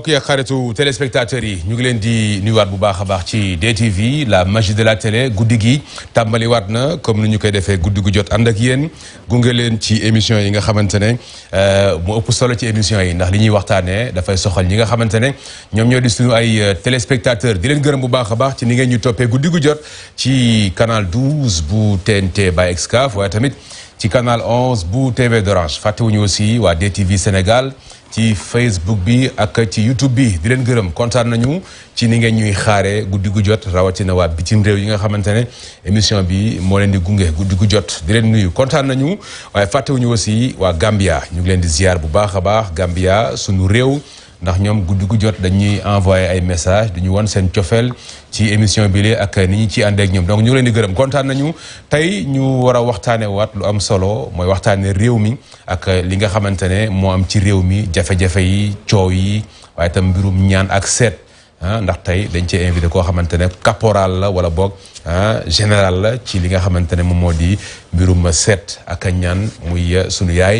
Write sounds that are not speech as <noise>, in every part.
mbokk yi xaritu téléspectateurs yi ñu ngi leen di nuyuwaat bu baax a baax ci DTV la magie de la télé guddi gi tàmbaliwaat na comme ni ñu koy defee guddi gu jot ànd ak yéen gunge leen ci émission yi nga xamante ne euh, mu ëpp solo ci émission yi ndax li ñuy waxtaanee dafay soxal ñi nga xamante ne ñoom ñoo di suñu ay euh, téléspectateurs di leen gërëm bu baax a baax ci ni ngeen ñu toppee guddi gu jot ci canal 12 bu TNT by Excaf waaye tamit ci canal 11 bu TV d'Orange fàttewuñu aussi waa DTV Sénégal. ci Facebook bi ak ci YouTube bi di leen gërëm kontaan nañu ci ni ngeen ñuy xaaree guddi gu jot rawatina waa bitim réew yi nga xamante ne émission bi moo leen di gunge guddi gu jot di leen nuyu kontaan nañu waaye fàttewuñu aussi waa Gambia ñu ngi leen di ziar bu baax a baax Gambia sunu réew. ndax ñoom guddi gu jot dañuy envoyé ay message dañu wan seen cofeel ci émission bi lee ak ni ñu ciy àndee ñoom donc ñu leen di gërëm kontaan nañu tey ñu war a waxtaanee waat lu am solo mooy waxtaanee réew mi ak li nga xamante ne moo am ci réew mi jafe-jafe yi coow yi waaye itam mbirum ñaan ak seet ah, ndax tey dañ cee invité koo xamante ne caporal la wala boog ah, général la ci li nga xamante ne moom moo di mbirum seet ak ñaan muy sunu yaay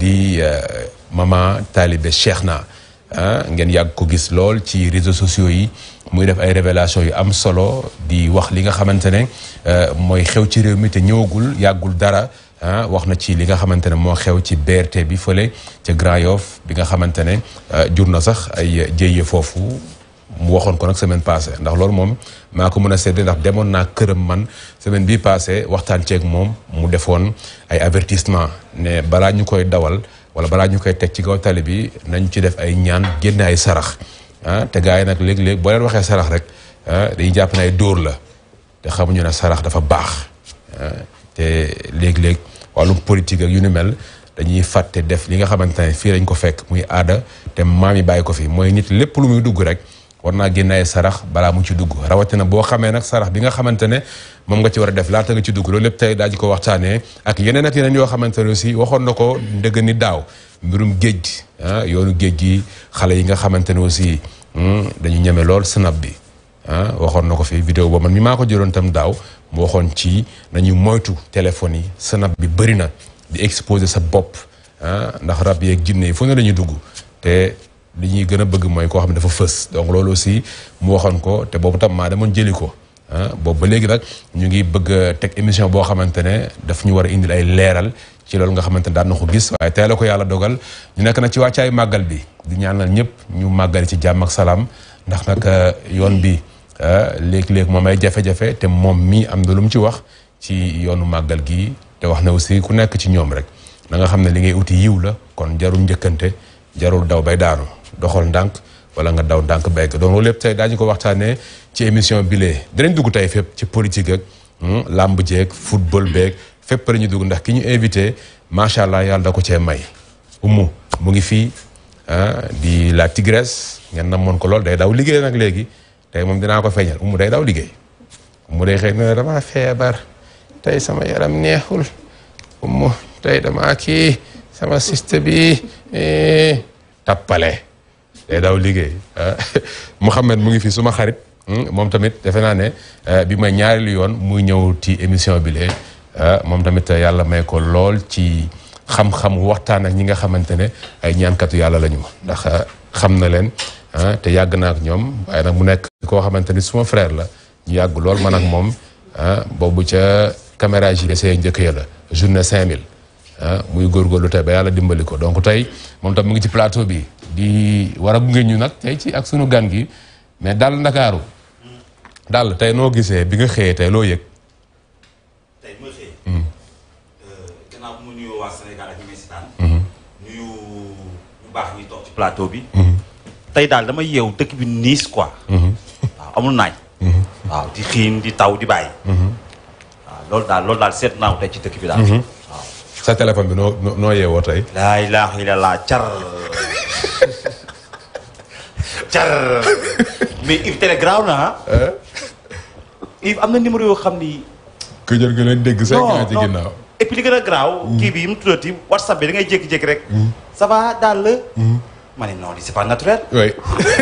di euh, maman Talibé Cheikhna ah ngeen yàgg ko gis lool ci réseaux sociaux yi muy def ay révélation yu am solo di wax li nga xamante ne ah, mooy xew ci réew mi te ñëwagul yàggul dara ah wax na ci li nga xamante ne moo xew ci BRT bi fële ca Grand Yoff bi nga xamante ne ah, jur na sax ay jéye foofu mu waxoon ko nag semaine passée ndax loolu moom maa ko mën a sedd ndax demoon naa këram man semaine bii passée waxtaan ceeg moom mu defoon ay avertissement ne balaa ñu koy dawal wala bala ñu koy tek ci kaw tali bi nañ ci def ay ñaan génn ay sarax ah te gaay nak leg leg bo leen waxe sarax rek ah, day japp na ay door la te xamuñu na sarax dafa baax ah, te leg-leg, walu politique ak yu ni mel dañuy fatte def li nga xamante fi lañ ko fekk muy aada te mami bayiko fi moy nit lepp lu muy dugg rek war naa génne sarax balaa mu ci dugg na boo xamee nag sarax bi nga xamante ne moom nga ci war a def laata nga ci dugg loolu lépp tey daa ko waxtaanee ak yeneen ak yeneen yoo xamante ne aussi waxoon na ko ndëgg ni daaw mbirum géej gi ah yoonu géej gi xale yi nga xamante ne aussi hmm, dañu ñeme lool snap bi ah waxoon na ko fi vidéo boobu man mi maa ko jëloon tam daaw mu waxoon ci nañu moytu téléphone yi snap bi bëri na di exposé sa bopp ah ndax rab yeeg jinne yi fu ne la dugg te. li ñuy gën a bëgg mooy koo xam ne dafa fës donc loolu aussi mu waxoon ko te boobu tam maa demoon jëli ko ah boobu ba léegi nag ñu ngi bëgg teg émission boo xamante ne daf ñu war a indil ay leeral ci loolu nga xamante ne daan na ko gis waaye tey la ko yàlla dogal ñu nekk nag ci ay màggal bi di ñaanal ñëpp ñu màggal ci jàmm ak salaam ndax nag ah, yoon bi léegi ah, léeg moom ay jafe-jafe te moom mii am na lu mu ci wax ci yoonu màggal gi te wax na aussi ku nekk ci ñoom rek na xam ne li ngay uti yiw la kon jarul njëkkante jarul daw bay daanu doxal Dank, wala nga daw ndànk bayk do lepp tay dañ ko waxtane ci émission bile dañ dugg tay fep ci politique ak hmm, lamb football bek fep lañu dugg ndax ki ñu invité macha allah da ko cee may. umu mu ngi fi ah, di la tigresse ngeen namoon ko lol day daw liggéey nak légui tay mom dina ko feñal umu day daw liggéey umu day xëy na dama feebar tay sama yaram neexul umu tay dama ki sama sister bi eh, tapale day daaw liggéey ah. <laughs> Mouhamed mu ngi fi suma xarit hmm, moom tamit defe naa ne eh, bi may ñaareelu yoon muy ñëw ti émission bi lee ah, moom tamit yàlla may ko lool ci xam-xam waxtaan ak ñi nga xamante ne ay ñaankatu yàlla lañu ndax ah, xam na leen te yàgg naa ak ñoom waaye nag mu nekk koo xamante ni suma frère la ñu yàgg lool man ak moom boobu ca caméra yi see njëkk ya la journée 5000 muy góorgóorlu tey ba yàlla dimbali ko donc tey moom tam mu ngi ci plateau bi. di war a gunge ñu nag tey ci ak sunu gan gi mais daal ndakaaru daal tey noo gisee bi nga xëyee tey loo yëg. tey bi ma xëyee. Hmm. Euh, gannaaw bu ma hmm. hmm. daal dama yeew dëkk bi niis quoi. waaw amul naaj. di xiin di taw di bàyyi. waaw loolu daal loolu daal seet naaw tey ci dëkk bi daal. sa téléphone bi noo noo yeewoo tey. laa ilaaha illallaah car car mais Yves télégramme na ah. Yves am na numéro yoo xam ni. ku nga leen dégg. cinq ans ci ginnaaw et li gën a garaaw. Mm. kii bi yi mu tuddati whatsapp bi da ngay jékki-jékki rek. Mm. ça va daal la. Mm. ma ne non c'est pas naturel. oui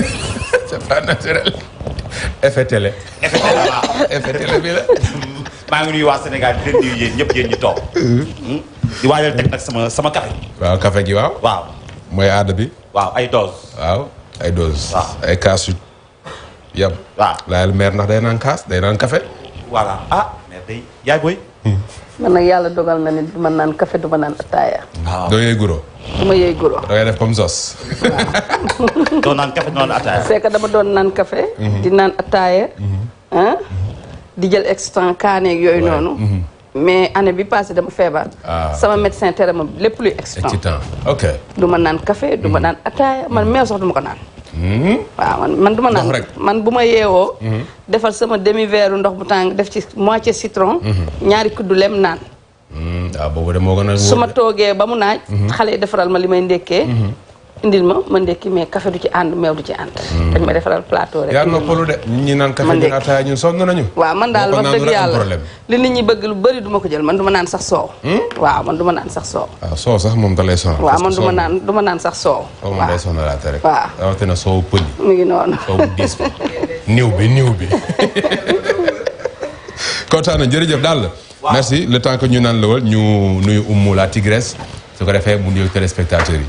<laughs> c'est pas naturel. effet télé. effet télé <laughs> maa ngi nuy wax Sénégal di leen nuyu yéen ñëpp yéen ñu toog. di waajal teg nag sama sama waaw café gi waaw mooy aada bi waaw ay dose waaw ay dose ay kaas yu yab waaw laayal ndax day naan kaas day naan café voilà ah maire day yaay hmm. yàlla dogal ma naan café du ma naan ataaya. waaw doo yëy guro. du guro. da ngay def comme sos. <laughs> doo dama doon naan café. Hmm. di naan ataaya. Hmm. Ah. di jël extant kaaneeg yooyu noonu. mais année bi passé dama feebar. Ah, sama médecin tere ma lépp luy excitant. ok. du ma naan kafe du ma mm. naan ataaya man meew sax du ma ko naan. Mm. waaw man man du ma naan man bu ma yeewoo. Mm. defal sama demi verre ndox bu tàng def ci moitié citron. Mm-hmm. ñaari kuddu lem naan. waaw ah, de moo gën toogee ba mu naaj. Mm-hmm. xale yi defaral ma li may ndekkee. Mm-hmm. indi ma ma ndekki mais café du ci ànd meew du ci ànd. Hmm. dañ ma defaral plateau rek. yaa noppalu de nit ñi naan café ñu ataaya ñun man daal wax dëgg ñi bëgg lu bëri du ma jël man du ma naan sax soow. Hmm? waaw man du ma naan sax soow. waaw ah, soow sax moom da lay sonal. waaw man du ma naan du ma naan sax soow. waaw ma day sonalaate rek. waaw rawatina soowu pël. mu ngi noonu soow bu diis bi. niw bi niw bi. <laughs> kontaan na jërëjëf daal la. merci le temps que ñu naan lawal ñu nuyu Oumou la tigresse su ko defee mu nuyu téléspectateurs yi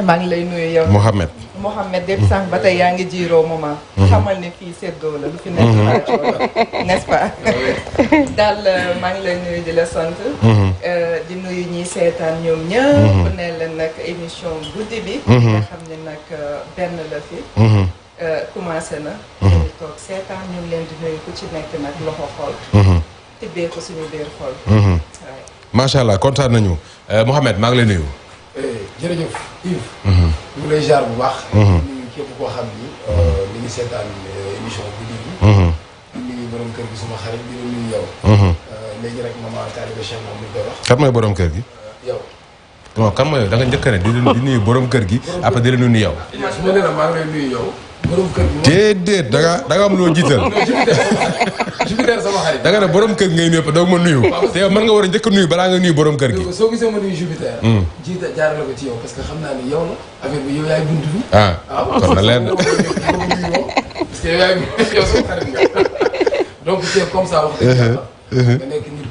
maa ngi lay nuyu yow. Mohamed. Mohamed depuis sànq ba tey yaa ngi jiiroo moment. Mhm. xamal ne fii seddoo la lu fi nekk rajo mhm. la nest <laughs> euh, lay nuyu di la sant. Mhm. Euh, di nuyu ñi seetaan ñoom ñëpp. bu nag émission guddi bi. nga xam ne nag euh, benn la fi. commencé na. toog seetaan ñu leen di nuyu ku ci nekk nag loxo xol. tibbee suñu biir xol. macha allah kontaan nañu Mohamed maa ngi lay nuyu. Eh, jërëjëf Yves. Mhm. ñu ngi lay jaar bu baax. ñu mhm. képp koo xam ni ñu euh, mhm. ngi seetaan euh, émission bi di. ñu ngi borom kër gi suma xarit di la nuyu yow. Euh, léegi rek maman taalibe Cheikh moom lañ koy wax. mooy borom kër gi. yow. non kan mooy da nga njëkk ne di nuyu borom kër gi après di la nuyu nuyu yow. déedéet da nga da nga am loo jiital. da nga ne boroom kër ngay nuyu doog ma nuyu. te yow mën nga war a njëkk nuyu balaa nga nuyu borom kër gi. soo gisee ma nuyu Jupiter. Hmm. jiita jaarale ko ci yow parce naa ne yow la affaire bi yow yaay buntu bi. ah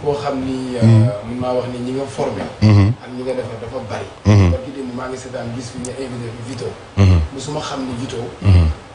koo xam ni. mun hmm. euh, maa wax ni ñi nga formé. Uh-huh. ak dafa bari. parce uh-huh. que ngi seetaan gis fi ñu invité uh-huh. xam ni Vito.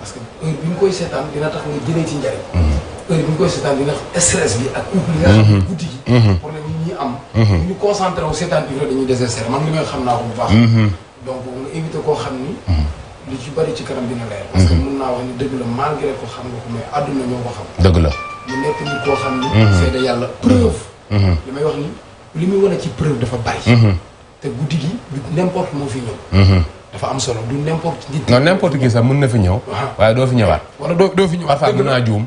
parce que heure bi ñu koy seetaan dina tax nga jëlee ci njariñ. Mhm. heure bi ñu koy seetaan dina stress bi ak obligation mhm. guddi gi. Mhm. problème yi ñuy am. bu ñu concentré wu seetaan bi dañuy désespéré man li may xam naa ko bu baax. donc nga éviter koo xam ni. lu ci bari ci kanam dina leer. parce que mun naa wax ni dëgg la malgré ko xam nga ko mais àdduna ñoo ko xam. dëgg la mu nekk nit koo xam ni. seede yàlla preuve. li may wax ni li muy wane ci preuve dafa bari. te guddi gi du n'importe moo dafa am solo du n'importe qui. non n'importe qui sax mën na fi ñëw. Ah. waaye doo fi ñëwaat. wala doo doo fi ñëwaat. parfois mën naa juum.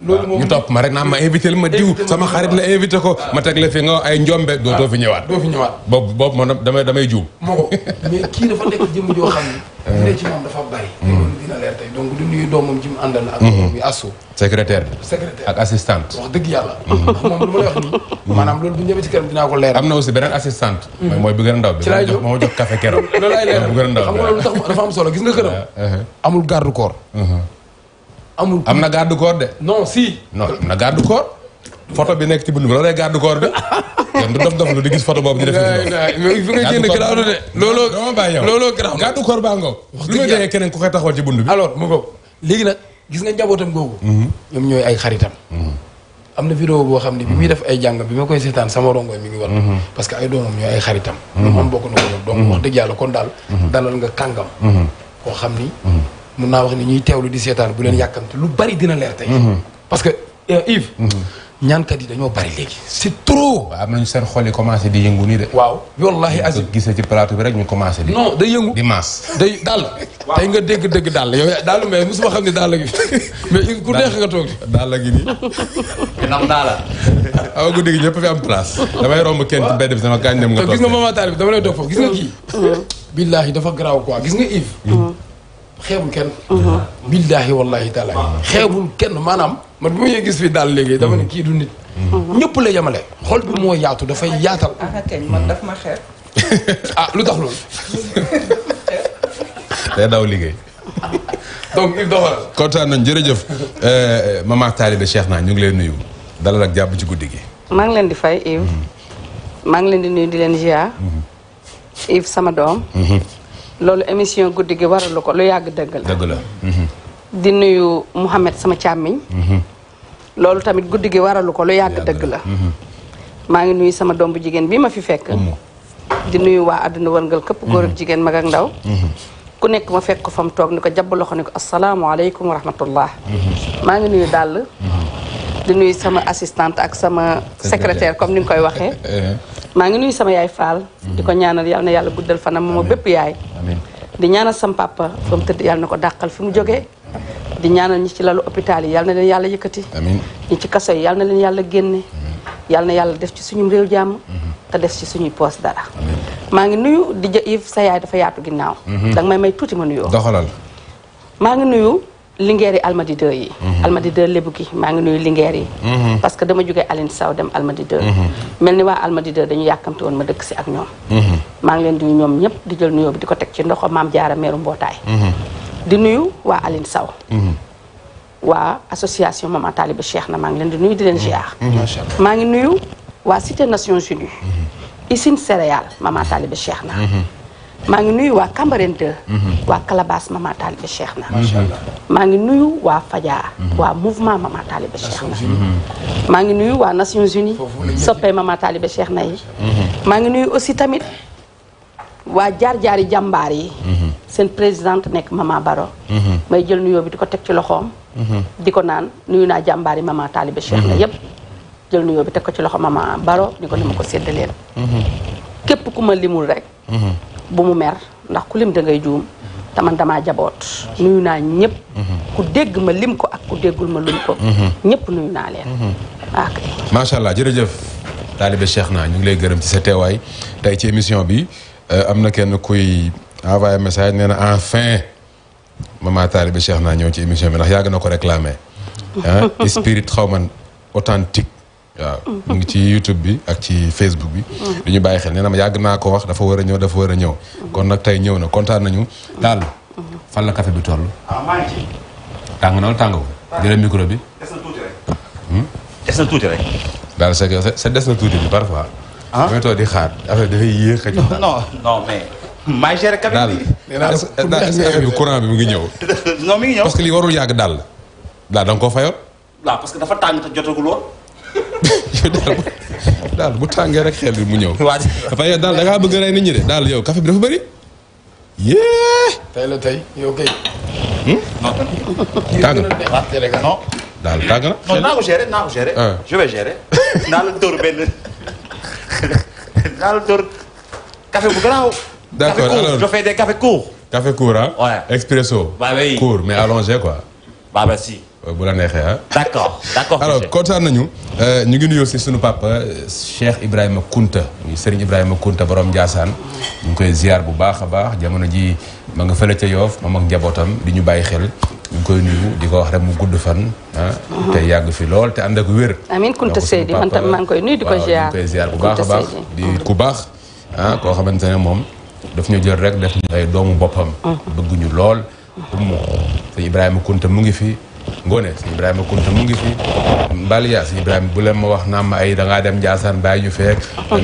loolu moom ñu topp ma rek naan ma invité ma diw sama xarit la invité ko ma teg la fi nga ay njombe doo doo fi ñëwaat doo fi ñëwaat boobu boobu moom damay damay joo xam <laughs> ne dina ci moom mm-hmm. donc du nuyu doomam ji mu àndal ak muy mm-hmm. asso secrétaire bi wax dëgg yàlla mm-hmm. ndax maanaam loolu bu ñëwee ci kanam dinaa ko leer am na aussi beneen assistante mooy bu gën a ndaw bi moo ma jox café keroog <laughs> loolu lay leer bu gën a ndaw dafa am solo gis nga këram <laughs> uh-huh. amul garde corps uh-huh. amul am na garde corps de. non si. non am na garde corps. photo bi nekk ci bunt bi loolay garde corps de. kenn du dof dof gis photo boobu ñu def. il faut de. looloo dama bàyyi yow looloo garaaw garde lu ku koy taxawal ci bunt bi. alors mu ko léegi nag gis nga njabootam googu. Mhm. ñoom ñooy ay xaritam. Mhm. am na vidéo boo xam ne bi muy mhm. def ay jàng bi ma koy seetaan sama rongoy mi ngi war parce que ay doomam ñooy ay xaritam. lu moom bokk na ko donc wax dëgg yàlla kon daal. dalal nga kàngam. koo xam ni. mun naa wax ni ñuy lu di seetaan bu leen yàkkamte lu bari dina leer tey. Mhm. parce que eh, Yves. Mhm. ñaankat yi dañoo bari léegi c'est trop. waaw am seen xol yi commencé di yëngu nii de. waaw wallaahi azim gisee ci plateau bi rek ñu commencé. di non day yëngu di maas. day daal nga dégg dëgg daal yow daal mais mosuma xam ne daal la gi <laughs> mais ku neex nga toog. daal gi nii. <laughs> gi ñëpp fi am place. damay romb kenn ci mbedd bi sama gaañ dem nga toog. gis nga mama taal bi dama toog foofu gis nga mhm. kii. billaahi dafa garaaw quoi gis nga Yves. xeebul kenn. billaahi wallaahi taala xeebul kenn maanaam man bu may gis fi daal léegi dama ne kii du nit. ñëpp la yemale. xool bi moo yaatu dafay yaatal. ah kañ <laughs> ah, lu tax loolu. <laughs> day daw liggéey. donc il doxal. kontaan nañ jërëjëf euh, maman Talibe Cheikh naa ñu ngi leen nuyu dalal ak jàpp ci guddi gi. maa ngi leen di fay Yves. Mhm. maa ngi leen di nuyu di leen ziar. Mhm. Yves sama doom. Mhm. loolu émission guddi gi waralu ko lu yàgg dëgg la. Mhm. di nuyu Mouhamed sama càmmiñ. Mhm. loolu tamit guddi gi waralu ko lu yàgg dëgg la. Mhm. maa ngi nuyu sama doom jigéen bii ma fi fekk. di nuyu waa àdduna wërngal képp góor ak jigéen mag ak ndaw. ku nekk ma fekk ko fa mu toog ni ko jàpp loxo ni ko asalaamaaleykum wa rahmatullah. maa ngi nuyu dàll. di nuyu sama assistante ak sama secrétaire comme ni nga koy waxee. Eh, eh. maa ngi nuyu sama yaay Fall. di ko ñaanal yal na yàlla guddal fana moom bépp yaay. di ñaanal sam papa fa mu tëdd yàlla na ko dàqal fi mu jógee. di ñaanal ñi ci lalu hôpital yi yal na leen yàlla yëkkati. ñi ci kaso yi yal na leen yàlla génne. yal na yàlla def ci suñu réew jàmm. Mm-hmm. te def ci suñuy poos dara. maa ngi nuyu di ja Yves sa yaay dafa yaatu ginnaaw. Mm-hmm. danga may may tuuti ma nuyoo. doxalal maa ngi nuyu. lingeer yi almadi 2 yi almadi 2 gi maa ngi nuyu lingeer yi mhm. parce que dama jóge alin Saw dem almadi mhm. mel ni waa almadi 2 dañu yàkkamte woon ma dëkk si ak ñoom mhm. maa ngi leen di ñoom ñëpp di jël nuyoo bi di ko teg ci ndoxo maam jaara meeru mbootaay di nuyu waa Aline Saw waa association Maman Talibé Cheikh na maa ngi leen di nuyu di leen ziar maa ngi nuyu waa Cité Nations Unies usine céréale Maman Talibé Cheikh na maa ngi nuyu waa Cambérène 2 mhm. waa Calabas Mama Talibé Cheikh na maa ngi nuyu waa Fadia mhm. waa mouvement Mama Talibé Cheikh na mhm. maa ngi nuyu waa Nations Unies soppee Mama Talibé Cheikh na yi maa ngi nuyu aussi tamit waa jaar-jaari jàmbaar yi seen présidente nekk Mama Baro may jël nuyoo bi di ko teg ci loxoom di ko naan nuyu naa jàmbaar yi Mama Talibé Cheikh na yépp jël nuyoo bi teg ko ci loxo Mama Baro ni ko ni ma ko séddaleen képp ku ma limul rek bu mu mer ndax ku lim da ngay juum te man damaa jaboot nuyu naa ñëpp mhm. ku dégg ma lim ko ak ku déggul ma lim ko mhm. ñëpp nuyu naa leen mhm. ak allah jërëjëf taalibe Cheikh naa ñu ngi lay gërëm ci sa teewaay tey ci émission bi euh, am na kenn kuy envoyé message nee na enfin maman taalibe Cheikh naa ñëw ci émission bi ndax yàgg na ko réclamé <laughs> ah spirit xaw man authentique waaw mu ngi ci YouTube bi ak ci Facebook bi. lu mm-hmm. ñu bàyyi xel nee na ma yàgg naa ko wax dafa war a ñëw dafa war a ñëw. kon nag tey ñëw na kontaan nañu. daal mm-hmm. fan la kafe bi toll. waaw ah, maa tàng tàngoo. jëlee micro bi. des hmm? rek. daal c'est que c'est des na tuuti bi parfois. Ah? di xaar affaire dafay a. non non bi mu ngi ñëw. <laughs> non parce que li warul yàgg daal la. daal da nga koo parce que dafa tàng te jotagul daal bu tàngee rek xel bi mu ñëw. waaw dafa yow daal da ngaa bëgg a rey nit ñi de daal yow café bi dafa bëri. yee. tey la tey yow kay. Hmm? non. tàng na daal tàng na. non naa ko gérer naa ah. je vais gérer. naa la dóor benn naa café bu garaaw. d' alors je fais des cafés courts. café court ah. ouais expresso. court mais allongé quoi. bah bah si. Euh, bu la neexee ah. d' accord d' kontaan nañu. Euh, ñu ngi nuyoo si suñu papa euh, Cheikh Ibrahima Kounta muy Serigne Ibrahima Kounta borom Ndiassane ñu ngi koy ziar bu baax a baax jamono ji ma nga fële ca Yoof moom ak njabootam di ñu bàyyi xel. ñu di ko wax rek mu gudd fan. Ah. te yàgg fi lool te ànd ak wér. amiin Kounta bu baax a ku baax. ah koo xamante ne moom daf ñu jël rek doomu boppam. Mm-hmm. bëgguñu lool. um mm-hmm. sëñ mu ngi fi. Ngone sëñ Ibrahima Kounta mu ngi fi Mbalia sëñ Ibrahima bu leen wax naa ay da dem Ndiassane bàyyi ñu feek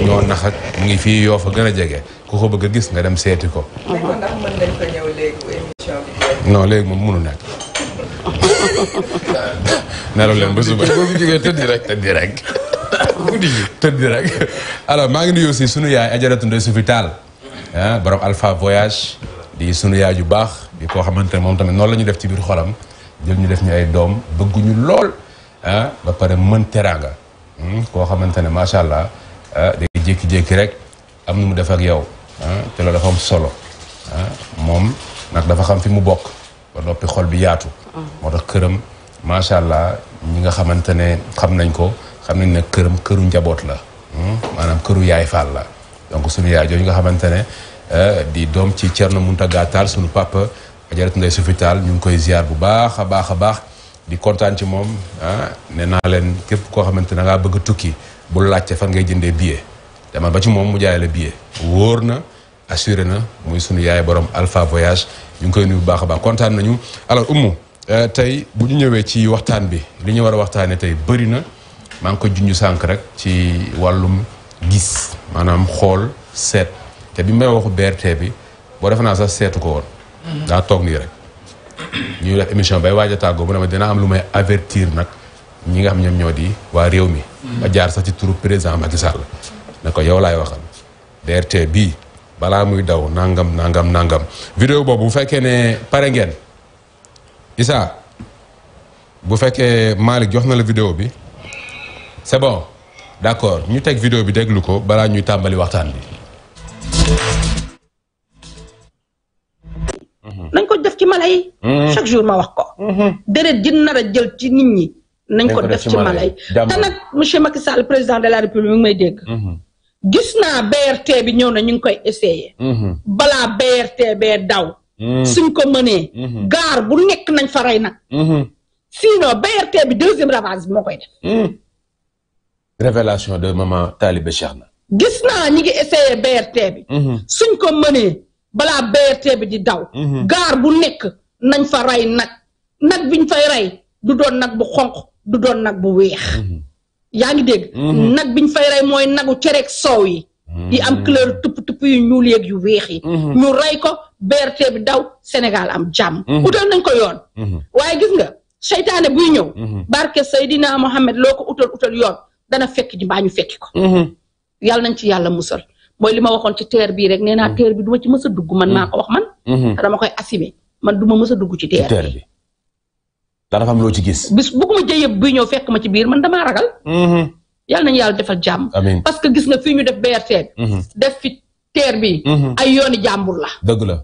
ñoo nax ak mu ngi fii yoo fa gën a jege ku ko bëgg gis nga dem seeti ko. mais kon mën nañ fa ñëw léegi émission bi. <laughs> fi rek tëddi rek. <laughs> guddi maa ngi nuyu aussi sunu yaay Ajaratu Ndeye Sufi Taal ah, borom Alpha Voyage di sunu yaay yu baax di koo xamante ne moom tamit noonu la ñu def ci biir xolam. jël ñu def ñu ay doom bëgguñu lool ah ba pare mën teraanga hmm? koo xamante ne macha allah ah, day jékki-jékki rek am nu mu def ak yow ah, te loolu dafa am solo ah, moom nag dafa xam fi mu bokk ba noppi xol bi yaatu. moo tax këram macha allah ñi nga xamante ne xam nañ ko xam nañ ne këram këru njaboot la hmm? maanaam këru yaay faal la donc suñu yaay jooju nga xamante ne di doom ci Thierno Mountaga Tall suñu papa. ajaratu Ndeye Sophie ñu ngi koy ziar bu baax a baax a baax di kontaan ci moom ah nee naa leen képp koo xamante ne dangaa bëgg tukki bu laajte fan ngay jëndee billet dama ba ci moom mu jaay la billet wóor na assuré na muy sunu yaay borom Alpha Voyage ñu ngi koy nuyu bu baax a baax kontaan nañu alors Oumou euh, tey bu ñu ñëwee ci waxtaan bi li ñu war a waxtaanee tey bëri na maa ngi ko junj sànq rek ci wàllum gis maanaam xool seet te bi may waxu BRT bi boo defe naa sax seetu ko woon daa toog nii rek ñuy def émission bay waaj a tàggoo mu ne ma dinaa am lu may avertir nag ñi nga xam ñoom ñoo di waa réew mi ba jaar sax ci turu président Macky Sall ne ko yow laay waxal DRT bii balaa muy daw nangam nangam nangam vidéo boobu bu fekkee ne pare ngeen Issa bu fekkee Malick jox na la vidéo bi c'est bon d'accord ñu teg vidéo bi déglu ko balaa ñuy tàmbali waxtaan bi nañ ko def ci mala yi. Mm-hmm. chaque jour ma wax ko. Mm-hmm. déret ji nar jël ci nit ñi. nañ ko def ci mala yi te nag président de la république mi may dégg. Mm-hmm. gis naa BRT bi ñëw na ñu ngi koy essayer. balaa BRT bee daw. suñ ko mënee. gaar bu nekk nañ fa rey nag. sinon BRT bi deuxième ravage bi moo koy def. révélation de gis naa ñi ngi essayer BRT bi. suñ ko mënee. balaa BRT bi di daw. Mhm. gaar bu nekk nañ fa rey nag nag biñ fay rey du doon nag bu xonq du doon nag bu weex. Mhm. yaa ngi dégg. Mhm. nag biñ fay rey mooy nagu cereek soow yi. yi am couleur tupp tupp yu ñuul yeeg yu weex yi. ñu rey ko BRT bi daw Sénégal am jàmm. utal nañ ko yoon. waaye gis nga seytaane buy ñëw. barke Seydina Mohamed loo ko utal utal yoon dana fekk di mbaa ñu fekki ko. yàlla nañ ci yàlla musal. mooy li ma waxoon ci teer bii rek nee naa mm. teer bi du ma ci mës a man mm. maa ko wax man. Mm-hmm. dama koy assumer man du ma mës a dugg ci teer bi. daa dafa am loo ci gis. bis bëgguma jëyëb buy ñëw fekk ma ci biir man damaa ragal. Mm-hmm. yàlla nañ yàlla defal jàmm. amiin parce que gis na fii ñu def BRT. Mm-hmm. def fi teer bi. ay yooni jàmbur la. dëgg la.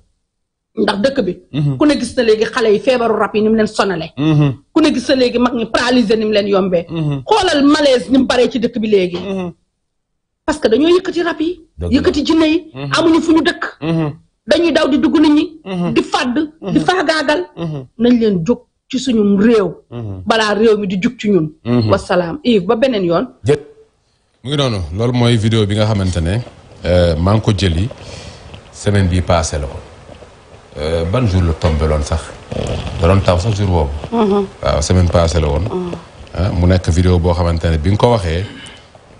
ndax dëkk bi. ku ne gis na léegi xale yi feebaru rab yi ni mu leen sonale. ku ne gis na léegi mag ñi paralysé ni mu leen yombee. xoolal malaise ni baree ci dëkk bi léegi. parce que dañoo yëkkati rab yi. yëkkati jinne yi. Mhm. amuñu fu ñu dëkk. Mhm. dañuy daw di dugg nit ñi. Mhm. di fàdd di faagaagal. nañ leen jóg ci suñu réew. balaa réew mi di jug ci ñun. wasalaam ba beneen yoon. mu ngi noonu loolu mooy vidéo bi nga xamante ne euh, maa ngi ko jëli semaine bii passé la ko euh, ban jour la tombé loon sax da taw sax jour boobu. waaw semaine passé la woon. Ah, mu nekk vidéo boo xamante ne bi nga ko waxee.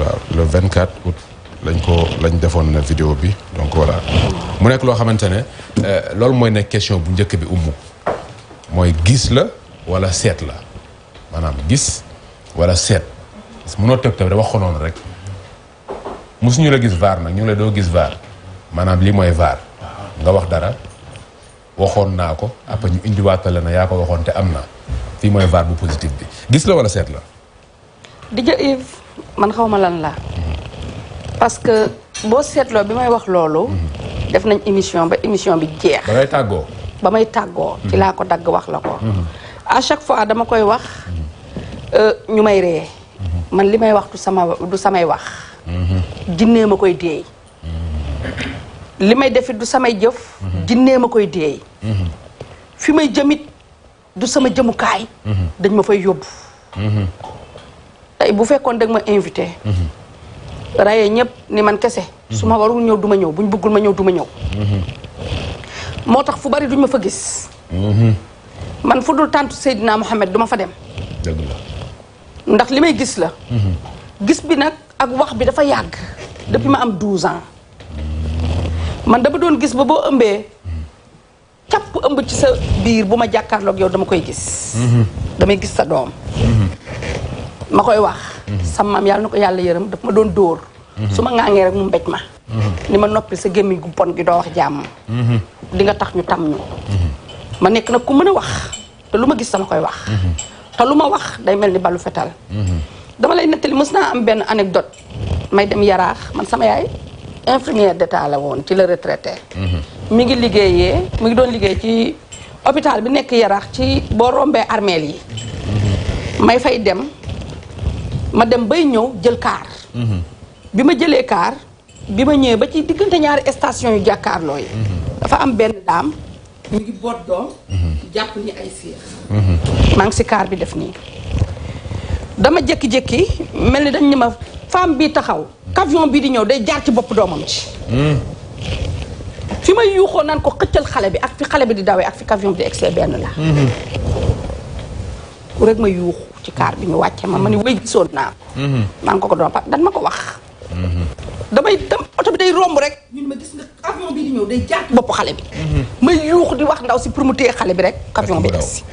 waaw le 24 août lañ ko lañ defoon na vidéo bi donc voilà mu nekk loo xamante ne euh, loolu mooy nekk question bu njëkk bi ummu mooy gis la wala seet la maanaam gis wala seet parce que mënoo tëb tëb rek wax ko noonu rek mosuñu la gis vaar nag ñu la doo gis vaar manaam lii mooy vaar nga wax dara waxoon naa ko après ñu indiwaatale na yaa ko waxoon te am na fii mooy vaar bu positif bi gis la wala seet la. man xaw ma lan la parce que boo seetloo bi may wax loolu. def nañ émission ba émission bi jeex. ba may tàggoo. ba may tàggoo. ci laa ko dagg wax la ko. à chaque fois dama koy wax euh, ñu may reye man li may wax du sama du samay wax. jinnee ma koy deey. li may defit du samay jëf. jinnee ma koy deey. fi may jëmit du sama jëmukaay. dañ ma fay yóbbu. tey bu fekkoon dag ma invité. Mhm. raye ñëpp ni man kese. Mhm. su ma warul ñëw du ma ñëw ñu bëggul ma ñëw du ma ñëw. Mhm. moo tax fu bari duñ ma fa gis. man fu dul tàntu naa Mohamed duma fa dem. ndax li may gis la. gis bi nag ak wax bi dafa yàgg. depuis ma am 12 ans. man dama doon gis ba boo ëmbee càpp ëmb ci sa biir bu ma jàkkaarloog yow dama koy gis. damay gis sa doom. ma koy wax. sama maam na ko yàlla yërëm daf ma doon dóor. su ma ŋaangee rek mu mbéj ma. ni ma noppil sa gémmiñ gu bon gi doo wax jàmm. li nga tax ñu tam ma nekk nag ku mën a wax te lu ma gis dama koy wax. te lu ma wax day mel ni balu fetal. dama lay li mës naa am benn anecdote may dem yaraax man sama yaay infirmière d'état la woon ci la retraité. mi ngi liggéeyee mu ngi doon liggéey ci hôpital bi nekk yaraax ci boo rombee armeel yi. may fay dem. ma dem bay ñëw jël kaar. Mhm. bi ma jëlee kaar bi ma ñëwee ba ci diggante ñaari station yu jàkkaarlooy mhm. dafa am benn daam. mu ngi boot doom. Mhm. jàpp ni ay séex. maa ngi si kaar bi def nii. dama jékki-jékki mel ni dañ ni ma femme bii taxaw avion bii di ñëw day jaar ci bopp doomam ci fi may yuuxoo naan ko xëccal xale bi ak fi xale bi di dawee ak fi avion bi di egg benn la rek ma yuuxu ci kaar bi ñu wàccee ma ma ni wéy gisoon naa ko mm-hmm. maa ngi ko ko doon pa dan ma ko wax mm-hmm. damay dem oto bi day romb rek ñun ma gis nga avion bi di ñëw day jaat bopp xale bi mm-hmm. may yuux di wax ndaw si pour mu téye xale bi rek avion bi des si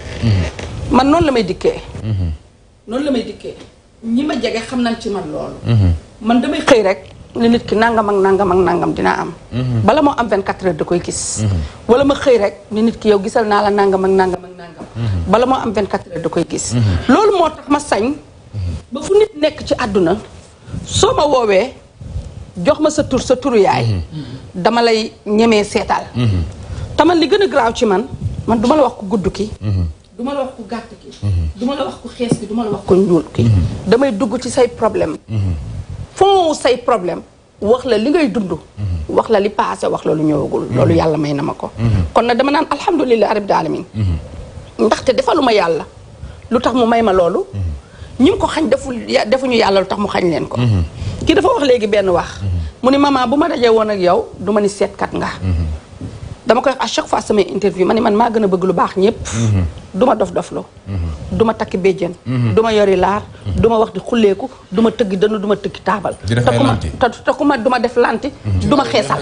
man noonu la may dikkee noonu la may dikkee ñi ma jege xam la ci man loolu man damay xëy rek ne nit ki nangam ak nangam ak nangam dina am bala moo am vingt-quatre heures koy gis wala ma xëy rek ne nit ki yow gisal naa la nangam ak nangam bala moo am 24 heures da koy gis. loolu moo tax ma sañ. ba fu nit nekk ci àdduna soo ma woowee jox ma sa tur sa turu yaay. dama lay ñemee seetaal. man li gën a garaaw ci man man duma la wax ko gudd ki. du ma la wax ku xees ki du ma la wax ko ñuul ki. damay dugg ci say problème fond say problème wax la li ngay dund. wax la li paase wax la ñëwagul. loolu yàlla may na ma ko. kon nag dama naan alhamdulilah rabbil alamin ndaxte defaluma yàlla lu tax mu may ma loolu. Mhm. ñi ko xañ deful defuñu yàlla lu tax mu xañ leen ko. Mhm. kii dafa wax léegi benn wax. Mhm. mu ni maman bu ma dajee woon ak yow du ma ni seetkat nga. dama koy wax chaque fois samay interview ma ni man maa gën a bëgg lu baax ñëpp. du ma dof dofloo. du ma takki béjjén. du ma yori laar. du wax di xulleeku du ma tëggi dënnu duma ma tëggi taabal. di def ay lanti te ku ma du ma def lanti. du xeesal.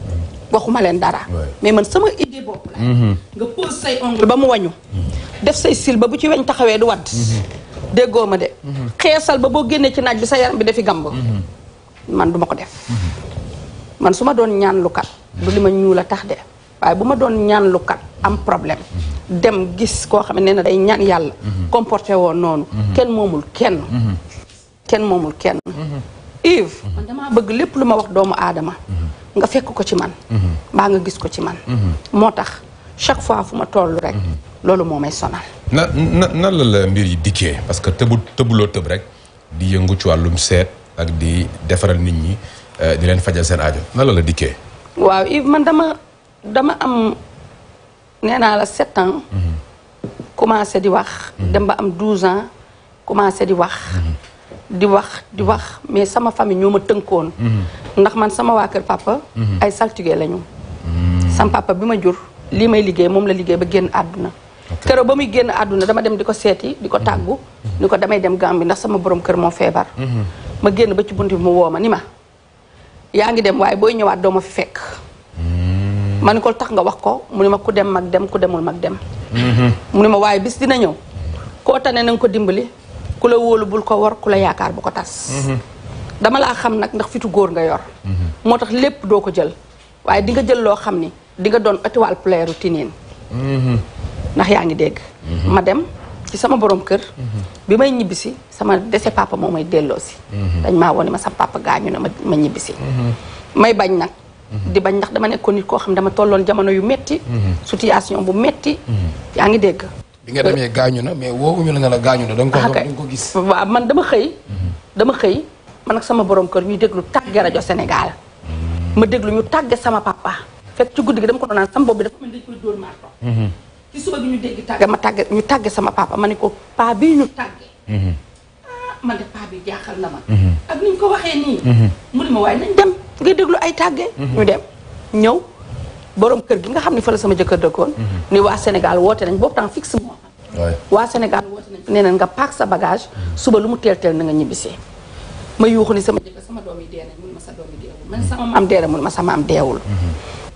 waxuma leen dara. mais man sama idée bopp la. Mm-hmm. nga say ongle ba mu wañu. def say sil ba bu ci weñ taxawee du wat mm-hmm. déggoo ma de. Mm-hmm. xeesal ba boo génnee ci naaj bi sa yaram bi dafi gàmb. man duma ko def. man su ma doon ñaan lu kat du li ma ñuul a tax de waaye bu ma doon ñaan lu kat am problème. dem gis koo xam ne na day ñaan yàlla. comporté woon noonu. kenn moomul kenn. kenn moomul kenn. Yves man damaa bëgg lépp lu ma wax doomu aadama. nga fekk ko ci man mhm. mbaa nga gis ko ci man mhm. moo tax chaque fois fu ma toll rek mhm. loolu moo may sonal na na la la mbir yi dikkee parce que tëbu tëbuloo tëb rek di yëngu ci wàllum seet ak di defaral nit ñi euh, di leen fajal seen aajo nan la la dikkee waaw Yves man dama dama am nee naa la sept ans commencé di wax dem ba am douze ans commencé di wax di wax di wax mais sama famille ñoma teunkoon ndax man sama wa keur papa. Mhm. ay saltige lañu. Mhm. sam papa bima jur lii may liggéey moom la liggéey ba génn aduna kéro ba muy génn àdduna dama dem diko séti diko mhm. taggu niko damay dem gambi ndax sama borom keur mo feebar. ma génn ba ci bunt mu woma nima yaangi dem way boy ñëwaat fi fekk. tax nga wax ko mu ku dem mak dem ku demul mak dem. mu bis dina ñëw ko tané nang ko dimbali. ku la wóolu bul ko war ku la yaakaar bu ko tas mhm. dama laa xam nag ndax fitu góor nga yor mhm. moo tax lépp doo ko jël waaye di nga jël loo xam ni di nga doon étoile plaire tiniin mhm. ndax yaa ngi dégg ma dem ci sama borom kër bi may ñibbisi sama dese papa moom may delloo dañ maa wone ma sa papa gaañu na ma ma ñibbisi may bañ nag di bañ ndax dama nekkoon nit koo xam dama tolloon jamono yu metti situation bu metti yaa ngi dégg bi nga demee gaañu na mais woowuñu la ne la gaañu na da nga ko ah, da nga ko gis waaw man dama xëy dama xëy man ak sama borom kër ñuy déglu tàgge rajo Sénégal ma déglu ñu tàgge sama papa fekk ci guddi gi dama ko doon naan sama bopp bi dafa mel dañ koy dóor marto ci suba ma tàgge ñu tàgge sama papa ma ne ko paa bi ñu tàgge ah, man de paa bi jaaxal na ma ak ni ñu ko waxee nii mu ne ma waaye nañ dem ngay déglu ay tàgge ñu dem ñëw borom kër gi nga xam ne fa la sama jëkkër dëkkoon ni waa Sénégal woote nañ boobu temps fixe waa Sénégal woote nañ nee na nga paak sa bagage suba lu mu teel teel na nga ñibbisee ma yuuxu ni sama jëkkër sama doom yi dee sa doom man sama am mhm. dee na ma sama am deewul mhm.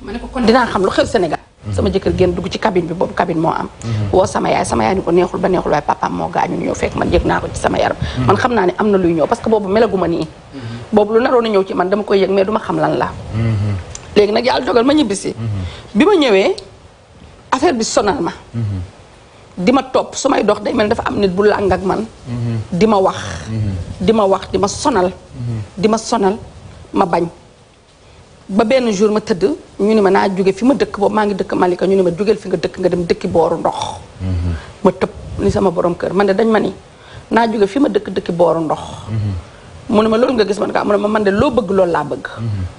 ma ne ko kon dinaa xam lu xew Sénégal mhm. sama jëkkër génn dugg ci cabine bi boobu cabine moo am woo sama yaay sama yaay ni ko neexul ba neexul waaye papaam moo gaañu ñëw fekk man yëg naa ko ci sama yaram man xam naa ne am na luy ñëw parce mele boobu ma nii boobu lu naroon ñëw ci man dama koy yëg mais duma xam lan la léegi nag yàlla dogal ma ñibbisi bi ma ñëwee affaire bi sonal ma di ma topp su may dox day mel dafa am nit bu làng ak man mm-hmm. di ma wax mm-hmm. di ma wax di ma sonal mm-hmm. di ma sonal ma bañ ba benn jour ma tëdd ñu ni ma naa jóge fi ma dëkk boobu maa ngi dëkk Malika ñu ni ma jógeel fi nga dëkk nga dem dëkki booru ndox ma tëb ni sama borom kër man de dañ ma ni naa jóge fi ma dëkk dëkki booru ndox mu ne ma loolu nga gis man ka mu ne ma man de loo bëgg loolu laa bëgg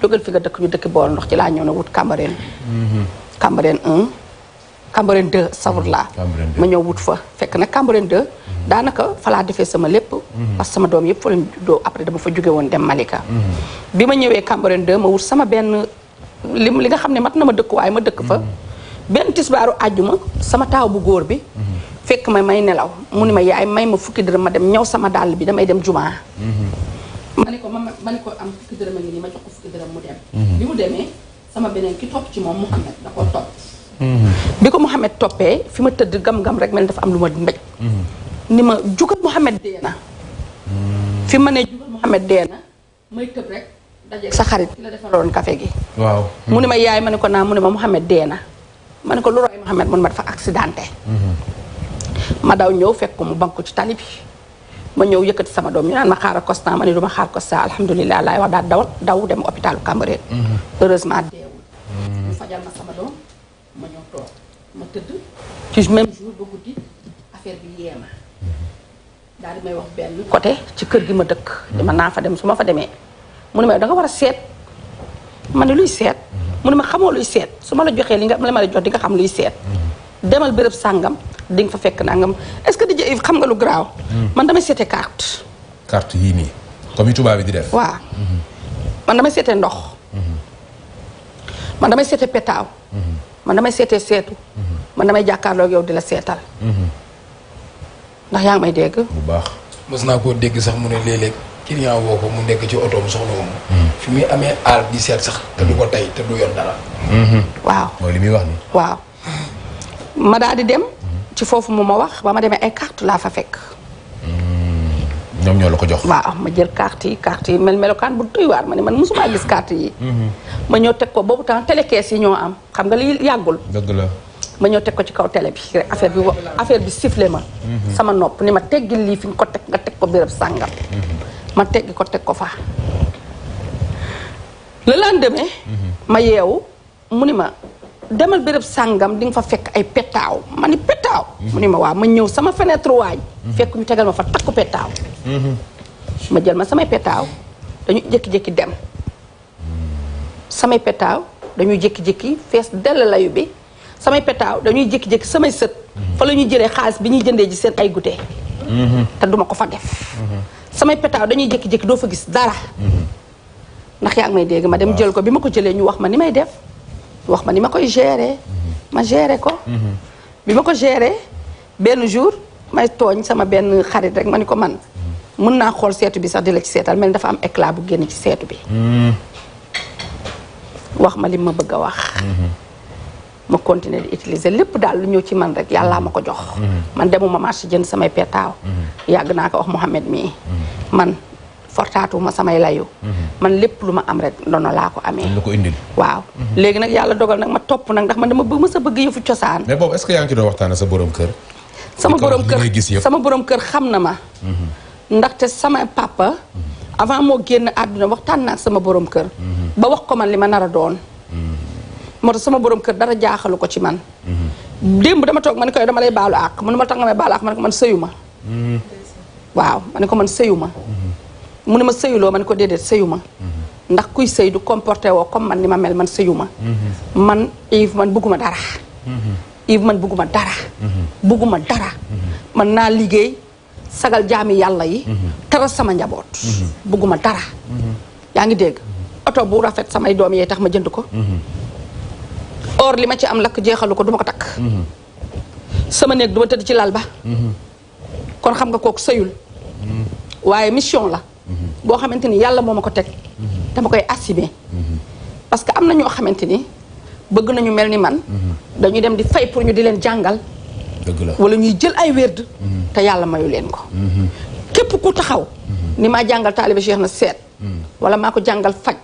jógeel fi nga dëkk ñu dëkki booru ndox ci laa ñëw ne wut Cambérène Cambérène Cambérène 2 laa mm-hmm. ma ñëw wut fa fekk na Cambérène 2 mm-hmm. daanaka fa laa defee sama lépp mm-hmm. parce que sama doom yëpp fa lañ juddoo après dama fa jóge woon dem Malika bi ma ñëwee kamboren 2 ma wut sama benn li li nga xam ne mat na ma dëkk waaye ma dëkk fa benn tisbaaru àjjuma sama taaw bu góor bi fekk ma may nelaw mu ni ma yaay may ma fukki dërëm ma dem ñëw sama dàll bi damay dem jumaa ma ne ko ma ma ne ko am a ma jox ko fukki dërëm mu bi mu demee sama beneen ki topp ci moom Mouhamed da ko topp bi ko Mouhamed toppee fi ma tëdd gam-gam rek mel ni dafa am lu ma mbéj. ni ma jugal Mouhamed dee na. fi ma ne jugal Mouhamed dee na may tëb rek daje sa xarit ki gi. waaw mu ne ma yaay ma ne ko naa mu ne ma Mouhamed dee na ma ko lu roy Mouhamed mun ma dafa accidenté. ma daw ñëw fekk ko mu banku ci tali bi. ma ñëw yëkkati sama doom ñu naan ma xaaral constat ma ne du ma xaar constat alhamdulilah laay wax daal daw dem hôpitalu Cambérène. Mhm. heureusement deewul. ma tëdd. ci même jour affaire bi yee ma mm-hmm. daal di may wax benn côté ci kër gi ma dëkk. Mm-hmm. dama naa fa dem su ma fa demee mu ne may da war a seet man ne luy seet mm-hmm. mu ne ma xamoo luy seet su ma la joxee li nga la ma la jox di nga xam luy seet. demal bërëb sàngam di nga fa fekk nangam est-ce que DJ Yves xam nga lu garaaw. man damay seete carte. carte yii nii comme yi tubaab yi di def. waaw man damay seete ndox. man damay seete petaaw. man damay seete seetu. man damay jàkkaarloog yow di la seetal. ndax yaa may dégg. bu baax mës naa koo dégg sax mu ne léeg-léeg client woo ko mu nekk ci otoom soxla moom. fi muy amee aar di seet sax. te du ko tey te du yor dara. waaw mooy li muy wax nii. waaw ma daal di dem. ci foofu mu ma wax ba ma demee ay carte laa fa fekk. ñoom ñoo la ko jox. waaw ma jël carte yi carte yi mel melokaan bu doy waar ma ne man mosumaa gis carte yi. Mhm. ma ñoo teg ko boobu temps télécaisse yi ñoo am xam nga li yàggul. dëgg ma ñëw teg ko ci kaw tele bi rek affaire bi affaire bi sifflé ma. Mhm. sama nopp ni ma teggil lii fi nga ko teg nga teg ko béréb sàngam. Mhm. ma teggi ko teg ko faa. le lendemain. ma yeewu mu ni ma demal béréb sàngam di fa fekk ay petaaw ma ni petaaw mhm. mu ni ma waaw ma ñëw sama fenêtre waañ mhm. fekk ñu tegal ma fa takku petaaw mhm. ma jël ma samay petaaw dañu jékki-jékki dem samay petaaw dañuy jékki-jékki fees dell layu bi samay petaaw dañuy jékki-jékki samay sët fa la ñuy jëlee xaalis bi ñuy jëndee ji seen ay goûter te duma ko fa def samay petaaw dañuy jékki-jékki doo fa gis dara ndax yaa ngi may dégg ma dem jël ko bi ma ko jëlee ñu wax ma ni may def wax ma ni ma koy gérer ma gérer ko bi ma ko gérer benn jour may tooñ sama benn xarit rek ma ni ko man mën naa xool seetu bi sax di la ci seetal mel ni dafa am éclat bu génn ci seetu bi wax ma li ma bëgg a wax ma continuer di utiliser lépp daal lu ñëw ci man rek yàllaa ma ko jox man ma marché jënd samay petaaw yàgg naa ko wax Mouhamed mii man fortaatuma samay layu mhm. man lépp lu ma am rek ndono laa ko amee lu ko waaw mhm. léegi nag yàlla dogal nag ma topp nag ndax man dama bëgg mës a bëgg yëfu cosaan mais boobu est-ce que yaa ngi ci kër sama borom kër sama borom kër xam na ma mhm. sama papa avant moo génn àdduna waxtaan naa sama borom kër ba wax ko man li ma nar a doon moo tax sama borom kër dara jaaxalu ko ci man démb dama toog man ne koy dama lay baalu àq mu ne ma tax nga may baalu àq ma ko man sëyu ma waaw ma ne ko man sëyu ma mu ne ma sëyuloo man ko déedéet sëyuma ndax kuy sëy du comporté woo comme man ni ma mel man sëyuma man Yves man bëgguma dara Yves man bëgguma dara bëgguma dara man naa liggéey sagal jaami yàlla yi taral sama njaboot bëgguma dara yaa ngi dégg oto bu rafet samay doom yee tax ma jënd ko or li ma ci am lakk jeexalu ko du ko takk sama néeg du tëdd ci lal ba kon xam nga kook sëyul waaye mission la boo xamante ni yàlla moom ma ko teg dama koy assumer parce que am na ñoo xamante ni bëgg nañu mel ni man dañuy dem di fay pour ñu di leen jàngal wala ñuy jël ay wérd te yàlla mayu leen ko képp ku taxaw ni maa jàngal taalibe Cheikh na seet wala maa ko jàngal faj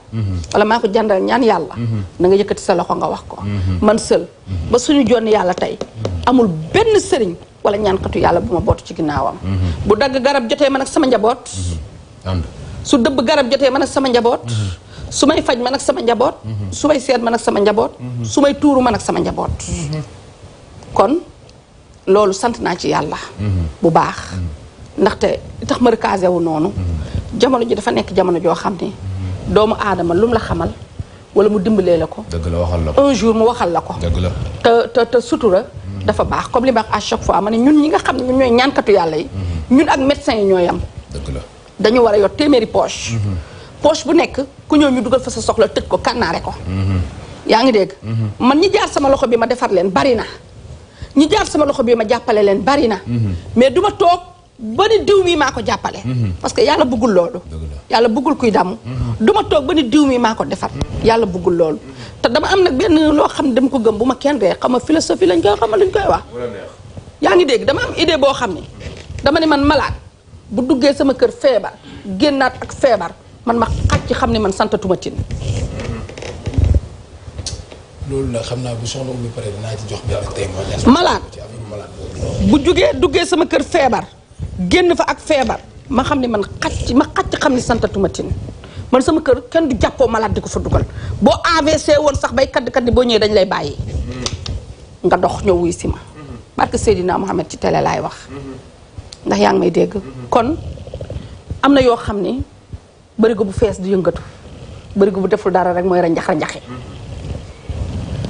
wala maa ko jàndal ñaan yàlla na nga yëkkati sa loxo nga wax ko man sël ba suñu jonn yàlla tey amul benn sëriñ wala ñaankatu yàlla bu ma bootu ci ginnaawam bu dagg garab jotee man ak sama njaboot su dëbb garab jotee man ak sama njaboot su may faj man ak sama njaboot su may seet man ak sama njaboot su may tuuru man ak sama njaboot kon loolu sant naa ci yàlla bu baax ndaxte li tax ma recasé wu noonu jamono ji dafa nekk jamono joo xam ne doomu aadama lu la xamal wala mu dimbalee la ko dëgg la waxal la ko un mu waxal la ko dëgg te te te sutura dafa baax comme li ma wax à chaque fois ma ne ñun ñi nga xam ne ñun ñooy ñaankatu yàlla yi ñun ak médecin yi ñoo yam dañu war a yor téeméeri poche. Mhm. poche bu nekk ku ñëw ñu dugal fa sa soxla tëj ko kànnaare ko. Mhm. yaa ngi dégg. Mhm. man ñi jaar sama loxo bi ma defar leen bari na ñi jaar sama loxo bi ma jàppale leen bari na. mais duma toog ba ni diw mi maa ko jàppale. parce que yàlla bëggul loolu. yàlla bëggul kuy damm. du ma toog ba ni diw mi maa ko defar. yàlla bëggul loolu. te dama am nag benn loo xam ne dama ko gëm bu ma kenn ree xam nga philosophie lañ koy xam luñ koy wax. yaa ngi dégg dama am idée boo xam ne dama ne man malade. bu duggee sama kër feebar génnaat ak man ma xàcc xam ne man santatuma cin loolu nag xam naa bu soxla wu duggee sama kër feebar génn fa ak feebar ma xam ne man xàcc ma xàcc xam ne santatuma tin man sama kër kenn du jàppoo malade di ko fa dugal boo AVC woon sax bay kadd kadd boo ñëwee dañ lay bàyyi mm-hmm. nga dox ñëw wuy si ma mm-hmm. barke Seydina Mohamed ci tele laay wax mm-hmm. ndax yaa ngi may dégg kon am na yoo xam ni bërigo bu fees du yëngatu bërigo bu deful dara rek mooy ranjax ranjaxe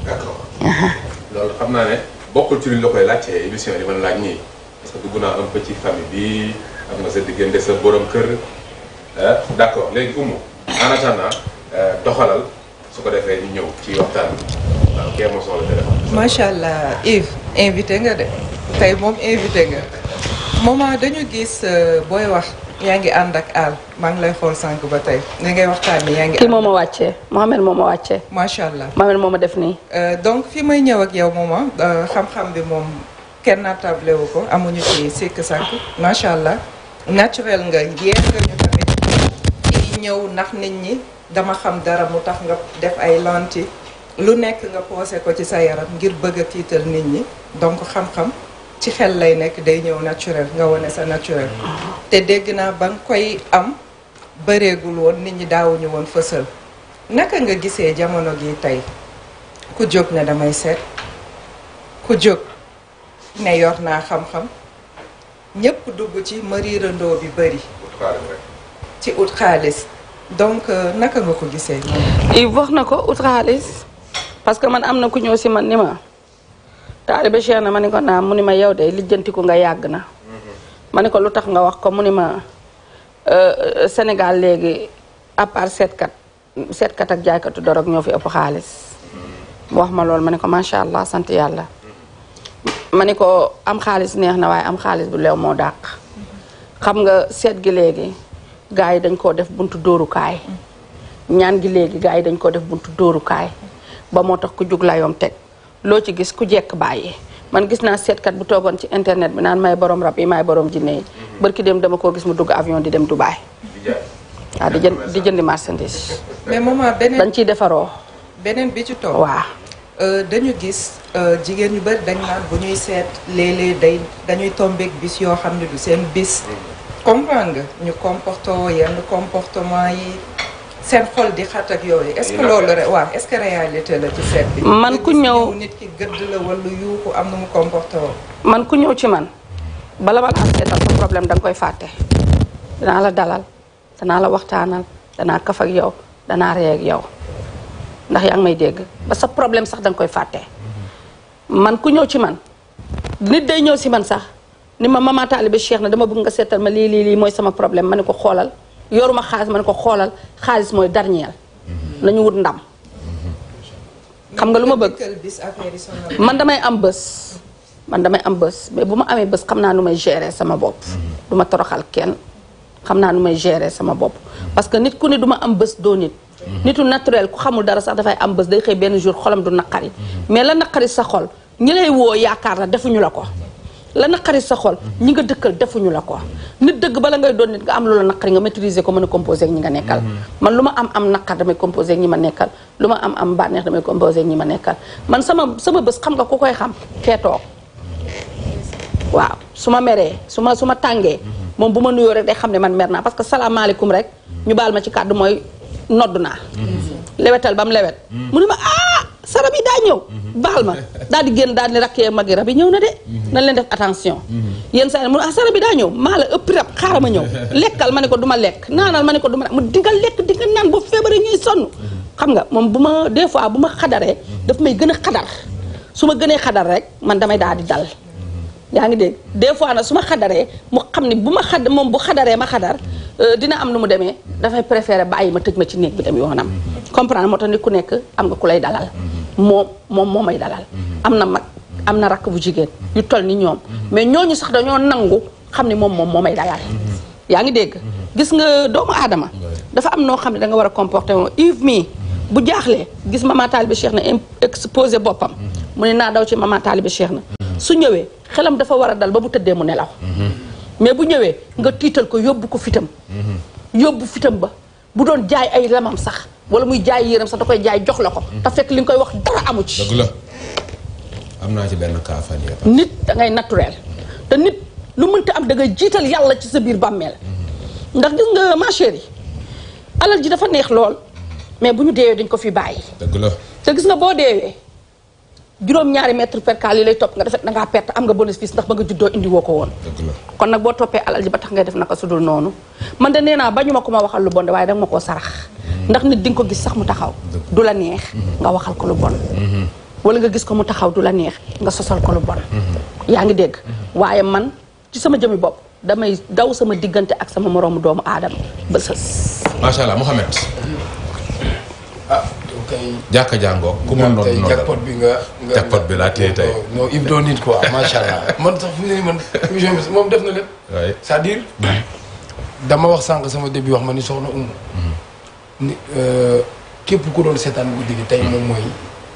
d'accord loolu xam naa ne bokkul ci li la koy laajte émission yi man laaj ñii parce dugg naa un ci famille bi am nga sa diggante sa borom kër ah, d'accord léegi umu en attendant euh, doxalal su ko defee ñu ñëw ci waxtaan bi allah Yves invité nga de tey moom invité nga moma dañu gis boy wax yaangi andak al ma ngi lay xol sank ba tay ni ngay waxtani yaangi ki moma wacce mohammed moma wacce Mohamed ma allah Mohamed moo def ni uh, donc fi may ñew ak yow moma uh, xam-xam bi mom kenn naatable wu amuñu ci sikk sànq macha allah naturel nga yeer nga ñu tamit ci ñew ndax nit ñi dama xam dara mu tax nga def ay lanti lu nekk nga posé ko ci sa yaram ngir bëgg a nit ñi donc xam-xam. ci xel lay nekk day ñëw naturel nga wane sa naturel ah. te dégg naa ba nga koy am bëreegul woon nit ñi daawuñu woon fësal naka nga gisee jamono gi tey ku jóg ne damay seet ku jóg ne yor naa xam-xam ñëpp dugg ci mariirandoo bi bëri ci ut xaalis donc euh, naka nga ko gisee i wax na ko ut xaalis parce man am na ku ñëw si man ni ma taalibe Cheikh na ma ni ko naa mu ni ma yow de lijjantiku nga yàgg na ma ni ko lu tax nga wax ko mu ni ma euh, euh, Sénégal léegi à part seetkat seetkat ak jaaykatu dorog ñoo fi ëpp xaalis wax ma loolu ma ni ko macha allah sant yàlla ma ni ko am xaalis neex na waaye am xaalis bu leew moo dàq xam nga seet gi léegi gars yi dañ koo def buntu dóorukaay ñaan gi léegi gars yi dañ koo def buntu dóorukaay ba moo tax ku jug layoom teg lo ci gis ku jek baye man gis na set kat bu togon ci internet bi nan may borom rap yi may borom jinne mhm. barki dem dama ko gis mu dug avion di dem dubai ah di jeun di jeun di marchandise mais maman benen dañ ci defaro benen bi ci wa euh dañu gis euh jigen ñu bari dañ naan bu ñuy set léeg day dañuy tomber ak bis yo xam du sen bis mhm. comprendre nga ñu comporto yenn comportement yi seen xol di xat ak yooyu. yi ce que loolu rek waaw ce que réalité la ci seet man ku ñëw nit ki gëdd la wala yuuxu am na mu comporté woon. man ku ñëw ci man bala ma am seetal sa problème danga koy fàtte danaa la dalal danaa la waxtaanal danaa kaf ak yow danaa rey ak yow ndax yaa ngi may dégg ba sa problème sax danga koy fàtte man ku ñëw ci man nit day ñëw si man sax ni ma mama taalibe Cheikh na dama bëgg nga seetal ma lii lii lii mooy sama problème ma ne ko xoolal. yoruma xaalis ma ne ko xoolal xaalis mooy dernier nañu wut ndam xam nga lu ma bëgg man damay am bés man damay am bés mais bu ma amee bés xam naa nu may gérer sama bopp du ma toroxal kenn xam naa nu may gérer sama bopp parce que nit ku ne duma am bés doo nit nitu naturel ku xamul dara sax dafay am bés day xëy benn jour xolam du naqari mais la naqari sa xol ñi lay woo yaakaar na defuñu la ko la naqari sa xol ñi nga dëkkal defuñu la ko nit dëgg bala ngay doon nit nga am loola naqari nga maîtriser ko mën a composé ak ñi nga nekkal mm-hmm. man lu ma am am naqar damay composé ak ñi ma nekkal lu ma am am bànneex damay composé ak ma nekkal man sama sama bés xam nga ku koy xam kee waaw su ma meree su ma su ma tàngee mm-hmm. moom bu ma nuyoo rek day xam ne man mer naa parce que salaamaaleykum rek ñu baal ma ci kàddu mooy nodd naa mm-hmm. lewetal ba mu lewet hmm. mu ne ma ah sara bi daa ñëw hmm. baal ma daal di génn daal di rakkee magi rab yi ñëw na de hmm. nañ leen def attention yenn saa yi mu ne ah sara bi daa ñëw maa la ëpp rab xaaral ma ñëw <laughs> lekkal ma ne ko duma ma lekk naanal ma ne ko du ma mu di nga lekk di nga naan boo feebaree ñuy sonn xam nga moom bu ma des fois bu ma xadaree daf may gën a xadar su ma gënee xadar rek man damay daal di dal yaa ngi dégg des fois nag su ma xadaree mu xam ne bu ma xad moom bu xadaree ma xadar euh, dina am nu mu demee dafay préféré bàyyi ma tëj ma ci néeg bi dem yoonam comprendre moo tax nit ku nekk am nga ku lay dalal moom moom moom may dalal am na mag am na rakk bu jigéen yu toll ni ñoom mais ñooñu sax dañoo nangu xam ne moom moom moo may dalal yaa ngi dégg gis nga doomu aadama dafa am noo xam ne da nga war a comporté woon Yves mii bu jaaxlee gis ma mama taalibe Cheikh na exposé boppam mu ne naa daw ci mama taalibe Cheikh na su ñëwee xelam dafa war a dal ba bu tëddee mu nelaw mais bu ñëwee nga tiital ko yóbbu ko fitam yóbbu fitam ba bu doon jaay ay lamam sax wala muy jaay yéram sax da koy jaay jox la ko te fekk li nga koy wax dara amu ci dëgg la benn nit da ngay naturel te nit lu mënta am da ngay jiital yàlla ci sa biir bàmmeel ndax gis nga ma yi alal ji dafa neex lool mais bu ñu deewee dañ ko fi bàyyi te gis nga boo deewee juróom-ñaari mètre percale yi lay topp nga defet dangaa perte am nga bénéfice ndax ba nga juddoo indi ko woon kon nag boo toppee alal ji ba tax ngay def naka sudul noonu man de nee naa bañu ma ko ma waxal lu bon de waaye danga ma koo sarax ndax nit di nga ko gis sax mu taxaw du la neex nga waxal ko lu bon mm-hmm. wala nga gis ko mu taxaw du la neex nga sosal ko lu bon mm-hmm. yaa ngi dégg waaye man ci sama jëmi bopp damay daw sama diggante ak sama moroomu doomu aadama ba sës macha allah Mouhamed ah. jàkka jàngoo ku mën noonu noonu jackpot bi nga. jackpot bi laa téye tey non Yves doo nit quoi macha <laughs> sax man moom def na lépp. waay cest dama wax sànq sama début wax ma ni soxna Oumou. Mm-hmm. ni euh, képp ku doon seetaan guddi gi tey mm-hmm. moom mooy.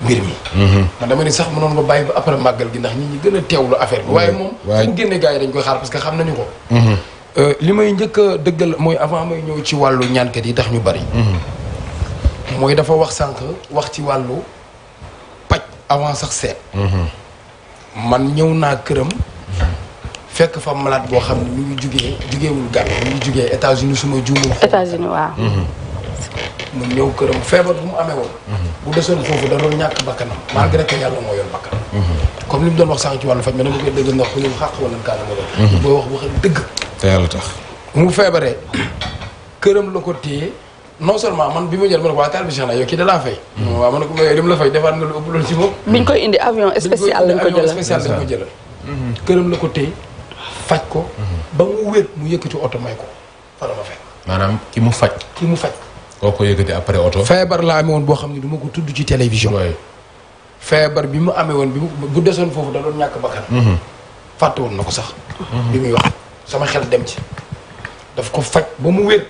mbir mi. Mm-hmm. man dama ne sax ma mënoon nga bàyyi ba après màggal gi ndax nit ñi gën a teewlu affaire bi. waaye moom bu génnee gars yi dañ koy xaar parce que xam nañu ko. Euh, li may njëkk a dëggal mooy avant may ñëw ci wàllu ñaankat yi tax ñu bari. mooy dafa wax sànq wax ci wàllu paj avant sax seet man ñëw naa këram fekk fa malaat boo xam ne mi ngi jugee jugeewul gàll ñu ngi jugee États-Unis su ma juumul États-Unis waaw mu ñëw këram feebar bu mu amee woon bu desoon foofu da doon ñàkk bakkanam malgré que yàlla moo yoon bakkanam comme li mu doon wax sànq ci wàllu faj ma dama koy dëgg ndax ku ñu xàq wala kaana ma doon mhm. booy wax waxal dëgg te yàlla tax mu feebaree këram la ko téye non seulement man bi ma jël ma ne ko waa taal bi Cheikh na yow kii da fay. waaw ma ne ko mais a li ma la fay defaat nga lu ëpp loolu ci moom. biñ koy indi avion spécial lañ ko jëlal mhm. këram la ko téye faj ko. Mhm. ba mu wér mu yëkkati oto may ko fa la maanaam ki mu faj. ki mu faj. koo ko yëkkati après oto. feebar laa amee woon boo xam ne du ma ko tudd ci télévision. feebar bi mu amee woon bi mu bu desoon foofu da doon ñàkk bakkan. Mhm. fàtte woon na ko sax. bi muy wax sama xel dem ci. daf ko faj ba mu wér.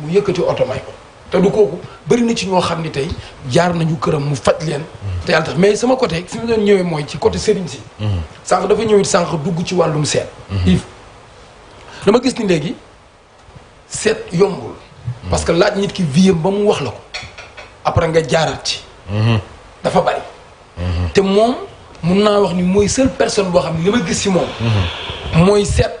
mu yëkkati oto may ko. te du kooku bëri na ci ñoo xam ni tey jaar nañu këram mu faj leen. te yàlla tax mais sama côté fi mu doon ñëwee mooy ci côté sëriñ si. sànq dafa ñëwit sànq dugg ci wàllum seet. dama gis ni léegi seet yombul. parce que laaj nit ki vie ba mu wax la ko après nga jaarat ci. dafa bari. te moom mun naa wax ni mooy sel personne boo xam ne li ma gis si moom. mooy seet.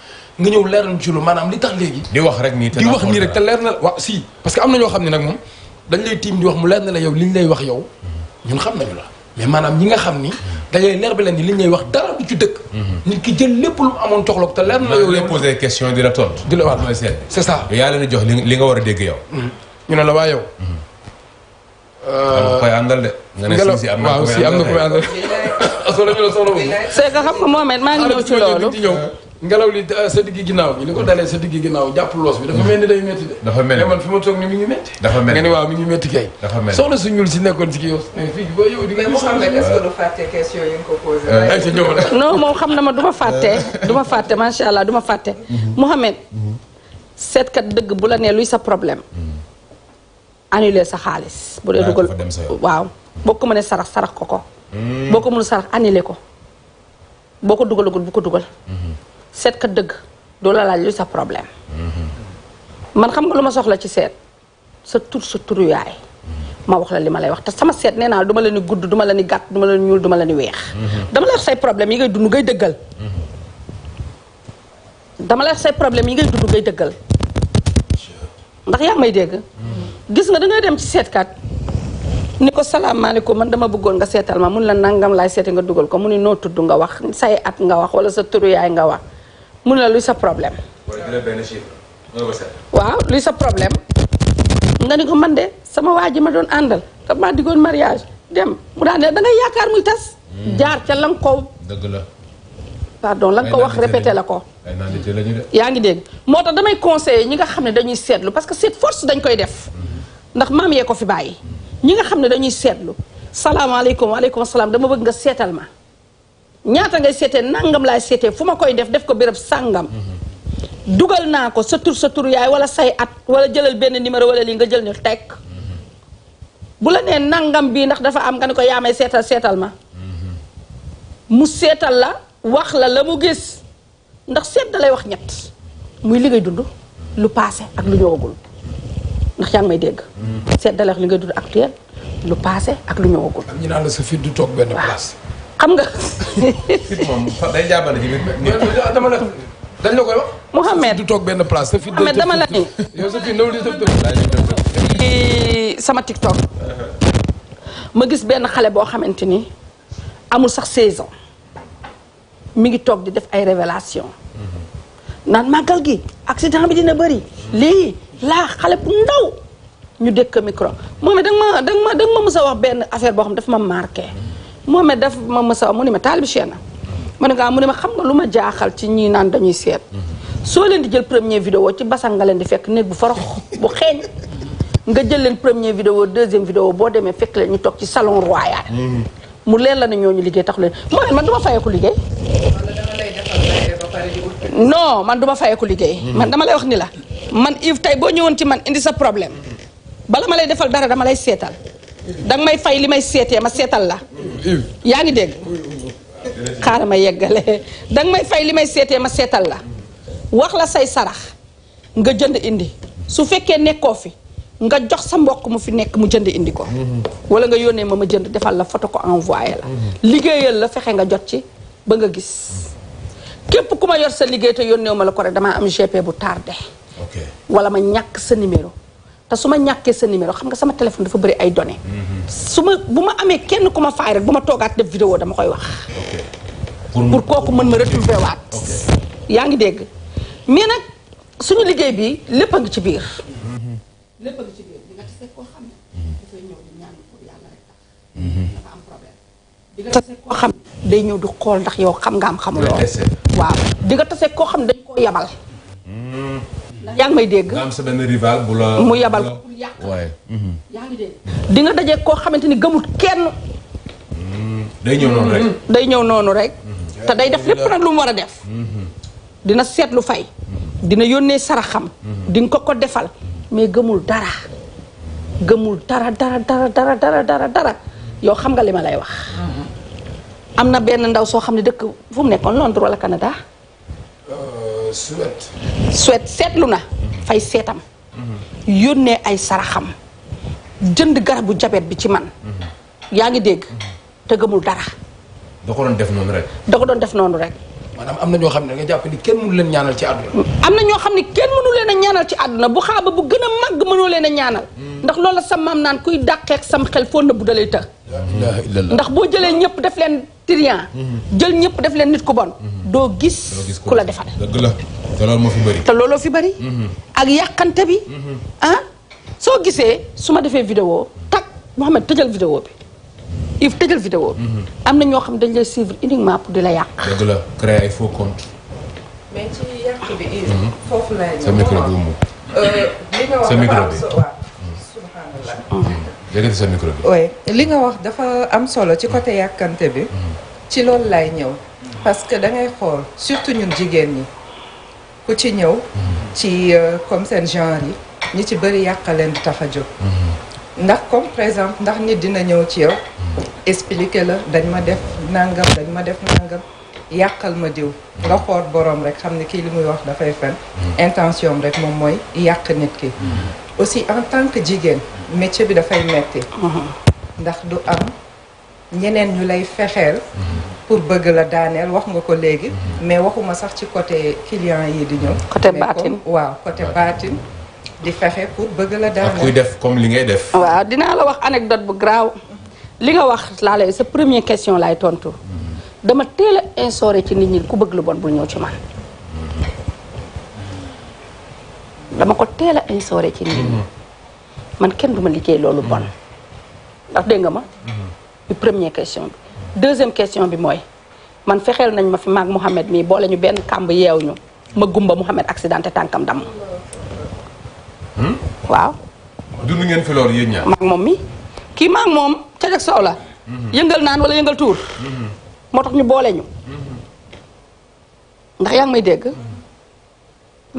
nga ñëw leeral ci lu maanaam li tax léegi. di wax rek nii te wax nii rek te leer na waaw si parce que am na ñoo xam ne nag moom dañ lay tiim di wax mu leer na la yow liñ lay wax yow ñun xam la mais maanaam ñi nga xam ni da ngay leen ni liñ lay wax dara ci dëkk. Mhm. nit ki jël lépp lu amoon jox la ko te leer la yow. question di la tontu. di la wax mooy seet c'est ça. yaa leen jox li nga war a dégg yow. Mhm. ñu la waa yow. Mhm. Euh, am de. nga ne si am na koy àndal waaw si am na koy àndal. parce <laughs> <laughs> xam nga Mohamed maa ngi ñëw ci loolu ngelaw li euh, sa digg ginnaaw gi li ko dalee sa digg ginnaaw jàpp loos bi dafa mel ni day métti de. dafa mel ni man fi ma ni mi dafa mel nga ni waaw mi ngi métti kay. dafa mel su ñuul si nekkoon si kii yow. di nga ñu euh, <laughs> moom xam na ma du ma fàtte du fàtte macha allah du ma fàtte. Mm-hmm. Mouhamed. seetkat dëgg bu la nee luy sa problème. Mm-hmm. annulé sa xaalis. bu dee dugal waaw boo ko ne sarax sarax ko ko. Mm-hmm. boo ko mënul sarax annulé ko boo ko dugalagul bu ko dugal Set ka deug do la laaj lu sa problème man xam nga luma soxla ci set sa tour sa tour yaay ma wax la li ma lay wax ta sama set neena duma la ni gudd duma la ni gatt duma la ni ñuul duma yang la ni wéx dama la wax say problème yi ngay dund ngay dama la wax say problème yi ngay dund ngay ndax ya may deg gis nga da ngay dem ci kat. niko salam salaamaaleykum man dama bëggoon nga sétal ma mun la nangam lay sété nga duggal ko mu ni nga wax say at nga wax wala sa turu yaay nga wax mun la luy sa problème. waaw luy sa problème nga ni ko man de sama waji ma doon andal te ma digon mariage dem mu daan ne da ngay yaakaar muy tas. Hmm. jaar ca lang ko. deug la. pardon lang ko wax répéter la ko. ya ngi deg motax damay conseiller ñi nga xamne dañuy sétlu parce que cette force dañ koy def. Hmm. ndax mam ye ko fi bayyi ñi nga dañuy sétlu salam alaykum wa alaykum assalam dama bëgg nga sétal ma ñaata ngay sété nangam laay sété fuma koy def def ko béréb sangam dugal na ko sa tour sa tour yaay wala say at wala jëlal ben numéro wala linggal nga jël ni tek bu la nangam bi ndax dafa am gan ko yaa may sétal ma mu sétal la wax la lamu gis ndax sét dalay wax ñett muy ligay dund lu passé ak lu ñowagul ndax yaang may dégg. Mm. sét dalay wax li ngay dund actuel lu passé ak lu ñowagul ñu nane sa fi du tok ben place. xam nga. fit moom day jàppale ci biir dama la dañ du toog benn place. dama la ni. yow sa fi sama TikTok. ma gis benn xale boo xamante ni amul sax saison mu ngi toog di def ay révélation naan màggal gi accident bi dina bëri lii laa xale bu ndaw ñu dëkk micro moom it danga ma danga ma danga ma mës a wax benn affaire boo xam dafa ma marqué. moom Mohamed daf ma mës a mu ne ma taalibi Cheikh na ma ne ko ah, mu ne ma xam nga lu ma jaaxal ci ñi naan dañuy seet soo leen di jël premier vidéo ci basan nga leen di fekk néeg bu farox bu xeeñ nga jël leen premier vidéo deuxième vidéo boo demee fekk leen ñu toog ci salon royal mu leen la ne ñooñu liggéey taxu leen Mohamed man du ma fayeeku liggéey non man du ma fayeeku liggéey man dama lay wax ni la man Yves tey boo ñëwoon ci man indi sa problème bala ma lay defal dara dama lay seetal danga may fay li may seetee ma seetal la yaa ngi dégg xaaral ma yeggale danga may fay li may seetee ma seetal la wax la say sarax nga jënd indi su fekkee nekkoo fi nga jox sa mboq mu fi nekk mu jënd indi ko mm-hmm. wala nga yónnee ma ma jënd defal la photo ko envoyé la mm-hmm. liggéeyal la fexe nga jot ci ba nga gis képp ku ma yor sa liggéey te yónneewu ma la ko rek damaa am GP bu tarde wala ma ñàkk sa numéro te su ma ñàkkee sa numéro xam nga sama téléphone dafa bari ay données. su ma bu ma amee kenn ku ma faay rek bu ma toogaat def vidéo dama koy wax. pour kooku mën ma retrouver waat. yaa ngi dégg mais nag suñu liggéey bi lépp a ngi ci biir. lépp di nga tase koo xam ne day ñëw di xool ndax yow xam nga am xamuloo. waaw di nga tase koo xam ne dañ koo yabal. Hmm. yaa ngi may dégg. nga am sa benn rival bu mu yabal ko yàq. Mhm. yaa daje koo xamante ni gëmul kenn. Mm. day ñëw noonu rek. Mm. Mm. te day def lépp nag lu mu war a def. Mm-hmm. dina seetlu fay. Mm-hmm. dina yónnee saraxam. Mm-hmm. dinga ko ko defal mais gëmul dara. gëmul dara dara dara dara dara dara dara yow xam nga li ma lay wax. am na benn ndaw soo xam ne dëkk fu mu nekkoon Londres wala Canada. Euh, suwet. suwet seetlu na. fay seetam. yónnee ay saraxam. jënd garabu jabet bi ci man. Mm-hmm. yaa ngi dégg. te gëmul dara. da ko doon def noonu rek. da ko doon def noonu rek. maanaam am na ñoo xam ne da nga jàpp ni kenn mënu leen ñaanal ci àdduna am na ñoo xam ne kenn mënu leen a ñaanal ci àdduna bu xaaba bu gën a mag mënoo leen a ñaanal hmm. ndax lool la sa maam naan kuy dàqeek sam xel foo nëbbu dalay të ndax boo jëlee ñëpp def leen trian hmm. jël ñëpp daf leen nit ku bon hmm. doo gis ku la defal la te loolu moo fi bëri te looloo fi bëri ak yàqante bi ah soo gisee su ma defee vidéo tag Mouhamed tëjal vidéo bi if tëjal vidéo mhm. am na ñoo xam dañ lay suivre uniquement pour di la yàq. dëgg la créer ay faux compte. mais mhm. sa micro euh, mhm. li nga wax dafa am solo ci côté yàkkante bi. ci loolu laay ñëw. parce que da ngay xool surtout ñun jigéen ñi ku ci ñëw. ci euh, comme seen genre yi ñi ci bëri yàq leen di ndax comme par exemple ndax nit dina ci yow expliquer la dañ ma def nangam dañ ma def nangam ma borom rek fen hmm. intention rek nit hmm. aussi en tant que jigéen métier bi dafay metti uh-huh. ndax du am ñeneen ñu lay hmm. pour bëgg la daaneel wax nga ko mais waxuma sax ci côté client yi di di fexe pour bëgg la daal kuy def comme li ngay def. waaw dinaa la wax anecdote bu graaw li nga wax laa lay sa premier question laay tontu dama teel a instauré ci nit ñi ku bëgg lu bon bul ñëw ci man dama ko teel a ci nit ñi man kenn du ma liggéey loolu bon ndax dégg nga ma. bi première question bi. deuxième question bi mooy man fexeel nañ ma fi maag Mouhamed mii boole ñu benn kàmb yeew ñu ma gumba Mouhamed accidenté tànkam damm. Hmm? waaw dund ngeen fi loolu yéen ñaar maag moom mi kii maag moom cajak soow la mhm. yëngal naan wala yëngal tuur mhm. moo tax ñu boole ñu mhm. ndax yaa ngi may dégg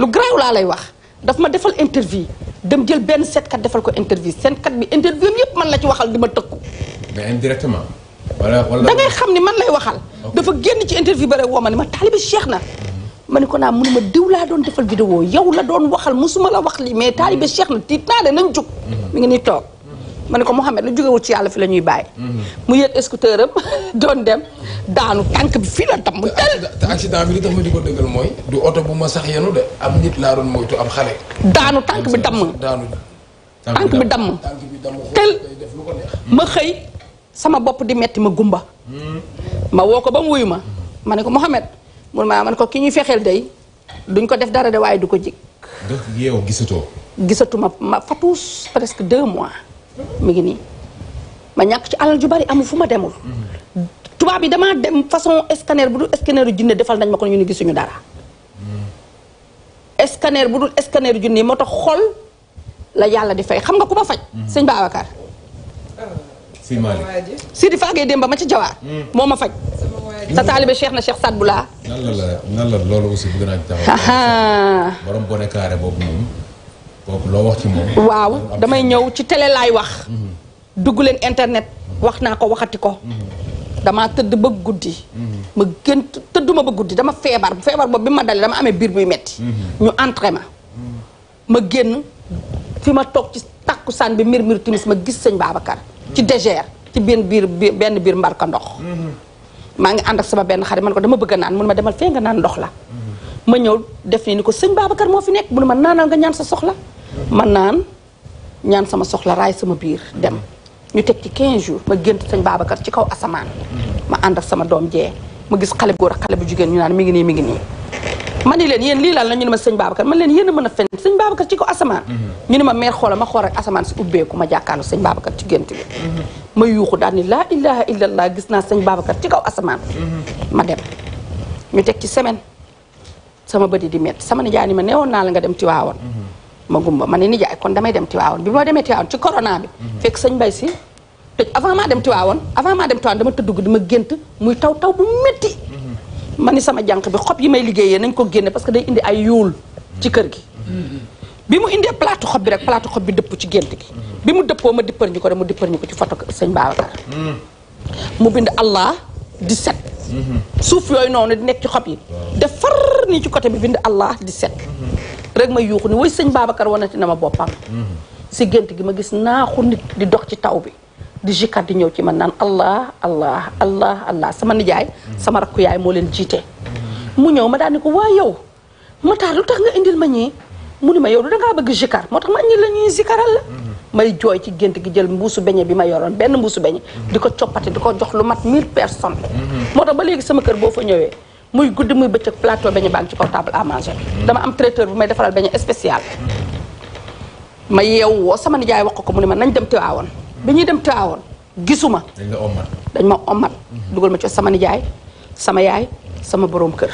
lu garaaw laa lay wax daf ma defal interview dem jël benn seetkat defal ko interview seetkat bi interview am yëpp man la ci waxal di ma tëkku mais indirectement wala wala da ngay xam ni man lay waxal dafa génn ci interview ba rek woo ma ne ma Cheikh na man ne ko naa mënuma diw laa doon defal vidéo yow la doon waxal musuma la wax lii mais taalibe Cheikh na tiit naa de nañ jug mi ngi ni toog ma ne ko Mouhamed lu jógewul ci yàlla fi la ñuy bàyyi mu yéeg scooter am <laughs> doon dem daanu tànk bi fii la tam mu tel te accident bi li tax ma di ko dëggal mooy du oto bu ma sax yenu de am nit laa doon moytu am xale daanu tànk bi damm daanu tànk bi damm tel ma xëy sama bopp di metti ma gumba hmm. ma woo ko ba mu wuyu ma ma ne ko Mouhamed mun maa man ko ki ñuy fexeel day duñ ko def dara de waaye du ko jik nga yeew gisatoo. gisatuma ma fatuus presque deux mois mu ngi nii ma ñàkk ci alal ju bari amul fu ma demul. tubaab yi damaa dem façon scanner bu dul scanner yu junne defal nañ ma ko ñu ni gisuñu dara. scanner bu dul scanner yu junne moo tax xol la yàlla di fay xam nga ku ma faj. Mm-hmm. sëñ Babacar. Ah. Sidi Faagee Demba ma ci Jawaar. Hmm. moma fajj sa talibé Cheikh na Cheikh Saad nan la nan la lolu aussi bëgg naa taxaw. borom boné carré bobu mom bobu lo wax ci mom waw damay ñëw ci télé lay wax. Mhm. dugg internet. wax naa ko waxati ko. Mhm. dama teud ba guddi. Mhm. ma gën teuduma ba guddi dama fébar fébar bobu bima dalé dama amé bir bu metti ñu entraînement. ma génn fima tok ci takusan bi mirmir tunis ma gis seigne babakar ci dégère ci benn biir benn biir mbarka ndox mm-hmm. maa ngi ànd ak sama benn xarit man ko dama bëgg a naan mun ma demal fee nga naan ndox la mm-hmm. ma ñëw def ni ni ko sëñ Babacar moo fi nekk mu ne ma naanal nga ñaan sa soxla mm-hmm. ma naan ñaan sama soxla raay sama biir dem ñu teg ci 15 jours ma gént sëñ Babacar ci kaw asamaan ma ànd ak sama doom jee ma gis xale bu góor ak xale bu jigéen ñu naan mi ngi nii mi ngi nii ma ni leen yéen lii lan la ñu ne ma sëñ Babacar man leen yéen a mën a fen sëñ Babacar ci ko asamaan mhm. ñu ne ma meer xoola ma xool ak asamaan si ubbeeku ma jàkkaarlu sëñ Babacar ci mhm. ma yuuxu daal ni laa ilaha illallah gis naa sëñ Babacar ci kaw asamaan mhm. ma dem ñu teg ci semaine sama bëdi di métti sama nijaay ni ma neewoon naa la nga dem Tiwaawoon ma gumba ma ne nijaay kon damay dem Tiwaawoon bi ma demee Tiwaawoon ci corona bi fekk sëñ Bay si tëj avant maa dem Tiwaawoon avant maa dem Tiwaawoon dama tëddugg dama gént muy taw taw bu métti ma ni sama jànq bi xob yi may liggéeyee nañ ko génne parce que day indi ay yuul ci kër gi bi mu indee plaatu xob bi rek plaatu xob bi dëpp ci gént gi bi mu dëppoo ma dippar ñu ko rek mu dippar ñu ko ci photo sëñ Babacar mu bind allah di set suuf yooyu noonu di nekk ci xob yi def far nii ci côté bi bind allah di set rek may yuuxu ni woy sëñ Babacar wanati na ma boppam si gént gi ma gis naaxu nit di dox ci taw bi di jikkat di ñew ci man nan allah allah allah allah sama nijaay sama rakku yaay mo leen jité mu ñew ma daal ni ko yow ma lu lutax nga indil ma ñi mu ni ma yow da nga bëgg jikar motax ma ñi lañuy ñuy la may joy ci gënt gi jël mbusu beñe bi ma yoron benn mbusu beñe di ciopati diko jox lu mat 1000 personnes motax ba légui sama kër bo fa ñëwé muy guddi muy bëccëg plateau beñe baa ci ci table à manger dama am traiteur bu may beñe spécial ma wo sama nijaay wax ko mu ni ma nañ dem tiwaawoon bi ñuy dem taawoon gisuma dañ ma omat dugal ma ci sama nijaay sama yaay sama boroom kër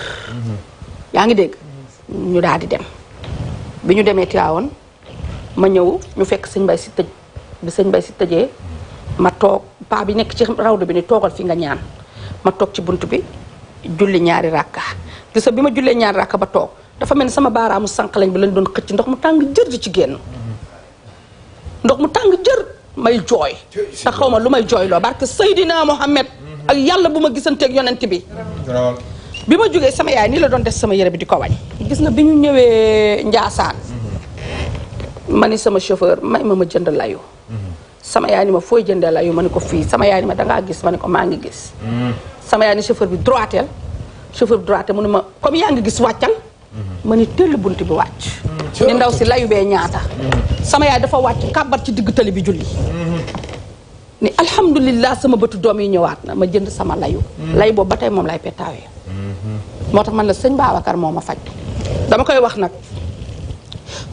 yaa ngi dégg ñu daal di dem bi ñu demee taawoon ma ñëw ñu fekk sëñ bay si tëj bi sëñ bay si tëjee ma toog paa bi nekk ci rawdu bi ni toogal fi nga ñaan ma toog ci bunt bi julli ñaari ràkka gis bi ma jullee ñaari ràkka ba toog dafa mel ni sama baaraamu sànq lañ bi lañ doon xëcc ndox mu tàng jër ci génn ndox mu tàng jër may jooy te xaw ma lu may jooy loo barke Seydina Mohamed ak yàlla bu ma gisanteeg yonent bi bi ma jógee sama yaay nii la doon des sama yére bi di ko wañ gis na bi ñu ñëwee Njaasaan ma ni sama chauffeur may ma ma jënd layu sama yaay ni ma fooy jëndee layu ma ni ko fii sama yaay ni ma dangaa gis ma ni ko maa ngi gis mm. sama yaay ni chauffeur bi droiteel chauffeur bi droité mu ne ma comme yaa ngi gis wàccal ma ni tëll bunt bi wàcc ni ndaw si layu bee ñaata sama yaay dafa wàcc kàbbat ci digg tali bi julli ni alhamdulilah sama bëtu doom yi ñëwaat na ma jënd sama layu lay boobu ba tey moom lay pettaawee moo tax man la sëñ Babacar moo ma faj dama koy wax nag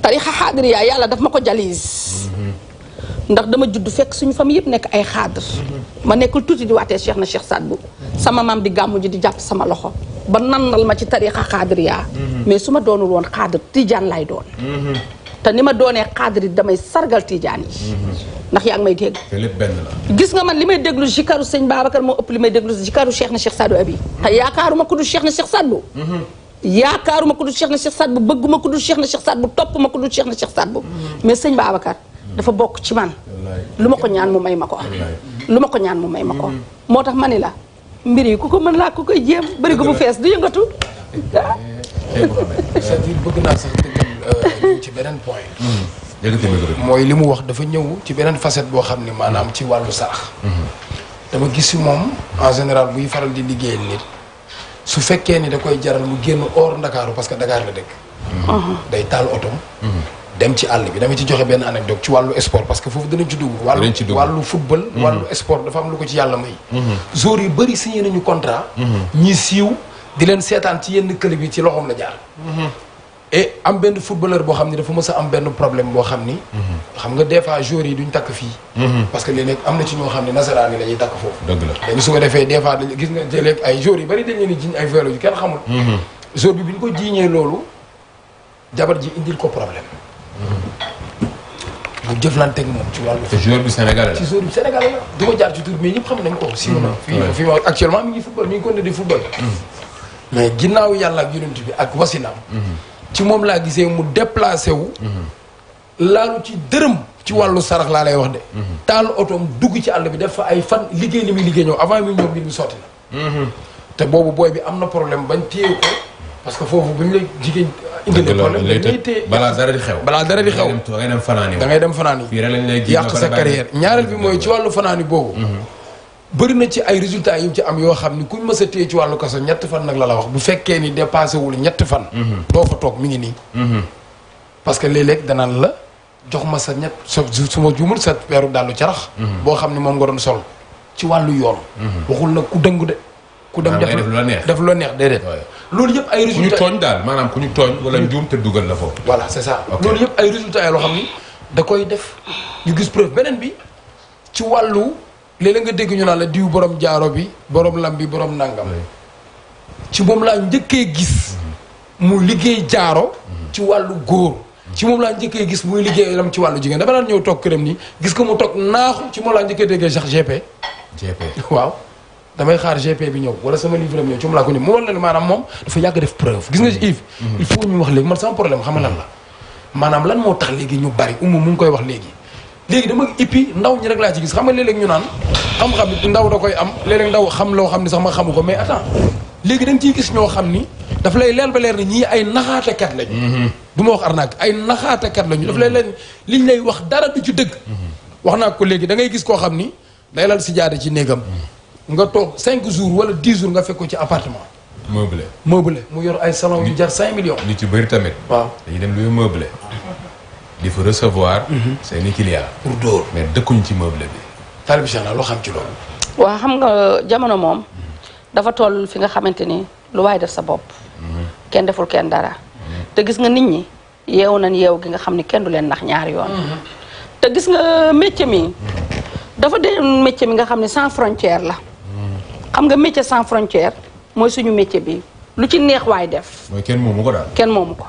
tarixa xaadir yaay yàlla daf ma ko jalis ndax dama juddu fekk suñu famille yëpp nekk ay xaadir ma nekkul tuuti di waatee Cheikh na Cheikh Saad bu sama maam di gàmmu ji di jàpp sama loxo ba nannal ma ci tariixa xaadir yaa mhm. mais su ma doonul woon xaadir tijaan lay doon mhm. te ni ma doonee xaadir yi damay sargal tijaan yi mhm. ndax yaa ngi may dégg lépp benn la gis nga man li may déglu jikaru sëñ ëpp li may déglu jikaru Cheikh na Cheikh Saad bu abi te yaakaaruma ku du Cheikh na Cheikh Saad bu ku du Cheikh na Cheikh Saad bu bëgguma ku du Cheikh na Cheikh Saad bu topp ku du Cheikh na Cheikh Saad bu mais sëñ Babacar dafa bok ci man luma ko ñaan mu may mako ko lu ko ñaan mu may mako motax mm-hmm. manila mbiri ku ko man la ku koy jëm bari ko bu fess du yëngatu eh, eh, moy euh, mm-hmm. limu wax dafa ñëw ci benen facette bo xamni manam ci walu sax mm-hmm. dama gis ci mom en général buy faral di liggéey nit su fekke ni da koy jaral mu genn or Ndakaaru parce que Dakar la dekk day tal auto dem ci àll bi dama ci joxe benn anecdote ci wàllu sport parce que foofu danañ ci dugg wàllu wàllu football mhm. wàllu sport dafa am lu ko ci yàlla may mhm. joueurs yu bëri signé nañu contrat mhm. ñi siiw di leen seetaan ci yenn club yi ci loxoom la jaar et am benn footballeur boo xam ne dafa mës a am benn problème boo xam ni xam nga des fois joueurs yi duñ takk fii parce que léeg-léeg am na ci ñoo xam ne nasaraan yi la ñuy takk foofu dëgg la léegi su ko defee des fois gis nga jëlee ay joueurs yu bëri dañ leen di jiñ ay violons yu bi bi ko jiiñee loolu jabar ji indil ko problème ñu jëflanteeg moom ci wàllu. te la ci joueur bi Sénégal la. du ko jaar ci tur bi mais ñëpp xam nañ ko. Mm. sinon fii fii ma actuellement mi ngi football mi ngi continué mm. mais ginnaaw yàlla ak yonent bi ak wasinaam. Mm-hmm. ci moom laa gisee mu déplacé wu. Mm-hmm. laalu ci dërëm. ci wàllu sarax laa lay wax de. Mm-hmm. taal otoom dugg ci àll bi def fa ay fan liggéey li muy liggéey ñëw avant mi ñëw mbir mi sotti na. te boobu booy bi am na problème bañ téye ko parce que foofu buñ la jigéen indi la problème lay tëj balaa dara di xew balaa dara di xew da dem fanaani yàq sa carrière ñaareel bi mooy ci wàllu fanaani boobu mhm. bëri na ci ay résultats yu ci am yoo xam ni kuñ ma sa téye ci wàllu kaso ñett fan nag la la wax bu fekkee ni dépassé wul ñett fan mhm. doo fa toog mu ngi nii mhm. parce que léeg-léeg danaan la jox ma sa ñett sa su ma juumul sa peeru dàllu carax boo xam ne moom nga doon sol ci wàllu yoon waxul nag ku dëng de ku dem def lu la neex def lu neex déedéet loolu yëpp ay résultats ku ñu tooñ daal maanaam ku ñu tooñ wala hmm. njuum te dugal la foofu. voilà c'est ça loolu yëpp ay résultats yoo xam ni hmm. da koy def ñu gis preuve beneen bi ci wàllu léeg nga dégg ñu naan la diw boroom jaaro bi borom lam bi borom nangam ci moom laa njëkkee gis hmm. mu liggéey jaaro ci wàllu góor. ci moom laa njëkkee gis muy liggéeyam ci wàllu jigéen dama daan ñëw toog këram ni gis ko mu toog naaxu ci moom laa njëkkee sax GP. damay xaar GP bi ñëw wala sama livre bi ñëw ci mu la ko ni mu wala manam mom dafa yag def preuve gis nga ci Yves il faut ñu wax léegi man sama problème xam lan la manam lan mo tax léegi ñu bari umu mu ngi koy wax léegi léegi dama ipi ndaw ñi rek la ci gis xam nga leeg ñu naan xam-xam ndaw da koy am léeg-léeg ndaw xam lo xam ni sax ma xamu ko mais attends léegi dañ ci gis ño xam ni daf lay leer ba leer ni ñi ay naxaatekat lañu du ma wax arnak ay naxata kat lañu daf lay leen liñ lay wax dara du ci deug waxna ko léegi da ngay gis ko xam ni day lal si jaade ci négam 5 jours ou 10 jours nga fekk appartement. meublé meublé mu yor ay salon 5 millions. important. tamit. Il dem important. meublé. faut recevoir. Mhm. seeni important. pour mais dëkkuñ ci meublé bi. Talib Chana un xam ci loolu. Tu xam nga jamono important. dafa fi nga lu def sa que mhm. kenn deful kenn dara. Mhm. te gis nga nit ñi nañ gi mi. dafa métier mi nga sans frontière xam nga métier sans frontière mooy suñu métier bi lu ci neex waay def. mooy kenn moomu ko daal. kenn moomu ko.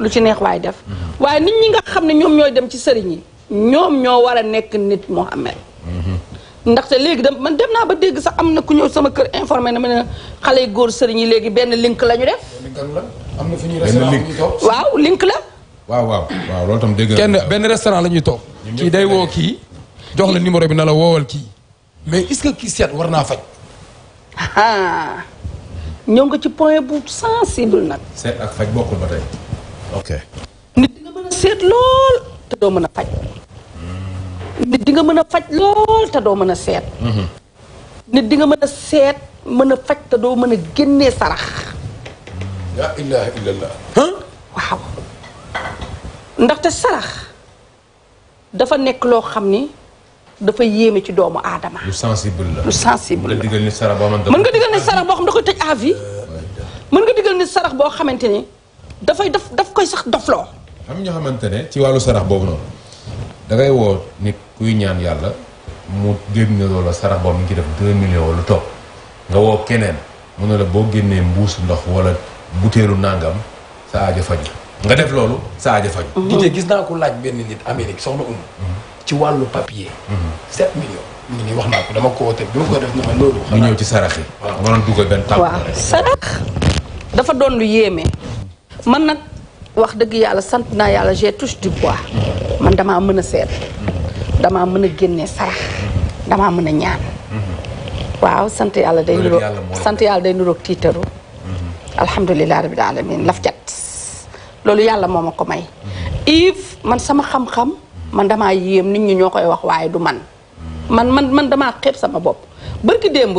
lu ci neex waay def. Mhm. waaye nit ñi nga xam ne ñoom ñooy dem ci sëriñ yi ñoom ñoo war a nekk nit Mohamed. Mhm. ndaxte léegi dem man dem naa ba dégg sax am na ku ñëw sama kër informé na ma ne xale yu góor sëriñ yi léegi benn link la ñu def. am na fu ñuy restaurant la ñuy toog waaw link la. waaw waaw loolu tam dégg kenn benn restaurant la ñuy toog. kii day woo kii jox la numéro bi na la woowal kii mais est-ce que kii seet war naa faj. Ah. ñëw nga ci point bu sensible nag. seet ak faj bokkul ba tey. nit di nga mën a seet lool te doo mën a faj. Hmm. nit di nga mën a faj lool te doo mën a seet. Hmm. nit di nga mën a seet mën a faj te doo mën a génnee sarax. Hmm. la ilaha illallah. waaw. ndaxte sarax dafa nekk loo xam ni. dafa yéeme ci doomu aadama. lu sensible la lu sensible la. mën nga digal ni sarax boo xamante ne mën nga digal ni sarax xamante ne dafay daf daf koy sax dofloo. am ñoo xamante ne ci wàllu sarax boobu noonu ngay woo nit kuy ñaan yàlla mu génne loola sarax boobu mu ngi def nga woo keneen mu ne la boo génnee mbuusu ndox wala butéelu nangam sa faj faju nga def loolu sa aajo faju. Mm-hmm. gis naa ko laaj benn nit Amérique soxna Oumou. Mm-hmm. ci wàllu papier. 7 millions. ñu ko na ma loolu. mu ci sarax yi. waaw sarax dafa doon lu yéeme. man nag wax dëgg yàlla sant naa yàlla j'ai touché du bois. man damaa mën a seet. damaa mën a génne sarax. damaa mën a ñaan. waaw sant yàlla day niroog sant yàlla day niroog tiitaru. alhamdulilah rabbil alamin laf jat loolu yàlla moo ma ko may. Yves man sama xam-xam. man damaa yéem nit ñi ñoo koy wax waaye du man man man man damaa xeeb sama bopp bërki démb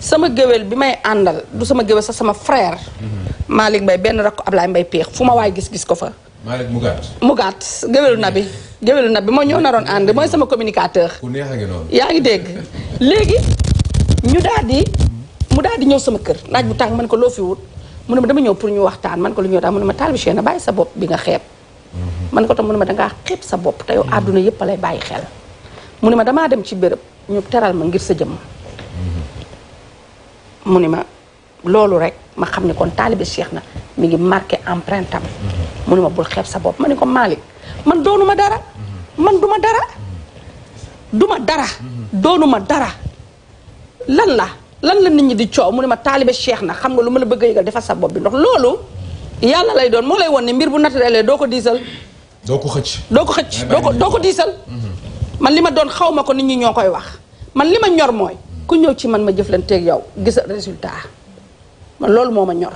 sama géwél bi may àndal du sama géwél sax sama frère mm-hmm. Malick Mbaye benn rakk Ablaye mbay peex fu ma waay gis-gis ko fa Malick Mugaat Mugaat géwélu na bi géwélu na bi moo ñoo naroon ànd mooy sama communicateur ku neex a ngi noonu yaa ngi dégg léegi ñu daal di mu daal di ñëw sama kër naaj bu tàng man ko loo fi wut mu ne ma dama ñëw pour ñu waxtaan man ko lu ñëw daal mu ne ma taal bi na bàyyi sa bopp bi nga xeeb man ko tax mu ne ma dangaa xeeb sa bopp te yow mm. àdduna yëpp lay bàyyi xel mu ne ma damaa dem ci béréb ñu teral ma ngir sa jëmm mm-hmm. mu ni ma loolu rek ma xam ne kon taalibe Cheikh na mi ngi marqué empreinte am mm-hmm. mu ne ma bul xeeb sa bopp ma ne ko Malick man doonu ma dara mm-hmm. man duma dara duma dara doonu ma dara lan la lan la nit ñi di coow mu ne ma taalibe Cheikh na xam nga lu ma la bëgg a yëgal defal sa bopp bi ndox loolu yàlla lay doon moo lay won ne mbir bu naturel doo ko diisal doo ko xëcc doo ko xëcc doo ko doo ko diisal mhm. man li ma doon xaw ma ko nit ñi ñoo koy wax man li ma ñor mooy ku ñëw ci man ma jëflanteeg yow gis résultat man loolu moo ma ñor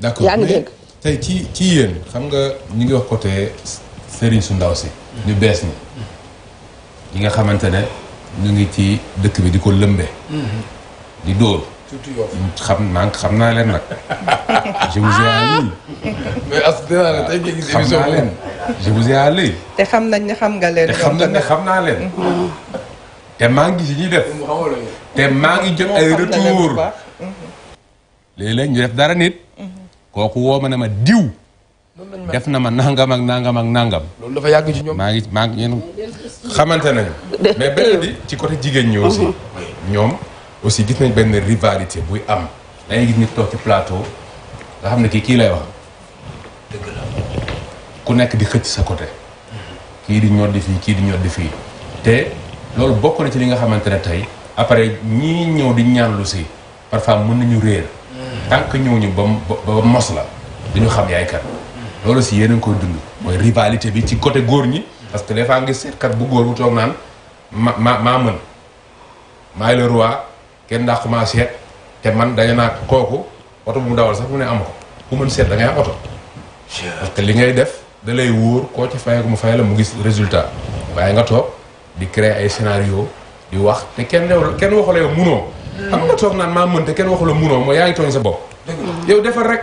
d'accord yaa ngi dégg tey ci ci yéen xam nga ñu ngi wax côté sëriñ su ndaw si ñu bees ni ñi nga xamante ne ñu ngi ci dëkk bi di ko lëmbe mhm. di dóor surtout yow. Mm, xam naa xam naa leen nag. <laughs> je vous ai à xam naa leen te xam nañ ne xam nga leen. te xam naa leen. Mm-hmm. te maa ngi si ñuy def. Mm, te maa ngi jot ay retour mm-hmm. léeg-léeg ñu def dara nit. Mm-hmm. kooku woo ma ne ma diw. def na ma nangam ak nangam ak nangam. loolu dafa yàgg ci ñoom. maa ngi maa ngi ñun xamante nañu. bi ci côté jigéen ñi aussi ñoom. aussi gis nañ benn rivalité buy am da gis nit toog ci plateau nga xam ne kii kii lay wax ku nekk di xëcc sa côté kii di ñoddi fii kii di di fii te loolu bokk na ci li nga xamante ne tey après ñii ñëw di ñaanlu si parfois mën nañu réer mm. tant que ñëw ñu ba ba mos la dañu xam yaay kat mm. loolu si yéen a koy dund mooy rivalité bi ci côté góor ñi parce que des fois nga seetkat bu góor bu toog naan ma ma maa mën maay le roi kenn ndax commencé man dañu naa kooku oto bu mu dawal sax mu ne am ko ku mën seet da ngay am oto. li ngay def dalay lay wóor koo ci fayee ko mu fay la mu gis résultat waaye nga toog di créer ay scénario di wax te kenn newul kenn waxu la yow munoo. Hmm. xam nga toog naan maa mën te kenn waxula la munoo mooy yaa ngi tooñ sa bopp. yow defal rek.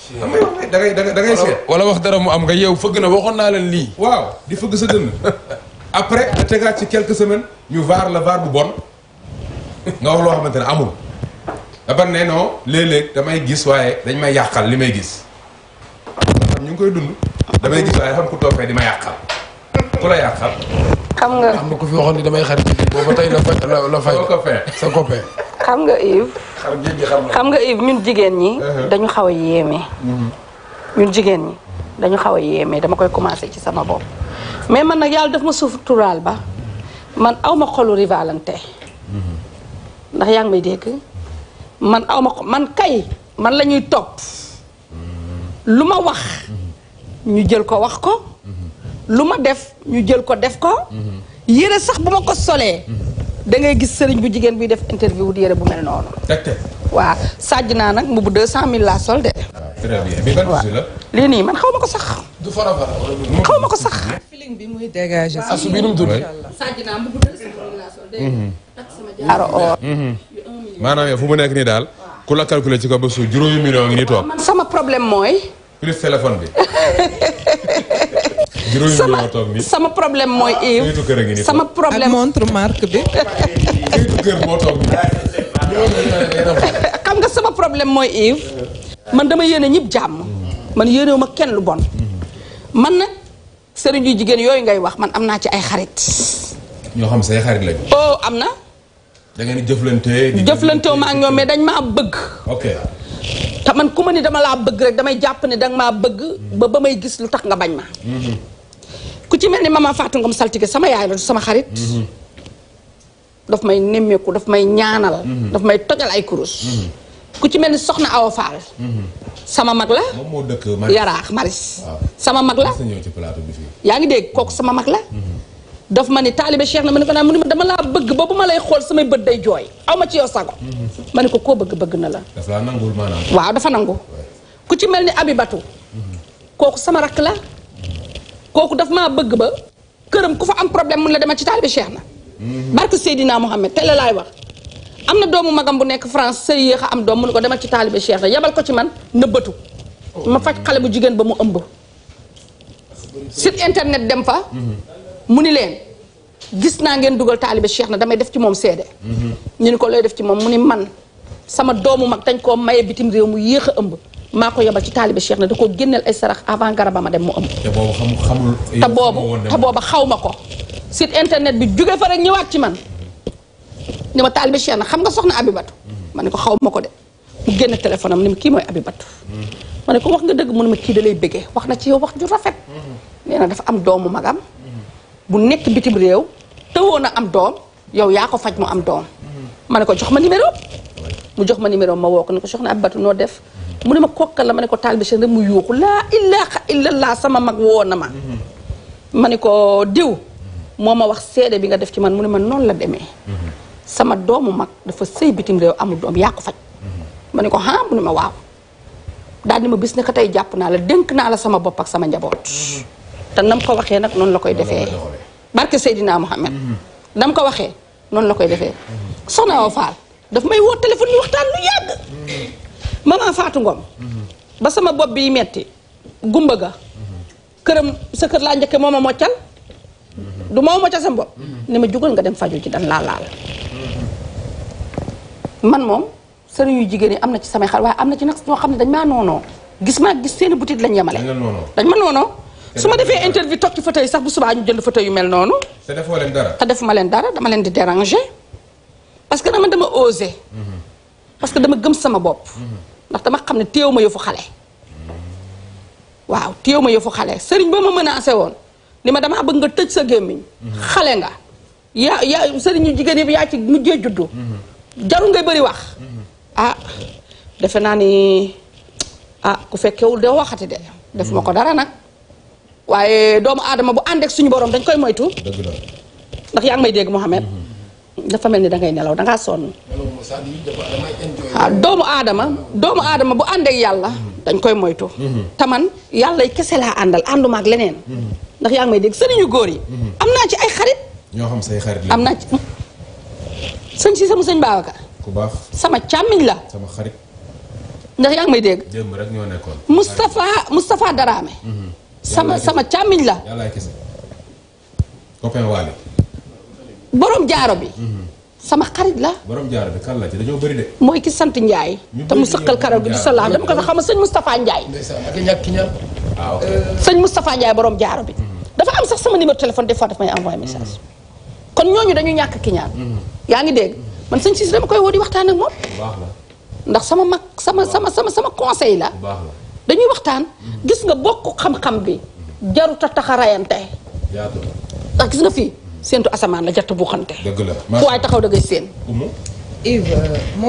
xam nga da da ngay seet. wala wax dara mu am nga yow fëgg na waxoon naa leen nii waaw di fëgg sa dënn. <laughs> après tegaat ci quelques semaine ñu vaar la vaar bu bon. nga wax loo xamante ne amul dafa ne noo léeg-léeg damay gis waaye dañ may yàqal li may gis xam ñu ngi koy dund damay gis waaye xam ku toog fee di ma yàqal ku la yàqal xam nga xam na ku fi ni damay xarit ci booba tey la fay la fay xam nga Yves xam nga Yves uh-huh. mm-hmm. jigéen ñi dañu xaw a yéeme ñun jigéen ñi xaw a yéeme dama koy commencé ci sama bopp mais man nag yàlla daf ma suuf turaal ba man awma xolu rivalante mm-hmm. ndax yang may dégg man awma ko man kay man lañuy top luma wax ñu jël ko wax ko luma def ñu jël ko def ko sax buma ko solé da ngay gis sëriñ bu jigen bi def interview di yére bu mel non wa sajna nak nag mbubu 200000 la sol de très bien mais aro or maanaam yow fu mu nekk nii daal ku la calculer ci ko ba su juróomi million ngi nii toog sama problème mooy plus bi <laughs> juróomi million ah, <laughs> sama problème mooy Yves sama problème montre marque bi këyitu kër sama problème mooy man dama yéene ñëpp jàmm man yéenewu ma kenn lu bon man nag sëriñ jigéen yooyu ngay wax man am naa ci ay xarit ñoo xam say xarit lañu oh am na da ngeen di jëflante. jëflantoo ma ak ñoom mais dañ maa bëgg. ok man ku ma ni dama laa bëgg rek damay jàpp ne danga maa bëgg. ba ba may gis lu tax nga bañ ma. Mm-hmm. ku ci mel ni maman Fatou Ngom saltige sama yaay sama xarit. Mm-hmm. daf may nemmeeku daf may ñaanal. Mm-hmm. daf may tojal ay kurus. ku ci mel ni soxna Awa Fall. sama mag la. dëkk Maris yaraax Maris. sama mag la yaa ngi dégg kooku sama mag la. daf ma ni taalibe Cheikh na ma ne ko naa mu ne ma dama laa bëgg ba bu ma lay xool samay bët day jooy aw ma ci yow sago mhm. ma ne ko koo bëgg bëgg na la. dafa laa nangul waaw dafa nangu ku ci mel ni Abibatu mhm. kooku sama rakk la mhm. kooku daf maa bëgg ba këram ku fa am problème mun la dama ci taalibe Cheikh na. barke Seydina Mohamed tey la laay wax. am na doomu magam bu nekk France sëy yéex am doom mun ne ko demal ci taalibe Cheikh na yebal ko ci man nëbbatu oh. ma faj xale bu jigéen ba mu ëmb. site internet dem fa. mu ni leen gis naa ngeen dugal taalibe Cheikh na damay def ci moom seede ñu ni ko looy def ci moom mu ni man sama doomu mag dañ koo maye bitim réew mu yéex a ëmb maa ko yebal ci taalibe Cheikh na da ko génneel ay sarax avant garaba ma dem mu ëmb te boobu xamul xamul te boobu te boobu xaw ma ko site internet bi jóge fa rek ñëwaat ci man ni ma taalibe na xam nga soxna Abibatu ma ne ko xaw ma ko de mu génn téléphone am ni ma kii mooy Abibatu ma ne ko wax nga dëgg mu ne ma kii da lay bëggee wax na ci yow wax fa rafet nee na dafa am doomu magam bu nekk bitim réew tëwoon na am doom yow yaa ko faj mu am doom ma ne ko jox ma numéro mu jox ma numéro ma woo ko ne ko soxna Abbatu noo def mu ne ma kokkal la ma ne ko taal bi seen rek mu yuuxu laa sama mag woo na ne ko diw moo ma wax seede bi nga def ci man mu ne ma noonu la demee sama doomu mag dafa sëy bitim réew amul doom yaa ko faj ma ne ko ah mu ne ma waaw daal ni ma bis ne ko tey jàpp naa la dénk naa la sama bopp ak sama njaboot te nam ko waxee nag noonu la koy defee barke Seydina Mohamed nam ko waxee noonu la koy defee soxna Awa Fall daf may woo téléphone yi waxtaan lu yàgg maman Fatou Ngom ba sama bopp bi metti gumba ga këram sa kër laa njëkke mooma moccal du moo moccal sama bopp ne ma jugal nga dem faju ci dan laa laal man moom sëriñ yu jigéen yi am na ci samay xar waaye am na ci nag ñoo xam ne dañ maa noonoo gis maa gis seen butit lañ yemale dañ ma noonoo su ma defee interview toog ci fauteuil sax bu subaa ñu jënd fauteuil yu mel noonu. te defoo leen dara. te defuma leen dara dama leen di déranger parce que dama dama osé. Mm-hmm. parce que dama gëm sama bopp. Mm-hmm. ndax dama xam ne téew ma yëfu xale. Mm-hmm. waaw téew ma yëfu xale sëriñ ba ma menacé woon ni ma damaa bëgg nga tëj sa gémmiñ. xale nga. yaa yaa sëriñu jigéen yi yaa ci mujjee juddu. jaru ngay bari wax. ah defe naa ni ah ku fekkewul de waxati de. defuma ko dara nag. waye doomu adama bu andek suñu borom dañ koy moytu. dëgg la ndax yaang may deg mohammed mhm. dafa mel ni da ngay nelaw da nga son ah, doomu adama doomu adama bu andek yalla, mhm. dañ koy moytu. Mhm. ta man yalla kessé la andal anduma ak leneen. ndax yaang may deg sëriñu goor yi. amna ci ay xarit. ño xam say xarit amna ci sëñ ci sama sëñ Babacar. ku baax sama chamign la. sama xarit. ndax yaang may deg dem rek ño nekkon mustafa mustafa Darame. sama sama càmmiñ la. yàllaay jaaro bi. Mhm. sama xarit la. borom jaaro bi kan dañoo bëri mooy ki sant Ndiaye. te mu sëqal karaw gi di sa laaj dama ko xam ne sañ Moustapha Ndiaye. waaw sëñ Moustapha Ndiaye ah, euh, borom jaaro bi. Mhm. dafa am sax sama numéro téléphone des fois daf may envoyé message. Mhm. kon ñooñu dañu ñàkk ki yaa ngi dégg man sëñ Cissé dama koy woo waxtaan ak moom. ndax sama mag sama sama sama sama conseil la. dañuy waxtaan gis nga bokk xam-xam bi jaruta tax a rayante ndax gis nga fii séentu asamaan la jatt bu xante fu waaye taxaw da ngay séen Yves euh,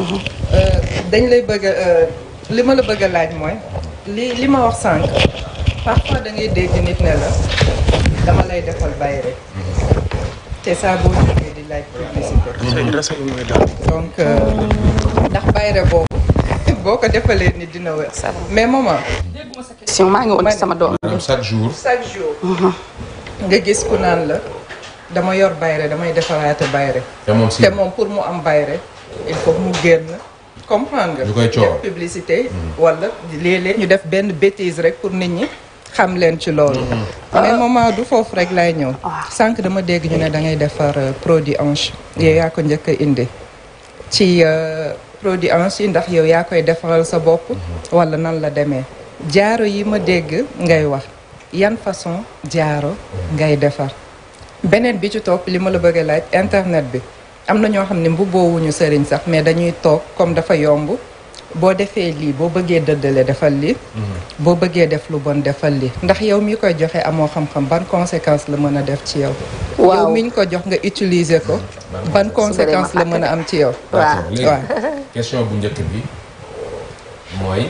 uh-huh. euh, dañ lay bëgg a euh, li ma la bëgg a laaj mooy li li ma wax sànq parfois da ngay dégg nit ne la dama lay defal bàyyi rek te saa boo jógee di laaj publicité donc ndax bàyyi boobu boo ko defalee ni dina sa mais maman. question maa ngi woon ci sama doom. chaque jour chaque mhm. nga gis ku naan la dama yor bayre damay defaraate bayre te moom pour mu am bayre il faut mu génn. comprendre nga. ñu koy coow publicité. Mm. wala léeg-léeg ñu def benn bétise rek pour nit ñi. xam leen ci loolu. Mm-hmm. mais moment du foofu rek laay ñëw. Ah. sànq dama dégg ñu ne da ngay defar euh, produit ange. yow yaa ko njëkk a indi. ci. Euh, produit en Chine ndax yow yaa koy defaral sa bopp wala nan la demee jaaro yi ma dégg ngay wax yan façon jaaro ngay defar beneen bi ci topp li ma la bëggee laaj internet bi am na ñoo xam ne mbubboo wuñu sëriñ sax mais dañuy toog comme dafa yomb boo defee lii boo bëggee dëddale defal li mm-hmm. boo bëggee def lu bon defal lii ndax yow mi koy joxe amoo xam-xam ban conséquence la mën a def ci yow. waaw yow ñu ko jox nga utiliser ko. Mm-hmm. ban conséquence la mën a am ci yow. waaw léegi question bu njëkk bi mooy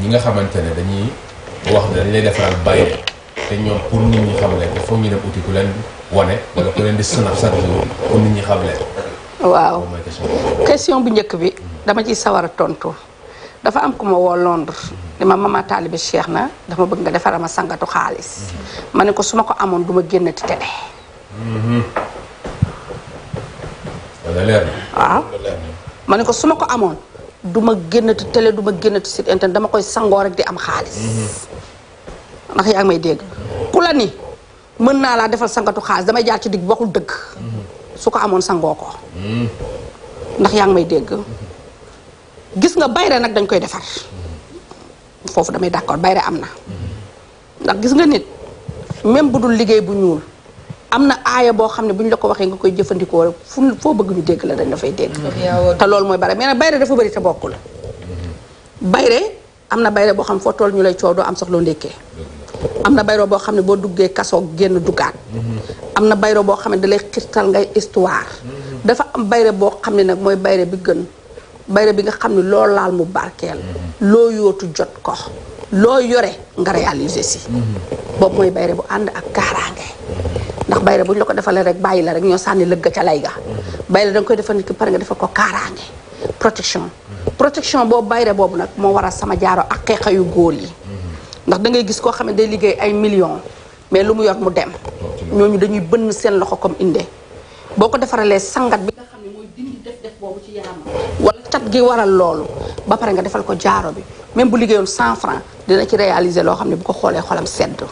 ñi nga xamante ne dañuy wax ne dañ lay defaral bàyyi te ñoom pour nit ñi xam leen il faut ñu dem uti ku leen wane wala ku leen di sënaf sànq pour nit ñi xam waaw question bu njëkk bi dama ciy sawar a tontu dafa am ku ma woo Londres ni ma mama taalibe Cheikh na dafa bëgg nga defaral ma sangatu xaalis mm-hmm. ma ne ko su ma ko amoon du ma génnati télé. Mm-hmm. wala ma ne ko su ma ko amoon du ma génnati télé du ma génnati site internet dama koy sangoo rek di am xaalis mm-hmm. ndax yaa may dégg ku la ni mën naa laa defal sangatu xaalis damay jaar ci digg waxul dëgg su ko amoon sangoo ko ndax yaa ngi may dégg gis nga bayre nag dañ koy defar foofu damay d'accord bayre am na ndax gis nga nit même bu dul liggéey bu ñuul am na aaya boo xam ne bu ñu la ko waxee nga koy jëfandikoo rek fu foo bëgg ñu dégg la dañ la fay dégg mm-hmm. te loolu mooy bare mais nag bayre dafa bëri te bokkul mm-hmm. bayre am na bayre boo xam foo tool ñu lay coow doo am sax ndékkee am na bayro boo xam ne boo duggee kaso génn duggaat am na bayro boo xam ne dalay xirtal ngay histoire dafa am bayre boo xam ne nag mooy bayre bi gën bayre bi nga xam ne loo laal mu barkeel loo yootu jot ko loo yore nga réaliser si boobu mooy bayre bu ànd ak kaaraange ndax bayre bu ñu la ko defalee rek bàyyi la rek ñoo sànni lëgg ca lay ga bayre da nga koy defal nit ki pare nga defal ko kaaraange protection protection boobu bayre boobu nag moo war waral sama jaaro ak xeexa yu góor yi ndax da ngay gis koo xam ne day liggéey ay million mais lu mu yor mu dem ñooñu dañuy bënn seen loxo comme inde boo ko defaralee sangat bi nga xam ci yaram wala tat gi waral loolu ba pare nga defal ko jaaro bi même bu liggéeyoon 100 francs dina ci réaliser loo xam ne bu ko xoolee xolam sedd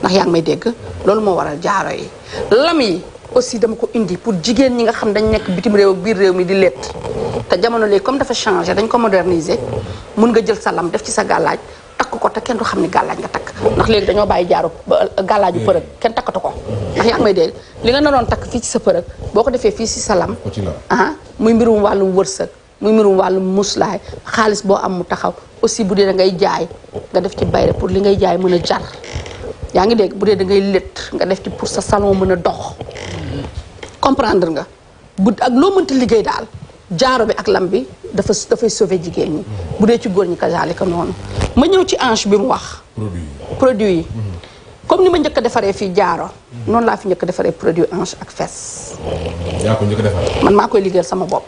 ndax yaa ngi may dégg loolu moo waral jaaro yi lam yi aussi dama ko indi pour jigéen ñi nga xam dañ nekk bitim réew biir réew mi di létt te jamono léegi comme dafa changé dañ ko moderniser mun nga jël sa lam def ci sa gàllaaj takk ko te ken du xamni ni nga tak ndax leg dañu baye jaaru gàllaaju përëg ken takkatu ko ndax ya may dégg li nga naroon tak fi ci sa përëg boko defee ci salam ah muy mbirum walu wursak muy mbirum walu muslay khalis bo am mu taxaw aussi budé da ngay jaay nga def ci bayre pour li ngay jaay mën jar ya nga deg budé da ngay nga def ci pour sa salon dox comprendre nga bu ak lo mënta dal jaaro bi ak lam bi dafa dafay sauver jigéen ñi bu dee ci góor ñi kazaalika noonu ma ñëw ci hanche bi mu wax produit yi mhm. comme ni ma njëkk a defaree fii jaaro noonu laa fi njëkk a defaree produit hanche ak fesse yaa ko njëkk man maa koy liggéeyal sama bopp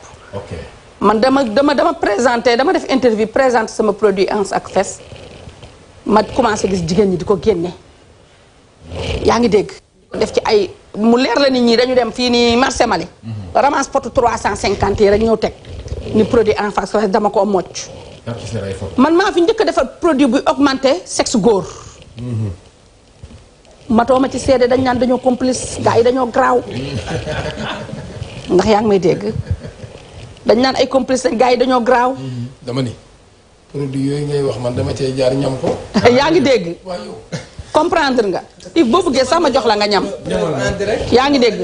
man dama dama dama présenté dama def interview présenté sama produit hanche ak fesse ma commencé gis jigéen ñi di ko génne yaa ngi dégg def ci ay mu leer la nit ñi dañu dem fii nii marché Mali. Mhm. ramasse potu 350 yi rek ñëw teg ni produit en face dama ko mocc. man fi njëkk a produit bu augmenté sexe góor. Mhm. matoo ma ci seede dañ naan dañoo complice gars yi dañoo garaaw ndax yaa ngi may dégg dañ naan ay complice gars yi dañoo garaaw. Mhm. dama ni produit yooyu ngay wax man dama cee jaar ñam ko. <laughs> yaa ngi dégg. comprendre nga if boo bëggee sama jox la nga ñam yaa ngi dégg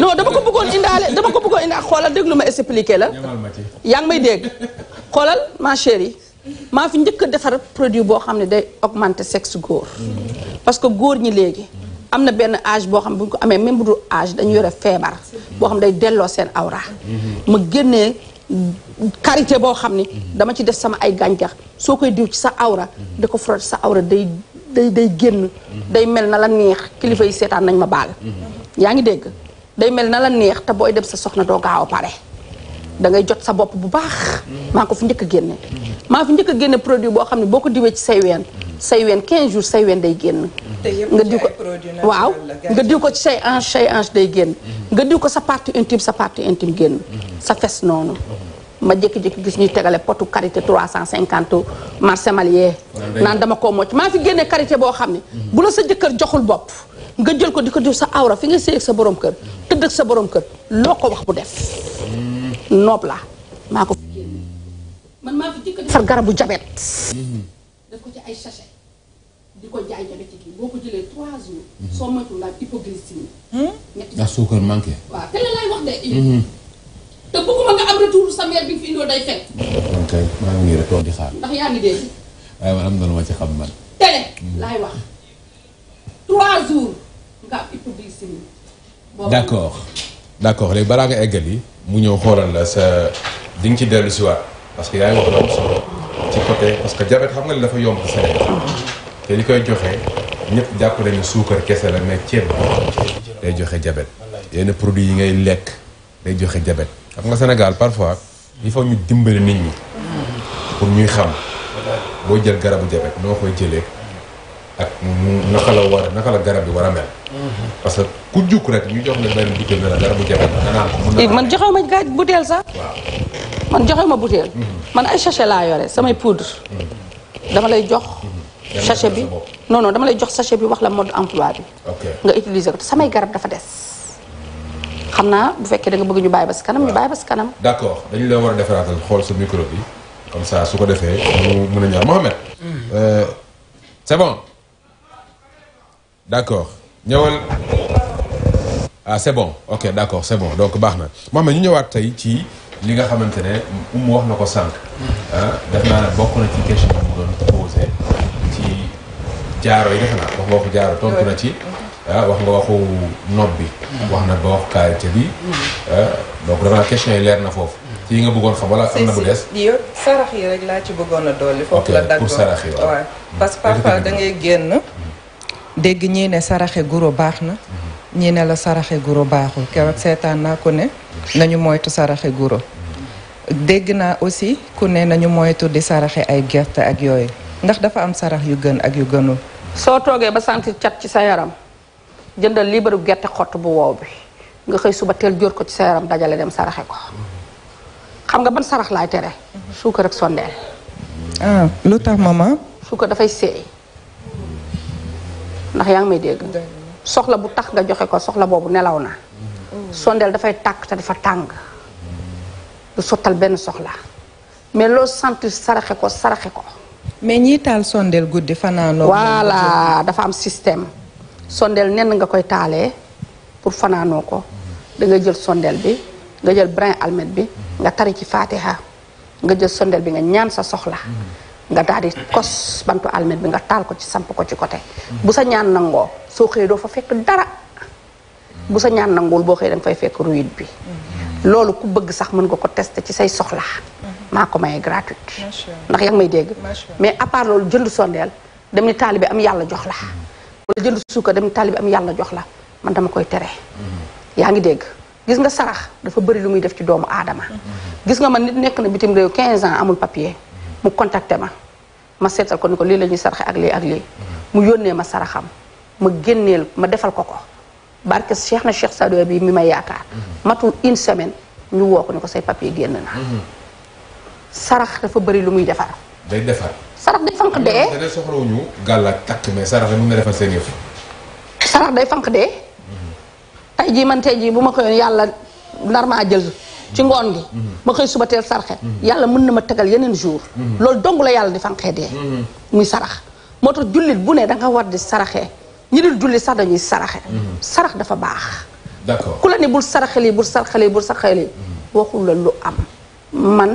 non dama ko bëggoon indalé dama ko bëggoon indi xolal déglu luma expliquer la yaa ngi may dégg xolal ma chérie ma fi njëkk a produit bo xamné day augmenter sexe goor parce que goor ñi légui amna ben âge bo xam ne bu ko amé même du âge dañu yoré fébar bo xam day délo sen awra ma génnee karité bo xamni dama ci def sama ay gàncax sokoy diw ci sa awra diko frotte sa awra day day day génn mhm. day mel na la neex kilifa yi seetaan nañ ma baal mhm. yaa ngi dégg day mel na la neex te booy dem sa soxna doo gaaw a pare da ngay jot sa bopp bu baax mhm. maa ko fi njëkk a génne maa fi njëkk a génne produit boo xam ne boo ko diwee ci say ween say ween 15 jours say ween day génn nga diw ko waaw nga diw ko ci say hanche say day génn nga diw ko sa partie intime sa partie intime génn sa fes noonu ma jékki-jékki gis ñu tegale potu karité 350 marché malien naan dama koo mocc maa fi génne karité boo xam ne bu la sa jëkkër joxul bopp nga jël ko di ko def sa awra fi nga séy sa borom kër tëdd sa borom kër loo ko wax bu def hmm. noob la maa ko fi man maa fi jëkk garabu jabet hmm. ay sachet di ko jaay jabet ci hmm. soo moytuwul la hypoglycémie ndax te bëgguma nga am retour sa mère bi fi indoo day fekk. ok maa ngi nii rek toog di xaar. ndax yaa ngi dégg. waaye man am na lu ma ci xam man. télé hmm. laay wax trois jours nga am hypoglycémie. d' accord d' accord léegi balaa nga eggal yi mu ñëw xoolal la sa di ci dellu si waat parce que yaa ngi wax lu am solo ci côté parce que diabète xam nga li dafa yomb Sénégal te li koy joxe ñëpp jàpp nañu suukar kese la mais ceeb day joxe diabète yenn produits yi ngay lekk day joxe diabète. xam nga Sénégal parfois il faut ñu dimbali nit ñi pour ñuy xam boo jël garabu diabète noo koy jëlee ak naka la garab bi war a mel. parce que ku jukk rek ñu jox la benn butéel garabu diabète eh, man joxe ma gaa butéel sax. man joxe ma butéel. Mhm. man ay sachet laa samay poudre. Mhm. dama lay jox. Mhm. sachet bi non non dama lay jox sachet bi wax la mode emploi bi. nga utiliser ko samay garab dafa des. xamna bu fekkee da nga bëgg ñu bàyyi ba si kanam ñu bàyyi ba si kanam. d' accord dañu la wara a xol xool micro bi comme ça su ko defee mu mëna ñaar mohammed hmm. euh c'est bon d'accord ñewal ah c'est bon ok d'accord c'est bon donc baxna na ñu ñëwaat tay ci li nga xamantene um wax na ko hein def na ne bokk na ci question bi mu doon poser ci jaaro yi defe naa wax nga jaaro tontu na ci. ah wax nga waxu nob mm-hmm. wax na ba wax karité bi. Mm-hmm. Ah, na foofu. ci mm-hmm. yi nga bëggoon xam wala laa ci bëggoon a dolli. la daggoon sarax que parfois da ngay dégg ñii ne saraxe guro baax na. ñii ne la saraxe guro baaxul keroog seetaan naa ku ne nañu moytu saraxe guro. dégg naa aussi ku ne nañu moytu di saraxe ay gerte ak yooyu ndax dafa am sarax yu gën ak yu gënul. soo toogee ba sentir cat ci sa yaram. jëndal liberu gerte xott bu woow bi nga xey suba tel jor ko ci sa dajale dem saraxé ko xam nga ban sarax lay téré suukar ak sondel ah lu tax mama da fay sey ndax yaang may dégg soxla bu tax nga joxé ko soxla bobu nelawna mm. sondel da fay tak te difa tang du sotal ben soxla mais lo sentir saraxé ko saraxé ko mais ñi tal sondel guddi fanano voilà dafa am système sondeel nenn nga koy taalee pour fanaanoo ko da nga jël sondeel bi nga jël brin almet bi nga tari ci faatiha nga jël sondeel bi nga ñaan sa soxla nga daal di kos bantu almet bi nga taal ko ci samp ko ci côté bu sa ñaan nangoo soo xëyee doo fa fekk dara bu sa ñaan nanguwul boo xëy da nga fay fekk ruit bi loolu ku bëgg sax mën nga ko tester ci say soxla maa ko maye gratuite ndax yaa may dégg mais à loolu jënd sondeel dem ni bi am yàlla jox la wala jënd suukar dem bi am yàlla jox la man dama koy tere. yaa ngi dégg gis nga sarax dafa bëri lu muy def ci doomu aadama. gis nga man nit nekk na bitim réew 15 ans amul papier. mu contacté ma ma seetal ko ni ko lii la ñuy saraxe ak lii ak lii. mu yónnee ma saraxam ma génneel ma defal ko ko barke Cheikh na Cheikh Sadio bi mi may yaakaar. matul une semaine ñu woo ko ni ko say papier génn na. Mm-hmm. sarax dafa bari lu muy defar. defar. sarax day fanq dee. te de soxlawuñu gàll ak takk mais sarax yi mën na defal seen mhm. bu ma xëyoon yàlla nar maa jël. ci mhm. ngoon gi. Mhm. ma koy suba teel sarxe. yàlla mën na ma tegal yeneen jour. loolu dong la yàlla di fanqee dee. muy sarax moo tax jullit bu ne da nga war di saraxee ñi dul jullit sax dañuy saraxe. sarax dafa baax. ku la ne bul saraxe lii bul saraxe lii lii waxul la lu am man.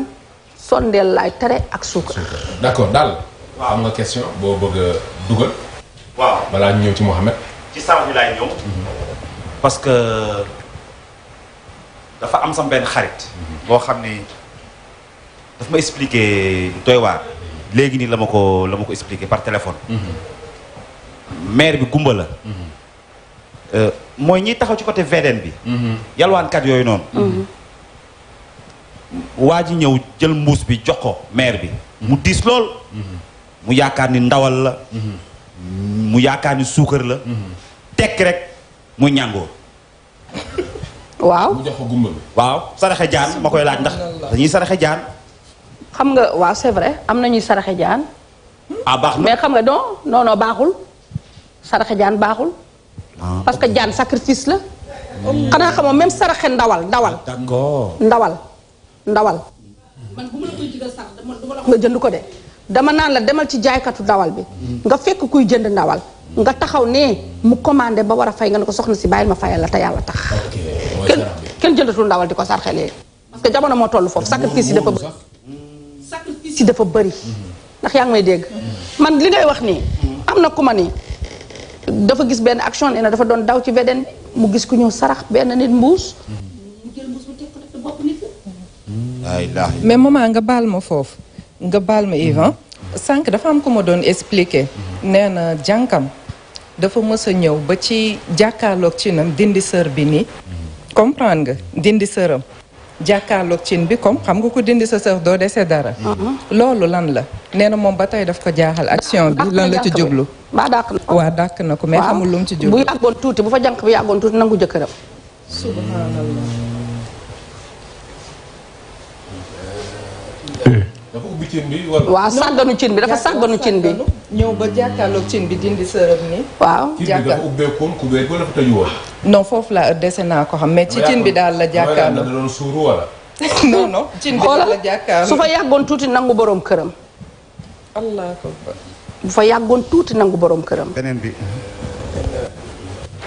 sondeel lay téré ak suukar. d'accord dal am nga question bo bëgg a dugal. waaw balaa ñëw ci mohammed ci sànq lay laay ñëw. Mhm. parce que dafa am sam ben xarit. Mhm. bo xam ni daf ma expliquer toy waar. légui ni la ma ko la ko expliquer par téléphone. Mhm. maire bi gumba la. Euh, mooy ñi taxaw ci côté VDN bi. yalwaan kat yooyu noonu. waa ji ñëw jël mbuus bi jox ko maire bi mu diis lool mu yaakaar ni ndawal la mu yaakaar ni suukar la tekk rek muy ñàngoor waaw mu jox ko gumba bi waaw saraxe jaan ma koy laaj ndax xam nga waaw am na ñuy saraxe ah, baax mais xam nga non non baaxul saraxe jaan baaxul ah, parce que jaan sacrifice la xanaa xamoo même saraxe ndawal ndawal ndawal ndawal man bu la koy digal sax dama duma la nga jënd ko dé dama nan la demal ci jaaykatu ndawal bi mm-hmm. nga fekk kuy jënd ndawal mm-hmm. nga taxaw né mu commandé ba wara fay nga ko soxna ci bayil ma fayal la ta yalla tax ken kenn jëndatul ndawal di ko sarxe parce que jamono mo tollu foofu sacrifice yi dafa mm. sacrifice yi dafa bari mm-hmm. ndax yaa ngi may dégg man li ngay wax ni amna kuma ni dafa gis ben action ina dafa don daw ci veden mu gis ku ñëw sarax ben nit mbuss mu jël mbuss bu teg ko bopp nit mais maman nga baal ma foofu nga baal ma Yvan mm-hmm. sànq dafa am ku ma doon expliquer mm-hmm. nee na jànkam dafa mës a ñëw ba ci jàkkaarloog cinam dindi sër bi nii mm-hmm. comprendre nga dindi sëram jàkkaarloog cin bi comme xam nga ko dindi sa sër doo dese dara loolu lan la nee na moom ba tey daf ko jaaxal action bi lan la ci jóglu waa dàq na waa dàq na ko mais xamul lu mu ci jublu bu yàggoon tuuti bu fa jànq bi yàggoon tuuti nangu jëkkëram dafa ubbi cin bi waaw sàgganu cin bi dafa sàgganu cin bi. ñëw ba jàkkaarloog cin bi dindi sërëb ni waaw jàkkaar cin bi dafa foofu la dese naa ko xam mais ci cin bi daal la jàkkaarloog da doon suuru wala. <laughs> non non cin bi daal su fa yàggoon tuuti nangu boroom këram. allah akbar bu fa yàggoon tuuti nangu borom këram. beneen bi.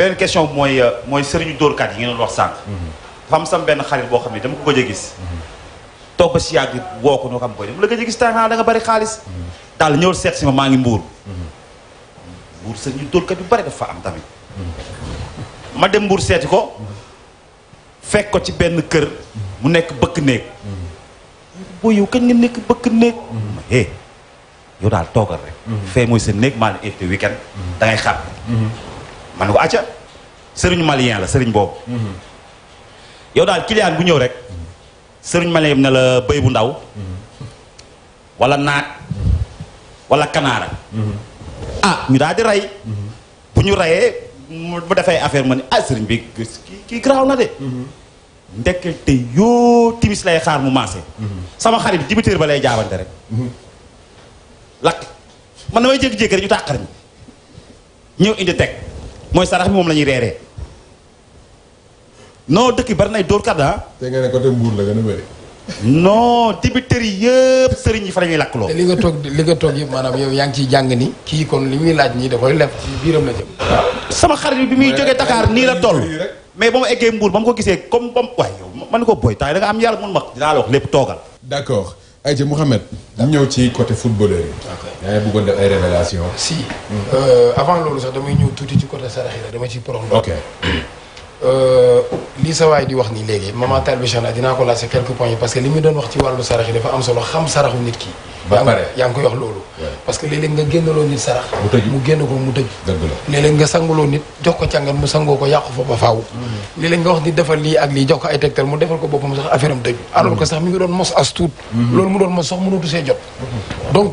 benn question bi mooy euh, mooy sëriñu dóorkat yi ngeen doon wax sànq. Mhm. dafa am sam benn xarit boo xam ne dama ko gëj gis. Mhm. toog ba si yàgg woo ko ñoo xam koy la gëj a gis bari xaalis. Mhm. daal ñëw seet maa ngi mbuur. mbuur sëriñu dóorkat yu bari dafa dem mbuur seeti ko. fekk ko ci benn kër. mu nekk bëkk néeg. boo yow kañ nekk bëkk néeg. Eh, yow daal toogal rek. fee mooy sa néeg maa ngi invité weekend da ngay man ne ko acca sëriñ malien la sëriñ boobu mhm. yow daal client bu ñëw rek sëriñ malien bi ne la bëy bu ndaw mhm. wala naag wala kanaara mhm. ah ñu daal di rey bu ñu reyee mu defay affaire ma ne ah sëriñ bi kii garaaw na de ndekete yoo timis lay xaar mu maase sama xarit dibiteer ba lay jaabante rek lakk man damay jékki-jékki rek ñu tàqar ñëw indi moy sarax mom lañuy réré no dëkk bar nay door kada ah. té te né ko té Mbour la gëna a no non dibiteri yëpp sëriñ yi fa la ñuy li nga tok li nga tok yépp manam yow yaang ci jang ni. ki kon li muy laaj ni da koy leb ci biram la jëm. sama xarit bi muy joggé Dakar ni la toll. mais bama éggé Mbour bam ko gisee comme bam way yow man ko boy tay da nga am yalla mun mak dinaa la wax lepp togal d'accord. Mohamed, tu es ci côté footballeur ok eh, révélation si hmm. euh, avant nous sax damay ñëw tuuti ci côté sarax ok. Euh, li sa way di wax ni legui mama talbi Cheikhna dina ko laajte quelques points parce que limi mu doon wax ci walu sarax dafa am solo xam saraxu nit ki. ba pare yang koy wax lolu parce que léeg nga gennalo nit sarax. mu genn ko mu tejj dëgg nga sangulo nit jox ko càngat mu sangoo ko yàqu fa ba faaw. Mm-hmm. léeg nga wax di defal li ak li jox ko ay tegtal mu defal ko bopam sax affaire tejj alors que mm-hmm. sax mi ngi doon mos as tuut. Mm-hmm. loolu mu doon mos sax mu mënatu see jot. donc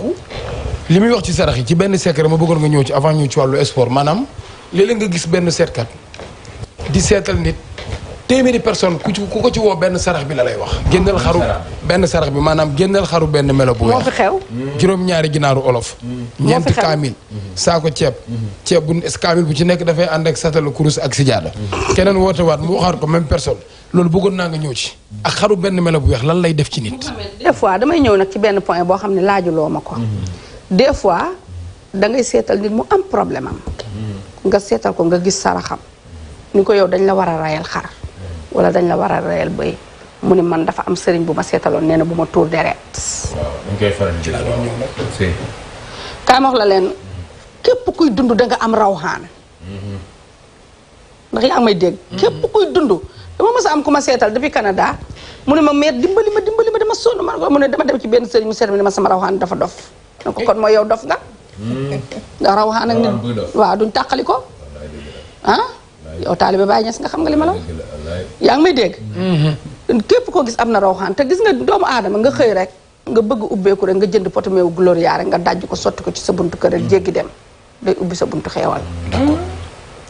limi wax ci sarax ci ben secret ma bëggoon nga ñew ci avant ñew ci walu sport manam léeg nga gis ben seetkat di seetal nit téeméeri personne ku ci ku ko ci woo benn sarax bi la lay wax. génnal xaru benn sarax bi maanaam génnal xaru benn melo bu weex. moo fi xew. juróom-ñaari ginaaru olof. Mm. ñeenti kaamil. Mm-hmm. saako ceeb. Mm-hmm. ceeb bu kaamil bu ci nekk dafay ànd ak satala kurus ak sijaada. Mm-hmm. keneen woote waat mu waxaat ko même personne loolu bëggoon naa nga ñëw ci. ak xaru benn melo bu lan lay def ci nit. des fois damay ci point des fois da ngay nit mu am problème am. nga seetal ko nga gis saraxam. ni ko yow dañ la war a rayal xar wala dañ la war a rayal bëy mu ne man dafa am sëriñ bu ma seetaloon nee na bu ma tuur deret kaay ma la leen képp kuy dund danga nga am rawxaan ndax yaa ngi may dégg mm-hmm. képp kuy dund dama mas a am ku ma seetal depuis Canada mu ne ma meer dimbali ma dimbali ma dama sonn man mu ne dama dem ci benn sëriñ mu seetal ma ne ma sama rawxaan dafa dof na ko kon mooy yow dof nga mm-hmm. ndax rawxaan ak nit waaw duñ tàqali ko yow taalibe Baay Ñas nga xam nga li ma la yaa ngi may dégg mm-hmm. képp koo gis am na rawxaan te gis nga doomu aadama nga xëy rek nga bëgg ubbeeku rek nga jënd potu meewu gloria rek nga daj ko sotti ko ci sa buntu kër mm-hmm. jéggi dem day ubbi sa buntu xeewal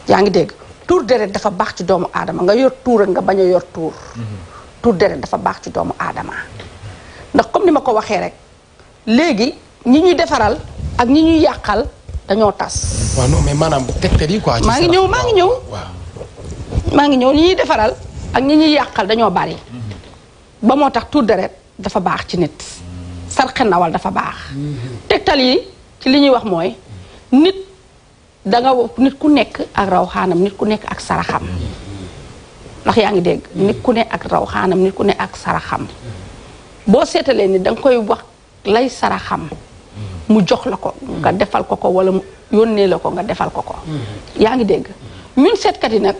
yaa ngi dégg tuur deret dafa baax ci doomu aadama nga yor tuur ak nga bañ a yor tuur mm-hmm. tuur deret dafa baax ci doomu aadama ndax comme ni ma ko waxee rek léegi ñi ñuy defaral ak ñi ñuy yàqal dañoo tas waaw non mais maanaam tegtal maa ngi ñëw maa ngi ñëw maa ngi ñëw ñi defaral ak ñu ñuy yàqal dañoo bari ba moo tax tuur deret dafa baax ci nit sarxe nawal dafa baax tegtal yi ci li ñuy wax mooy nit danga nit ku nekk ak raw xaanam nit ku nekk ak saraxam ndax yaa ngi dégg nit ku ne ak raw xaanam ku ne ak saraxam boo seetalee ni danga koy wax lay saraxam mu jox la ko nga defal ko ko wala mu yónnee la ko nga defal ko ko yaa ngi dégg ñun seetkat yi nag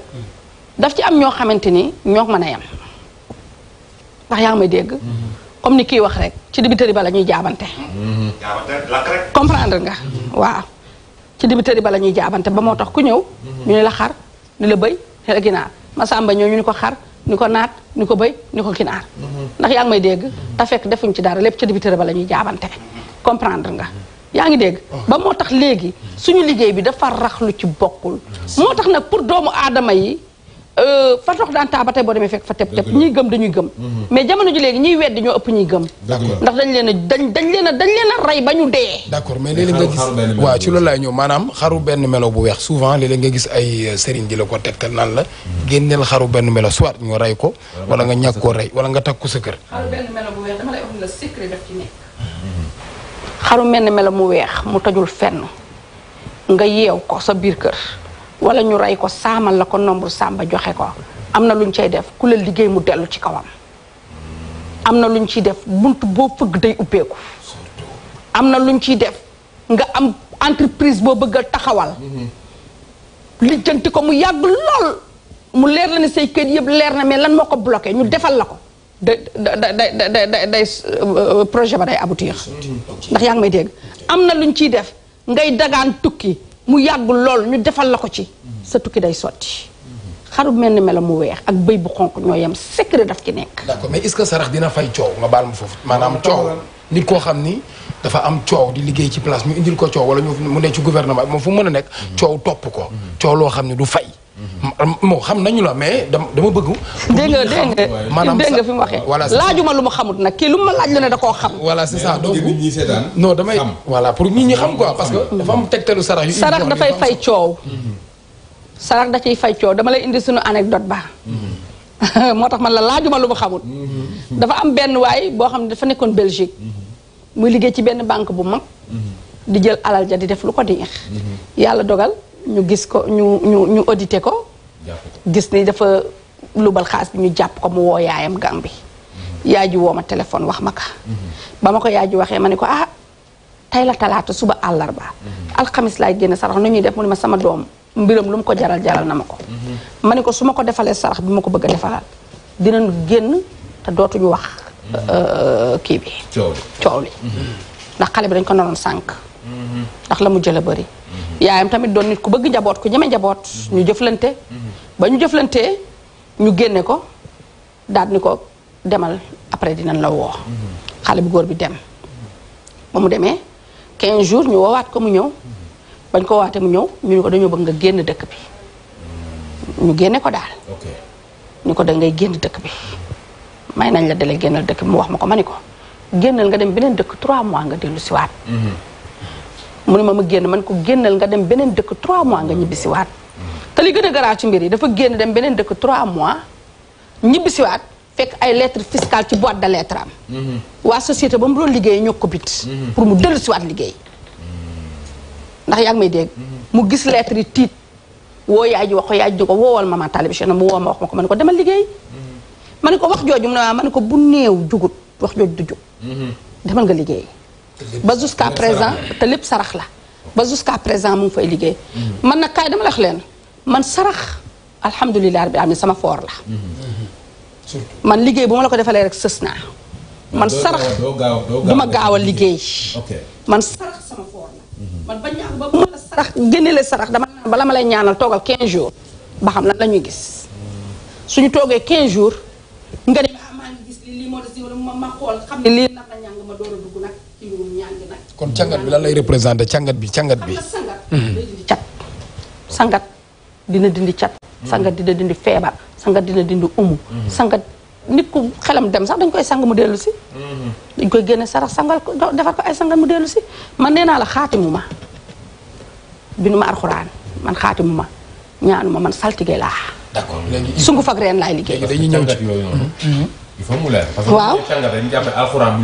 daf ci am ño xamanteni ño ko mën yam yem ndax yaa ngi may dégg. Mm-hmm. comme ni ki wax rek ci dibiteri ba lañuy jabanté mm-hmm. comprendre nga. Mm-hmm. waaw ci dibiteri ba lañuy jabanté ba moo tax ku ñew ñu ne la xar ni la bay ni la ginaar samba ñoo ñu ko xar ni ko naat ni ko bay ni ko ginaar. ndax ya ngi may dégg. ta fekk defuñ ci dara lepp ci dibiteri ba lañuy jabanté comprendre nga. yaa ngi dégg oh. ba moo tax suñu liggéey bi dafa raxlu ci bokul moo tax pour doomu adama yi. Euh, fatox daan taa ba tey boo demee fekk fa teb teb ñiy gëm dañuy gëm mhm. mais jamono ji léegi ñiy weddi ñoo ëpp ñuy gëm ndax dañ leen dañ dañ leen a dañ rey ba ñu dee d' accord mais léeg-léeg nga gis waaw ci loolu laay ñëw maanaam xaru benn melo bu souvent léeg nga gis ay euh, sëriñ di la ko tegtal naan la mhm. génneel xaru benn melo soit ñu rey ko wala nga ñàkk koo rey wala nga takk ko sa kër xaru benn melo mhm. mu weex mu tajul fenn nga yeew ko sa biir kër wala ñu rey ko saamal la ko nombre samba joxe ko am na luñ cay def ku liggéey mu dellu ci kawam am na luñ ciy def bunt boo fëgg day ubbeeku am na luñ ciy def nga am entreprise boo bëgg a taxawal lijjanti ko mu yàgg lool mu leer la ne say kër yëpp leer na mais lan moo ko bloqué ñu defal la ko da da da da day euh, projet ba day aboutir mm-hmm. ndax yaa ngi may dégg am na luñ ciy def ngay dagaan tukki mu yàgg lool ñu defal la ko ci sa tukki day sotti xaru mel ni melo mu weex ak bëy bu xonq ñoo yam secret daf ci nekk d'accord mais est-ce que sarax dina fay coow ma baal ma foofu maanaam coow nit koo xam ni dafa am coow di liggéey ci place ñu indil ko coow wala ñu mu ne ci gouvernement moom fu mën a nekk mm-hmm. coow topp ko mm-hmm. coow loo xam ne du fay moo mm-hmm. xam nañu la mais dama bëgg. dégg nga maanaam dégg nga fi mu waxee. voilà laajuma lu mu xamut nag kii lu ma laaj la ne da koo xam. voilà c'est saa donc nit ñi seetaan non damay voilà pour nit ñi xam quoi parce que dafa am tegtalu sarax yu. sarax dafay fay coow. Mm-hmm. sarax da ciy fay coow dama lay indi suñu anecdote ba. Mm-hmm. <laughs> moo tax man la laajuma lu ma xamut. dafa am benn waay boo xam ne dafa nekkoon Belgique. muy liggéey ci benn banque bu mag. di jël alal ja di def lu ko neex. yàlla dogal. ñu gis ko ñu ñu ñu audité ko gis ni dafa lubal xaas bi ñu jàpp ko mu woo yaayam Gàmbi mm-hmm. yaay ji woo ma téléphone wax ma ka mm-hmm. ba ma ko yaay waxee ma ne ko ah tey la talaata suba àllarba mm-hmm. alxamis laay génn sarax nu ñuy def mu ne ma sama doom mbiram lu mu ko jaral jaral na ma ko ma ne ko su ma ko defalee sarax bi ma ko bëgg a defalaat dinañ génn te dootuñu wax euh, kii bi coow li ndax xale bi dañ ko naroon sànq ndax la mu jëla bëri yaayam tamit doon nit ku bëgg njaboot ku ñeme njaboot. ñu jëflante. ba ñu jëflantee ñu génne ko daal ni ko demal après dinañ la woo. xale bu góor bi dem. ba mu demee 15 jours ñu woowaat ko mu ñëw. bañ ko waatee mu ñëw ñu ne ko dañoo bëgg nga génn dëkk bi. ñu génne ko daal. ñu ko da ngay génn dëkk bi. may nañ la dalee génnal dëkk bi mu wax ma ko ma ni ko génnal nga dem beneen dëkk 3 mois nga dellu siwaat mhm. mu ma ma génn man ko génnal nga dem beneen dëkk 3 mois nga ñibbi ñibbisiwaat te li gën a garaaw ci mbir yi dafa génn dem beneen dëkk 3 mois ñibbisiwaat fekk ay lettre fiscale ci boîte de lettre am. Mm-hmm. waa société ba mu doon liggéey ñoo ko bit. Mm-hmm. pour mu dellusiwaat liggéey. Mm-hmm. ndax yaa may dégg. mu gis lettre yi tiit woo yaay ji wax ko yaay ji ko woowal ma ma tali bi mu woo ma wax ma ko ma ko demal liggéey. ma ne ko wax jooju mu ne ma ko bu néew jugut wax jooju du jug. demal nga liggéey. ba jusqu'à présent te lépp sarax la ba jusqu'à présent mu ngi liggéey man nag kaay dama la leen man sarax alhamdulilah rabbil alamin sama foor la man liggéey bu ma la ko defalee rek sës naa ah, man sarax du gaaw a liggéey man sarax sama foor mhm. ba ñaan ba ma la sarax génne sarax dama naan ma lay ñaanal toogal 15 jours ba xam lan la ñuy mhm. toogee 15 jours nga ne ah, maa lii xam ne a kon cangat bi lan lay représenter cangat bi cangat bi. sangat dina sangat dina dindi chat sangat dina dindi febar sangat dina dindi umu. sangat nit ku xelam dem sax dañ koy sang mu dellu si. dañ koy génne sarax sangal ko defal ko ay sangal mu delu mah? man neena la khatimuma binuma binu man khatimuma ñaanuma man saltige la d'accord léegi dañuy ñëw ci il faut mu leer parce que waaw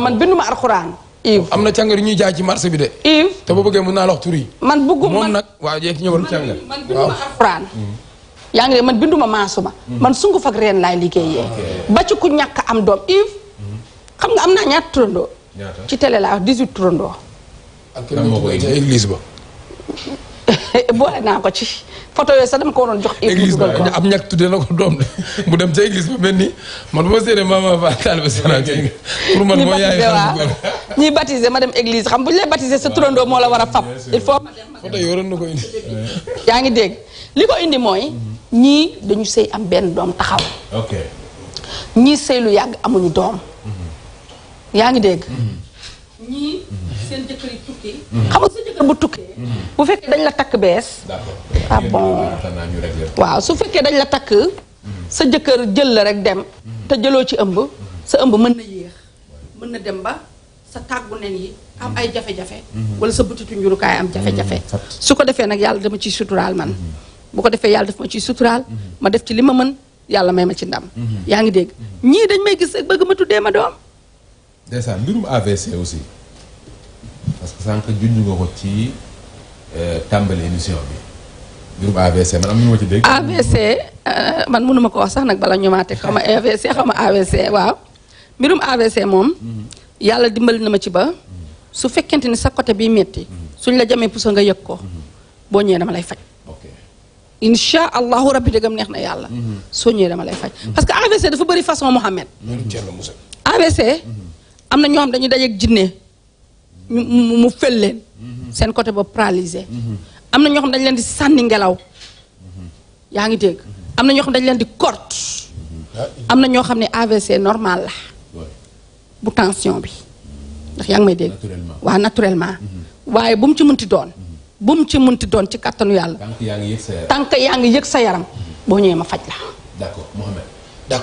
man binduma alxuraan. Yves am na càngat yu ñuy jaay ci marché bi de. Yves te bu bëggee mun naa lox turi man bëggu man moom nag waaw ñëw ñëwal càngat. man binduma alxuraan. Mm. yaa ngi ne man binduma maasuma. Mm. man sunguf ak reen laay liggéeyee. ba ci ku ñàkk am doom Yves. Mm. xam nga am naa ñaata turandoo. ci télé laa wax turandoo. <laughs> boole naa ko ci photo yooyu sax dama ko waroon jox. église ba am ñàkk tuddee na ko doom mu dem ca église ba mel ni man bu ma séenee maama Ba taaliba Sénégal pour man moo ñuy baptisé ma dem église xam bu ñu lay sa turandoo moo la war a fab. il dem na ko yaa ngi dégg li ko indi mooy. ñii dañu sëy am benn doom taxaw. ok ñii sëy lu yàgg amuñu doom. Mhm. yaa ngi dégg. Mhm. seen tukki. Hmm. Hmm. bu fekkee dañ la takk bees. Ah su fekkee dañ la takk. Hmm. sa jëkkër jël la rek dem. te jëloo ci ëmb. sa ëmb mën na yéex. mën na dem ba sa tàggu nen yi am ay jafe-jafe. wala sa bëtitu njurukaay am jafe-jafe. su ko defee nag yàlla dama ciy suturaal man. bu ko defee yàlla daf ma ciy suturaal. ma def ci li ma mën yàlla may ma ci ndam. yaa ngi dégg ñii dañ may gis bëgg ma tuddee ma doom. ndeysaan mbirum AVC aussi. parce que sànq junj ko ci euh, tàmbali émission bi. groupe AVC man am na ñu ma ci dégg. AVC euh, man mënuma ko wax sax nag bala ñu maa teg xaw ma AVC waaw mbirum AVC moom. Mhm. yàlla dimbali na ma ci ba. su fekkente ni sa côté bi métti. Mhm. suñ la jamee puso nga yëg ko. Mhm. boo ñëwee dama lay faj. incha allahu rabbi dëggam neex na yàlla. soo ñëwee dama lay faj. parce que AVC dafa bëri façon Mouhamed. AVC. am na ñoo xam dañuy dajeeg jinne mu fel leen seen côté ba paralysé am na ñoo xam dañ leen di sànni ngelaw yaa ngi dégg am na ñoo xam dañ leen di kort am na ñoo xam ne AVC normal la bu tension bi ndax yaa ngi may dégg waaw naturellement mm-hmm. waaye bu ci ci ti doon bu mu ci mënti mm-hmm. doon ci kàttanu yàlla tànk yaa ngi yëg sa yaram boo ñëwee ma faj la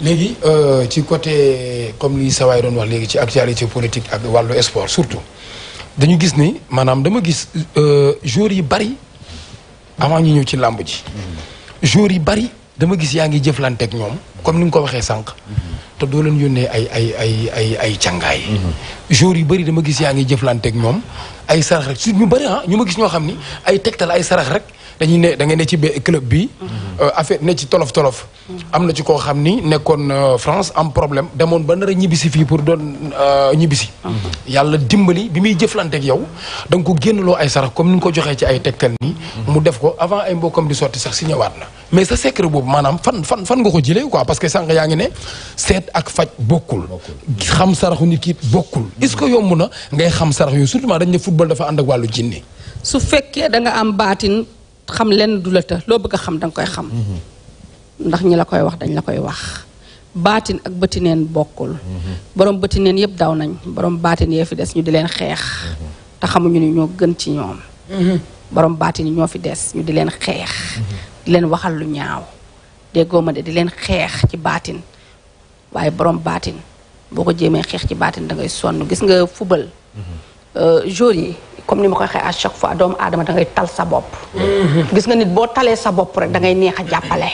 léegi euh, ci côté comme li sawaay doon wax léegi ci actualité politique ak wàllu sport surtout dañu gis ni maanaam dama gis euh, jours yi bari avant ñu ñëw ci làmb ji jours yi bari dama gis yaa ngi jëflanteeg ñoom comme ni nga ko waxee sànq te doo leen yónnee ay ay ay ay ay càngaay jours yu bëri dama gis yaa ngi jëflanteeg ñoom ay sarax rek su ñu bëri ah ñu ma gis ñoo xam ni ay tegtal ay sarax rek dañuy né da ngay né ci club bi. Mhm. Euh, affaire ne ci tolof tolof. Mhm. amna ci ko xamni né kon euh, France am problème demone ba nar a ñibbisi fii pour euh ñibisi mhm. yalla dimbali bi jëflanté ak yow da nga ko génnloo ay sarax comme ni nga ko joxé ci ay tegtal ni mu def ko avant ay mbokam di sorti sax signé ñëwaat na. mais sa secret bobu manam fan fan fan nga ko jilé quoi parce que sang ya ngi ne set ak fajj bokul xam sarax nit ki bokul est-ce que yomuna ngay xam sarax yu surtout dañ né football dafa and ak walu jinné su fekke da nga am batine xam lenn du la të loo bëgg a xam danga koy xam mm-hmm. ndax ñi la koy wax dañ la koy wax baatin ak bëti bokkul mm-hmm. borom bëtineen neen yëpp daw nañ borom baatin yee fi des ñu di leen xeex mm-hmm. te xamuñu ni ñoo gën ci ñoom borom baatin ñoo fi des ñu di leen xeex di leen waxal lu ñaaw de ma de di leen xeex ci baatin waaye borom baatin boo ko jéemee xeex ci baatin da ngay sonn gis nga fubal euh, jour yi comme ni ma ko waxee à chaque fois doomu aadama da ngay tal sa bopp. gis nga nit boo talee sa bopp rek dangay ngay neex a jàppale.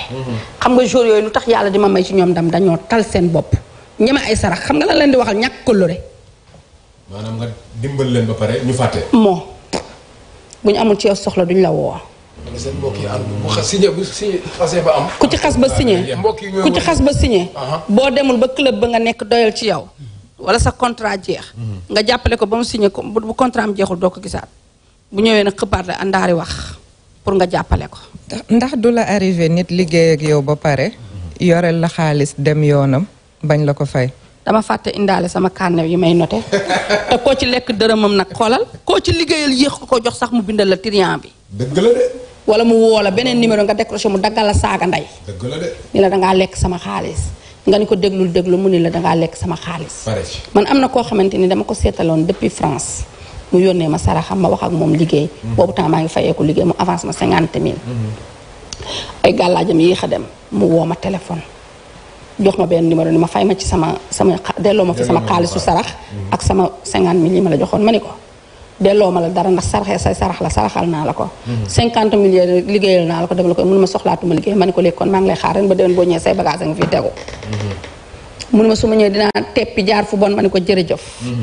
xam nga jour yooyu lu tax yàlla di ma may ci ñoom dam dañoo tal seen bopp ñeme ay sarax xam nga lan leen di waxal ñàkk kóllëre. maanaam nga dimbal leen ba pare ñu fàtte. moo bu amul ci soxla duñ la woo. seen mbokk yi ànd bu xas signé bu signé xasee ku ci xas ba siñe ku ci xas ba signé. boo demul ba club ba nga nekk doyal ci yow. wala sa contrat jeex. Mhm. nga jàppale ko ba mu signé ko bu contrat am jeexul doo ko gisaat bu ñëwee nag xëppaat la àndaari wax pour nga jàppale ko. ndax du la arriver nit liggéey yow ba pare. Mhm. yorel la xaalis dem yoonam bañ la ko fay. dama fàtte indaale sama carnet yi may noté te koo ci lekk dërëmam nag xoolal koo ci liggéeyal yéex ko ko jox sax mu bindal la triant bi. dëgg la wala mu woo la beneen numéro nga décroché mu daggal la saaga ndey. dëgg la de. ni lekk sama xaalis. nga ni ko déglul déglu mu ni la dangaa lekk sama xaalis man am na koo xamante ni dama ko seetaloon depuis France mu yónnee ma saraxam ma wax ak moom liggéey mm-hmm. boobu tam maa ngi fayeeku liggéey mu avance ma cinquante mille mm-hmm. ay gàllaajam yéex a dem mu woo ma téléphone jox ma benn numéro ni ma fay ma ci sama sama delloo ma fi sama xaalisu sarax mm-hmm. ak sama cinquante mille yi ma la joxoon ma ni ko delloo ma la dara ndax saraxee say sarax la saraxal naa la ko. 50 mhm. millions liggéeyal naa la ko demal ko mënuma soxlaatuma liggéey ma ne ko léegi kon maa ngi lay xaar ren ba déwén boo ñëwee say bagage mhm. su ma ñëwee dinaa teppi jaar fu bon ma ne ko jërëjëf. Mhm.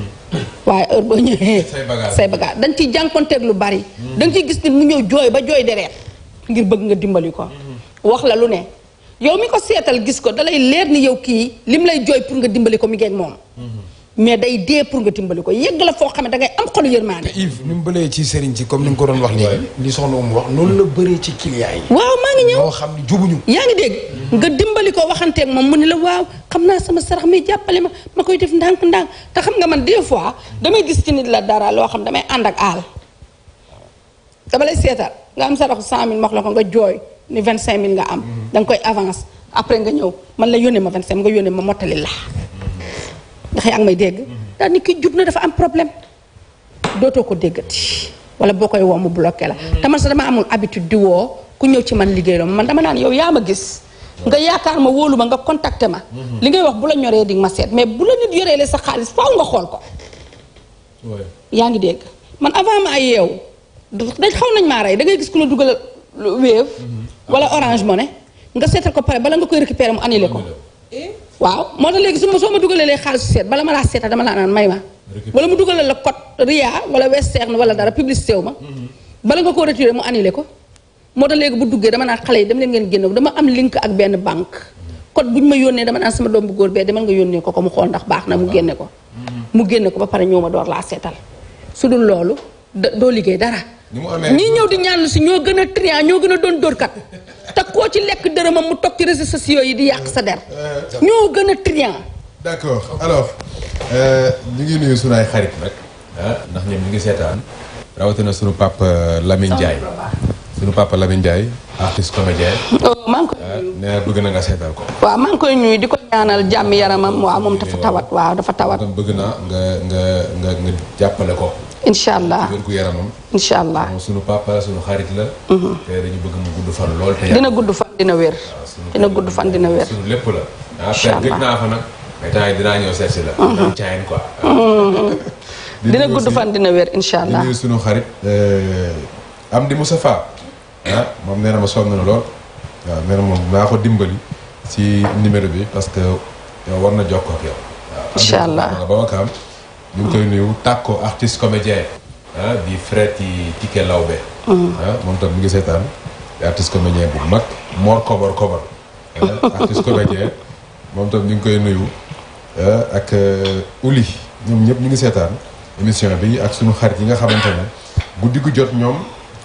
waaye heure boo ñëwee. <laughs> say bagage say bagage dañ ciy jànkonteeg lu bari. dañ ciy gis nit mu ñëw jooy ba jooy dereet ngir bëgg nga dimbali ko. wax la lu ne yow mi ko seetal gis ko dalay leer ni yow kii lim lay jooy pour nga dimbali ko mi ngeeg moom. mais day dee pour nga dimbali ko yegg la foo xam ne da am xolu yërmaande. te Yves ni mu bëree ci sëriñ ci comme ni nga ko doon wax léegi. ci client yi. waaw maa ngi ñëw ñoo yaa ngi dégg nga dimbali ko waxanteeg moom mu ni la waaw xam naa sama sarax mi jàppale ma ma koy def ndànk-ndànk te xam nga man des fois damay gis ci nit la dara loo xam damay ànd ak aal dama lay seetal nga am saraxu 100000 wax la ko nga jooy ni 25000 nga am. Mm-hmm. da nga koy avance après nga ñëw man la yónnee ma 25 nga yónnee ma mottali la ndax yaa ngi dégg daal ni ki jub na dafa am problème dootoo ko déggati wala boo koy woo mu bloqué la mm-hmm. te man sax dama amul habitude di woo ku ñëw ci man liggéey la man dama naan yow yaa ma gis nga yaakaar ma wóolu ma nga contacté ma mm-hmm. li ngay wax bu la ñoree di ma seet mais bu la nit yoreele sa xaalis faaw nga xool ko yaa ngi dégg man avant ma ay yeew dañ xaw nañ maa rey da ngay gis ku la dugal Wave mm-hmm. wala Orange ne nga seetal ko pare bala nga koy récupérer mu annulé ko waaw moo tax léegi su ma soo ma dugalee lay xaalisu seet bala ma laa seeta dama laa naan may ma wala mu dugalal la code ria wala western wala dara publicité wu ma mm-hmm. bala nga koo retiré mu annulé ko moo tax léegi bu duggee dama naan xale yi dem leen ngeen génn dama am link ak benn banque code bu ñu ma yónnee dama naan sama doom bu góor bee demal nga yónnee ko ko mu xool ndax baax na mu génne ko mm-hmm. mu génne ko ba pare ñoo ma door laa seetal su dul loolu doo liggéey dara. ñii ñëw di ñaanlu si ñoo gën a triant ñoo gën a doon dóorkat te koo ci lekk dërëmam mu toog ci réseaux sociaux yi di yàq sa der. Eh, ñoo gën a triant. d'accord alors euh, ñu ngi nuyu ay xarit nag ah, ndax ñoom ñu ngi seetaan rawatina sunu euh, papa Lamine Ndiaye. suñu papa Lamine Ndiaye artiste comédien. Oh, maa ah, na bëgg na ko. waaw maa ngi koy nuyu di ko ñaanal jàmm yaramam dafa tawat bëgg naa nga nga nga jàppale ko. incha allah wér gu yaramam. allah moom suñu suñu xarit la. Mhm. te dañu gudd fan lool. te dina gudd fan dina wér. Ah, dina gudd fan dina wér. suñu lépp la. incha ah, allah gëj naa fa nag. mais mhm. dina mhm. <laughs> gudd fan dina wér incha allah di nuyu xarit euh, am di Moustapha ah moom ma sonn na lool waaw nee na moom naa ko dimbali ci numéro bi parce que yow war na jokkoo ak yow. ñu koy nuyu artiste comédien ah, di Fred yi Tike Lawbe. Mm. ah moom tam mu ngi seetaan cover artiste comédien bu mag Mor Kobar Kobar. Ah, artiste comédien moom tam ñu ngi koy nuyu ah, ak euh, Uli ñoom ñëpp ñu ngi émission bi ak xarit yi nga jot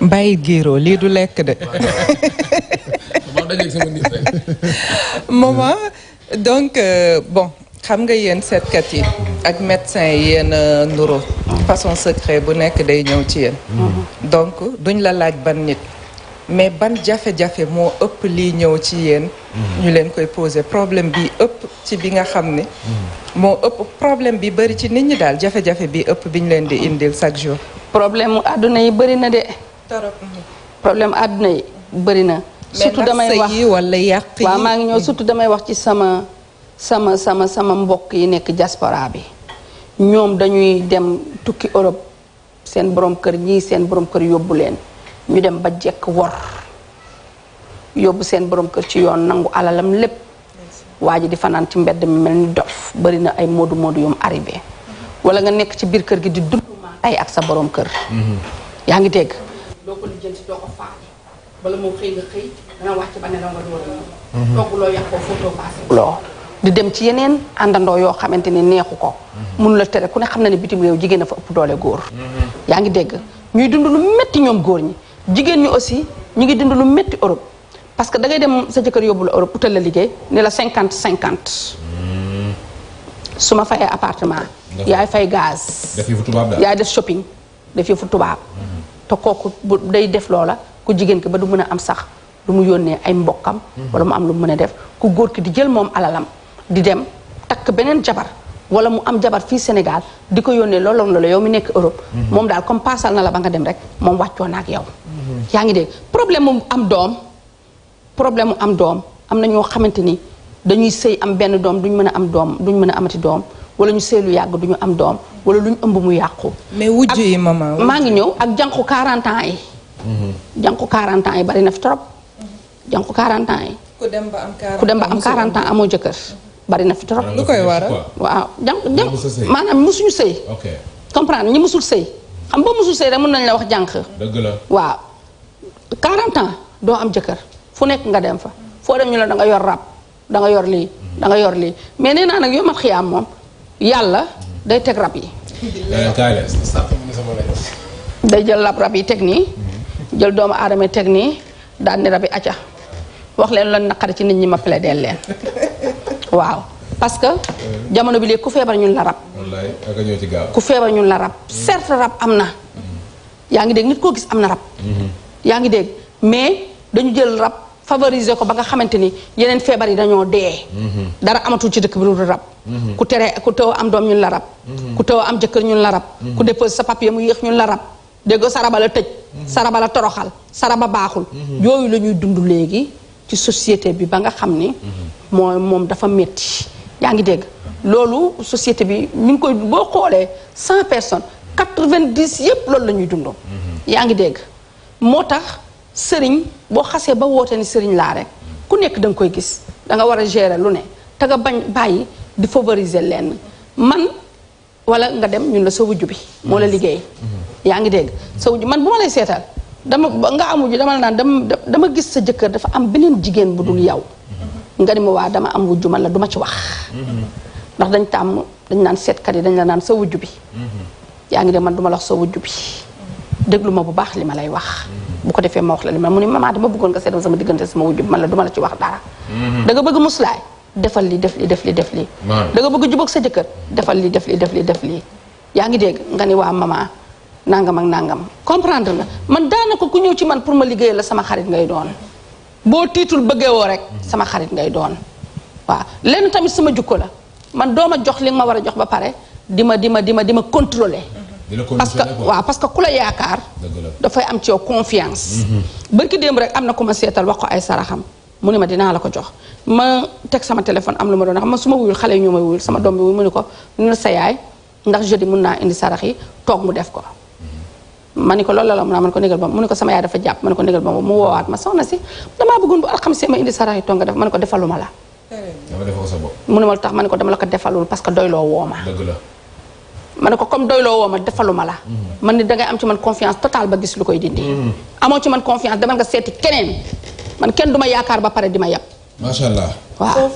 bàyyi géeroo lii du lekk de <laughs> maman donc euh, bon xam nga yéen seetkat yi ak médecin yi yéen nuro façon secret bu nekk day ñëw ci yéen mhm. donc duñ la laaj ban nit mais ban jafé jafé mo ëpp li ñëw ci yéen mhm. ñu leen koy poser problème bi ëpp ci bi nga xamné mo mhm. moo ëpp problème bi bari ci nit ñi dal jafé jafé bi ëpp bi ñu leen di indil chaque jour problème aduna yi bari na dé problème adna yi bari na surtout damay wax wala yàq wa ma ngi ñoo surtout damay wax ci sama sama sama sama mbokk yi nek diaspora bi ñom dañuy dem tukki Europe sen borom kër ñi sen borom kër yóbbu len ñu dem ba jek wor yóbbu sen borom kër ci yoon nangu alalam lepp waji di fanan ci mbedd mi melni dof bari na ay modu modu yum arrivé wala nga nek ci bir kër gi di dund ay ak sa borom kër mhm. yaa ngi dégg doo ko lijjanti doo ko faale bala moo xëy nga xëy dana wàcc mhm. di dem ci yeneen àndandoo yoo xamante ne neexu ko mënu mhm. la tere ku ne xam na ne bitim réew jigéen a fa ëpp doole góor mhm. yaa ngi dégg ñuy dund lu métti ñoom góor ñi jigéen ñi aussi ñu ngi dund lu métti Europe parce que da ngay dem sa jëkkër yóbbu la Europe utal la liggéey ne la cinquante cinquante su ma fayee appartement yaay fay gaz yaay def shopping def yëfu tubaab te kooku day def loola ku jigéen ki ba du mën a am sax lu mu yónnee ay mbokkam mhm. wala mu am lu mu mën a def ku góor ki di jël moom alalam di dem takk beneen jabar wala mu am jabar fii Sénégal di ko yónnee loolu la yow mi nekk Europe mhm. moom daal comme paasal na la ba nga dem rek moom wàccoo na ak yow mhm. yaa ngi dégg problème mu am doom problème mu am doom am na ñoo xamante ni dañuy sëy am benn doom duñ mën a am doom duñ mën a amati doom wala ñu seelu yàgg du ñu am doom wala lu ñu ëmb mu yàqu. mais wujj yi maa ngi ñëw ak jànku 40 ans yi. Mhm. jànku 40 yi bari na trop. jànku 40 yi. ku dem ba am 40 dem ba am 40 amoo jëkkër. bari na fi trop lu koy waral waaw jànk jànk maanaam mosuñu sëy. ok comprendre ñi mosul sëy. xam ba mosul sëy rek mën nañ la wax jànq waaw. 40 ans doo am jëkkër fu nekk nga dem fa foo dem ñu la da nga yor rab da nga yor lii mhm. danga yor lii mais nee naa nag yow ma xiyaam moom. yàlla day teg rab yi. Eh, day jël lab rab yi teg nii jël doomu aadama teg nii daal ni rab yi acca wax leen lan naqari ci nit ñi ma plaidé leen waaw parce que jamono bi léegi ku feebar ñun la rab. ku feebar ñun la rab. certes rab am na. yaa ngi dégg nit koo gis am na rab. Mhm. yaa ngi dégg mais dañu jël rab. favoriser ko ba nga xamante ni yeneen feebar yi dañoo dee. Mm-hmm. dara amatul ci dëkk bi lu rab. Mm-hmm. ku tere ku teew am doom ñun la rab. Mm-hmm. ku teew am jëkkër ñun la rab. ku dépose sa papier mu yéex ñun la rab. dégg saraba la tëj. saraba la toroxal saraba baaxul. yooyu la ñuy dund léegi ci société bi ba nga xam ni. mooy moom dafa metti yaa ngi dégg loolu société bi ñu ngi koy boo xoolee cent personne quatre-vingt-dix yépp loolu la ñuy dund. yaa ngi dégg moo tax. Sering, bo xasse ba wote ni sëriñ la rek ku nek dang koy gis da nga wara gérer lu ne ta nga bañ bayyi di favoriser lenn man wala nga dem ñun la sa jubi bi la mm-hmm. liggey mm-hmm. ya ngi dégg man buma lay sétal dama nga amu ju dama la naan dama gis sa jëkkeur dafa am benen jigen bu dul mm-hmm. yaw nga ni ma wa dama am wujju man la duma ci wax ndax dañ tam dañ kat yi dañ la nan jubi bi yaa man duma la wax sa jubi degluma bu baax li ma lay wax bu ko defee ma wax la li ma mu ne maman dama bëggoon nga seetal sama diggante sama wujju man la duma la ci wax dara mhm. da bëgg muslaay defal li def li def li def lii da nga bëgg jubóog sa jëkkër defal li def li def li def yaa ngi dégg nga ni waa mamaa nangam ak nangam comprendre la man daanaka ku ñëw ci man pour ma liggéey la sama xarit ngay doon boo tiitul bëggee woo rek mhm. sama xarit ngay doon waaw lenn tamit sama jukko la man dooma jox li ma war a jox ba pare di ma di ma di ma di ma parce que waaw parce que ku am ci yow confiance mhm. bërki dem rek amna na ku wax ko ay saraxam munima dina la ko jox ma tek sama téléphone am luma do doon xam ma su wuyul xalé ñoomay wuyul sama dombi wuy muniko ko ñu sa yaay ndax jeudi muna indi sarax yi toog mu def ko mhm. maniko lol ko la muna man ko negal ba muniko ko sama yaay dafa japp maniko negal ko ba mu woowat ma soxna si dama bëggun bu alxames ma indi sarax yi toog def maniko ko defaluma la defo sa ma munima tax maniko dama la ko defalul parce que doylo woo deug la man ne ko comme doyloo woo ma defaluma la. man ni dangay am ci man confiance totale ba gis lu koy dindi. Mm-hmm. amoo ci man confiance demal nga seeti keneen man kenn du ma yaakaar ba pare di ma yab. macha allah. waaw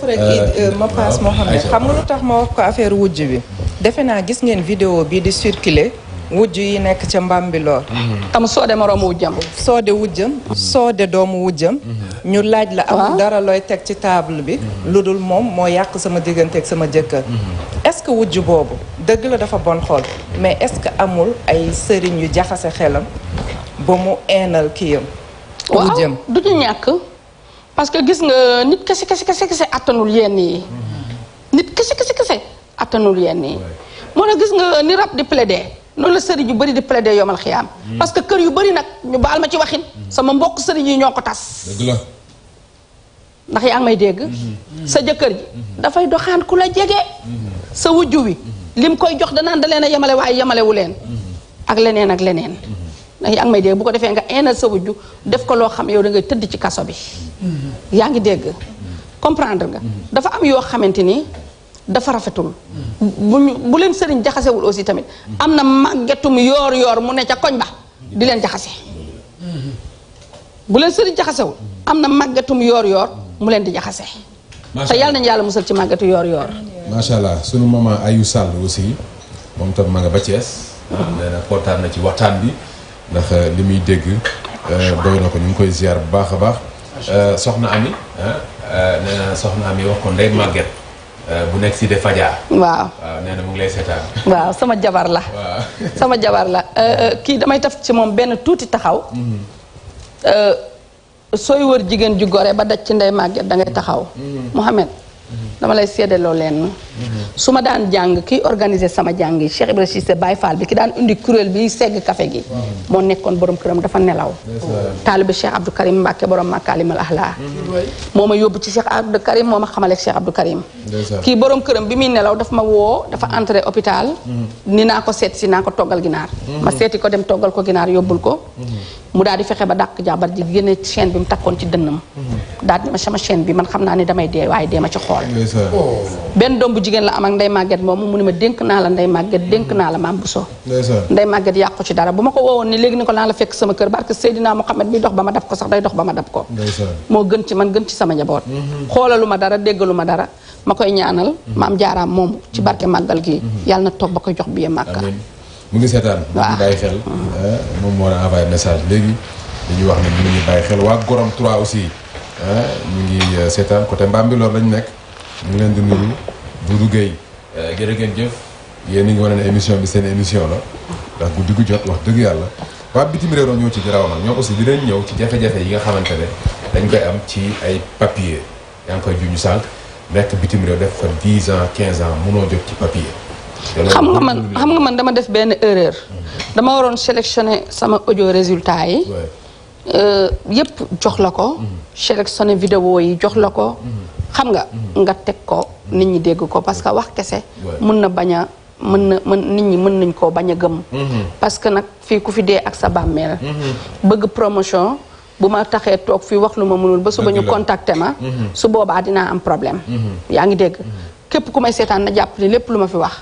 ma paas moo xam ne xam nga tax ma wax ko affaire wujj bi. defe naa gis ngeen vidéo bi di circuler. wujj yi nekk ca Mbambilor mhm. tam soode moroomu wujjam soode wujjam mhm. soode doomu wujjam mhm. ñu laaj la am ah. dara looy teg ci table bi lu dul moom moo yàq sama diggante ak sama jëkkër est-ce que wujj boobu dëgg la dafa bon xool mais est-ce que amul ay sëriñ yu jaxase xelam ba mu eenal kiyam wujjam du ñu ñàkk parce que gis nga nit kese kese kese kese attanul yenn yi nit kese kese attanul yenn yi moo ne gis nga ni rab di plaider loolu la sëriñ yu bari di plaider yomal xiyaam hmm. parce que kër yu bari nak ñu baal ma ci waxin hmm. sama mbokk sëriñ yi ñoko tass ndax ya ngi dégg hmm. sa jëkkër ji fay doxaan ku la jege sa wujju wi lim koy jox danaan da leena yamalé way yamalé wu leen ak leneen ak leneen ndax ya ngi may dégg bu ko nga sa wujju def ko lo xam yow da ngay tëdd ci kasso bi ya ngi dégg comprendre nga dafa am yo xamanteni dafa rafetul. bu bu leen sëriñ jaxasewul aussi tamit. am na màggetum yoor yoor mu ne ca koñ ba di leen jaxase. bu leen sëriñ jaxasewul am na màggetum yoor yoor mu leen di jaxase. te yàlla nañu yàlla musal ci màggetu yoor yoor. macha allah sunu maman Ayou Sall aussi moom tam ma nga ba Thiès. Ah. nee na na ci waxtaan bi ndax euh, li muy dégg euh, doy na ko ñu ngi koy ziar bu baax a baax. Euh, soxna Ami ah, nee soxna Ami wax ko ndey màgget. Euh, bu nekk si de Fadia. waaw waaw nee mu ngi lay seetaan. waaw sama jabar la. sama jabar la euh, euh, kii damay taf ci moom benn tuuti taxaw. Mhm. sooy wër jigéen ju gore ba daj ci ndey màgget da ngay taxaw. Mhm. Mouhamed. Mhm. dama lay seedeloo leen su ma daan jàng kiy organiser sama jàng yi Cheikh Ibrahima Cissé baay Fall bi ki daan indi kuréel bi segg kafe gi moo nekkoon borom këram dafa nelaw taalibi Cheikh Abdou Karim Mbacke borom Makalimal Ahla moo ma yóbbu ci Cheikh Abdou Karim moo ma xamaleeg Cheikh Abdou Karim kii borom këram bi muy nelaw dafa ma woo dafa entré hôpital mhm. ni naa ko seet si naa ko toggal ginaar ma mhm. seeti ko dem toggal ko ginaar yóbbul ko mhm. mu daal di fexe ba dàq jabar ji génne chaîne bi mu takkoon ci dënnam daal di ma sama chaîne bi man xam naa ne damay dee waaye dee ma ci xool Oh. ben doom bu la am ak ndey magget moomu mu ne ma dénk naa la ndey magget denk na la mam bu so ndey magget yàqu ci dara bu ko ni legui ni la la fek sama keur barke sayidina Muhammad bi dox bama daf ko sax day dox bama daf ko mo gën ci man gën ci sama njabot mhm. xolaluma dara deggaluma dara makoy ñaanal mam mhm. jaaraam mom, ci mhm. barke magal gi yàlla na toog ba jox bi makka mu ngi seetaan waaw bàyyi xel eh, moom mo a envoyé message legui dañuy wax ni mu ngi xel wa Gorom 3 aussi mu eh, ngi eh, côté lor lañ nek mu ngi leen di nuyu Doudou Gueye eh, jërë ngeen jëf yéen ni ngi ne émission bi seen émission la ndax guddi gu jot wax dëgg yàlla waa bitim réew ñëw ci garaaw nag ñoom aussi dinañ ñëw ci jafe-jafe yi nga xamante ne dañ koy am ci ay papier yaa ngi koy juñu sànq nekk bitim réew def fa 10 ans quinze ans mënoo jot ci papier xam nga man xam nga man dama def benn erreur hmm. dama waroon sélectionné sama audio résultat yi euh, yëpp jox la ko hmm. sélectionné vidéo yi jox la ko hmm. xam nga mm-hmm. nga tek ko mm-hmm. nit ñi dégg ko parce que wax kessé mën na bañ mën na nit ñi mën nañ ko baña gëm mm-hmm. parce que nak fi ku fi dé ak sa bammel bëgg promotion bu ma taxee toog wax luma mënul ba suba ñu contacté ma su boba dina am problème dégg képp ku may sétane na jàpp ne lépp lu fi wax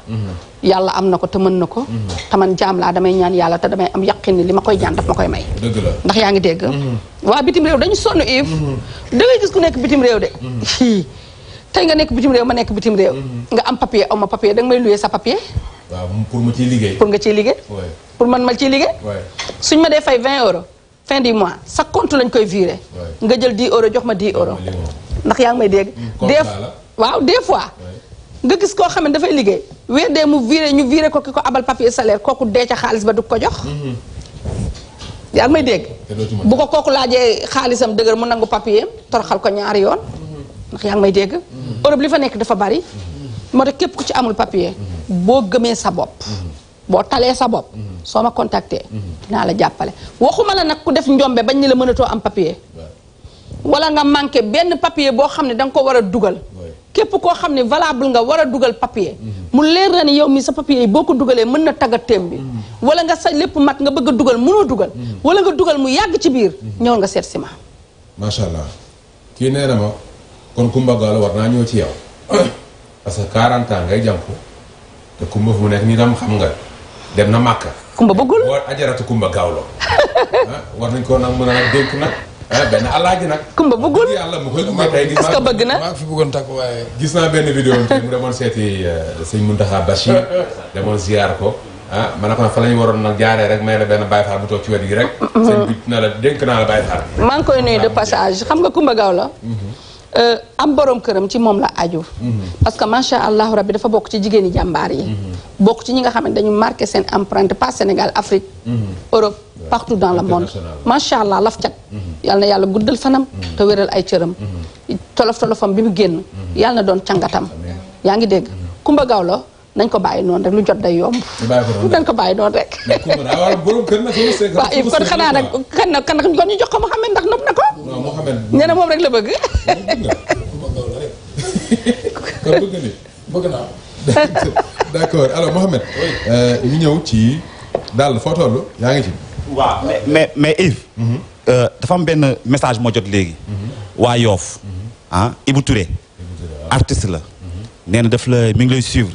yalla amna ko te mën nako ko te man jam la damay ñaan yalla te damay am yaqin ni li koy ñaan daf ma koy may ndax yaangi ngi wa bitim rew dañu sonu if da ngay gis ku nek bitim rew de tay nga nek bitim rew ma nek bitim rew nga am papier awma papier da may louer sa papier waaw pour ma ci liguey pour nga ciy liggéey pour man ma ciy liggéey suñ ma fay 20 euros fin du mois sa compte lañ koy virer nga jël 10 euros jox ma 10 euros ndax yaang may dégg def waaw des fois. nga gis koo xam ne dafay liggéey weer dee mu viré ñu viré ko ki ko abal papier salaire kooku dee ca xaalis ba du ko jox. Mhm. yaa ngi may dégg. bu ko kooku laajee xaalisam dëgër mu nangu papier toroxal ko ñaari yoon. Mhm. ndax yaa may dégg. Mhm. Europe li fa nekk dafa bari. moo tax képp ku ci amul papier. boo gëmee sa bopp. boo talee sa bopp. soo ma contacter. dinaa la jàppale waxuma la nag ku def njombe bañ ni la mënatoo am papier. wala nga manqué benn papier boo xam ne da nga ko war a dugal. képp koo xam ne valable nga war a dugal papier mu leer na ni yow mi sa papier yi boo ko dugalee mën na tagga téem bi wala nga sa lépp mat nga bëgg a dugal mënoo wala nga dugal mu yàgg ci biir ñëwal nga seet si ma macha allah kii nee na ma kon Kumba Gaalo war naa ñëw ci yow <coughs> parce que 40 ans ngay jàmp te Kumba fu mu nekk nii tam xam nga dem na màkk Kumba bëggul war ajaratu Kumba Gaawlo <laughs> ah, war nañ koo nag mën a dénk ah benn alaaji nag. kumba bëggul yàlla mu koy may tey est-ce bëgg na gis naa benn vidéo tey mu demoon seeti eh, sëñ Mountakha Bachir demoon ziar ko. ah ma ne ko fa la ñu waroon nag jaaree rek may la benn Baye Fall bu toog ci wet gi rek. Mm-hmm. sëñ bi na la dénk naa la Baye Fall. maa ngi koy nuyu de passage xam nga kumba gaaw la. Mm-hmm. Euh, am borom këram ci moom la aju. Mhm. parce que macha allahu rabbi dafa bokk ci jigéeni jàmbaar yi. Mhm. bokk ci ñi nga xam ne dañu marqué seen empreinte pas Sénégal Afrique. Mhm. Europe partout dans le monde. macha allah laf cat. yal na yàlla guddal fanam. te wéral ay cëram. tolof tolofam bi mu génn. yàlla na doon cangatam. yaa ngi dégg kumba gaaw nañ ko bàyyi noonu rek lu jot day yomb. dañ ko bàyyi noonu rek. waaw Yves kon xanaa nag kan na kan nag kon ñu jox ko Mouhamed ndax nopp na ko. waaw moom rek la bëgg. <laughs> kon bëgg ni bëgg naa <laughs> d'accord euh, ñëw ci daal foo waaw mais mais mais mhm. euh, dafa am benn message moo jot léegi. Mhm. waa Yoff mhm. ah Ibou Touré. la. nee na la mi ngi lay suivre.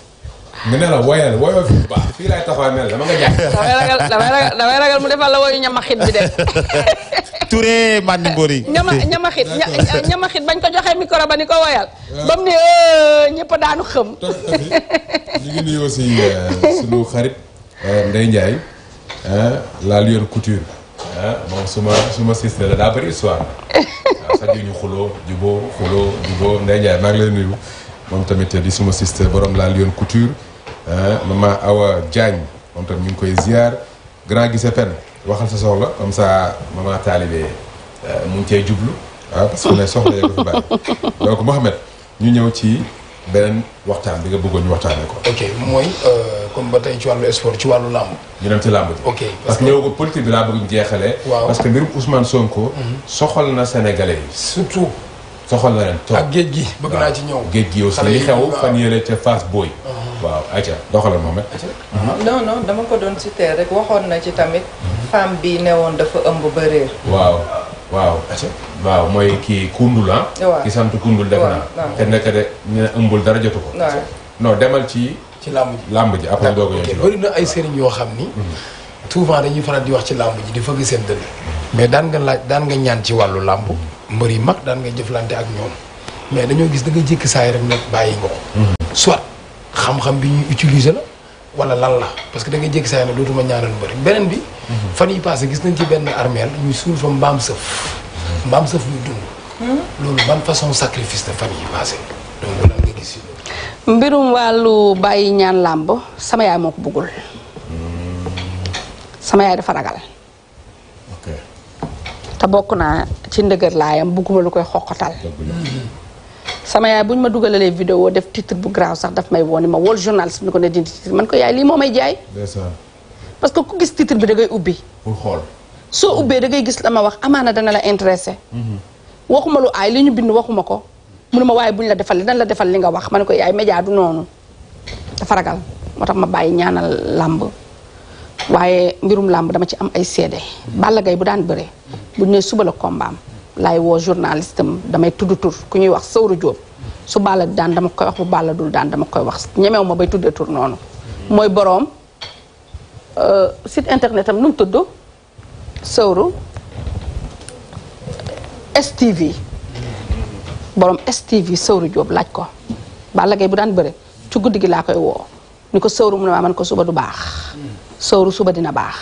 nga ne la woyal woyoo fi baax fii laay taxaw ne dama nga jàng. <laughs> damay ragal damay ragal damay ragal mu defal la woyu ñamaxit bi de. <laughs> Touré Mandi Mbori. ñama ñamaxit ñamaxit bañ ko joxee micro ba ni ko woyal. ba mu ne ñëpp daanu xëm. ñu ngi nuyu euh, euh, Couture. moom suma suma sister la daa bëri histoire sax ñu xuloo juboo xuloo juboo Ndeye Ndiaye maa ngi lay moom tamit di suma sister borom la Lion Couture. Euh, ma Awa Diagne moom tam ñu ngi koy ziar grand gise pen waxal sa soxla comme ça maman Taalibé euh, mu ngi cee jublu waaw ah, parce ne soxla ya ko fi bàyyi donc Mohamed ñu ñëw ci beneen waxtaan bi nga bëggoon ñu waxtaanee ko. ok mooy euh, comme ba tey ci wàllu sport ci wàllu làmb. ñu dem ci làmb ji. ok parce que ñëw ko politique bi laa bëgg jeexalee. waaw parce que mbirum Ousmane Sonko. Mhm. soxal na Sénégalais yi. surtout. soxal na leen ak géej gi bëgg naa ci ñëw géej gi aussi li xew fan yële ca Fass Boy waaw ayca doxalal moom non non dama ko doon citer rek waxoon na ci tamit femme bi newoon dafa ëmb ba réer waaw waaw mooy kii kundul ah ki sant kundul def naa te nekk de ñu ne ëmbul dara jotu ko noo demal ci ci làmb ji làmb ji après doog a bëri na ay sëriñ yoo xam ni mhm. souvent dañuy faral di wax ci làmb ji di fëgg seen dënn mais daan nga laaj daan nga ñaan ci wàllu làmb mbër yi mag daan ngay jëflante ak ñoom mais dañoo gis da nga jékki saay rek nag bàyyi nga ko. soit xam-xam bi ñuy utiliser la wala lan la parce que da nga jékki saay ne dootuma ñaanal mbër beneen bi. fan yi passé gis nañ ci benn armeel ñuy suul fa mbaam sëf. mbaam sëf muy dund. loolu ban façon sacrifice la fan yi passé donc lan nga gis. mbirum wàllu bàyyi ñaan làmb sama yaay moo ko bëggul sama yaay dafa ragal. te bokk naa ci ndëgër laayam bugguma lu koy xoqatal sama yaay bu ñu ma dugalee vidéo def titre bu grave sax daf may wooni ma wol journaliste ni ko ne dindi titre man ko yaay lii moo may jaay parce que ku gis titre bi da ngay ubbi xool soo ubbee dangay gis la ma wax amaana dana la intéressé mhm. waxuma lu aay li ñu bind waxuma ko mu ne ma waaye buñ la defal li dañ la defal li nga wax mane ne ko yaay média du noonu dafa ragal moo tax ma bàyyi ñaanal làmb waaye mbirum làmb dama ci am ay seede Balla bu daan bëree bu ñu nee suba la kombaam laay woo journaliste damay tudd tur ku ñuy wax Sawru Diop su Balla daan dama koy wax bu Balla dul daan dama koy wax ñemew ma bay tuddee tur noonu. mooy boroom euh, sit internet am nu mu tudd Sawru STV boroom STV Sawru Diop laaj ko Balla Gaye bu daan bëre ci guddi gi laa koy woo ni ko Sawru mu ne maa man ko suba du baax Sawru suba dina baax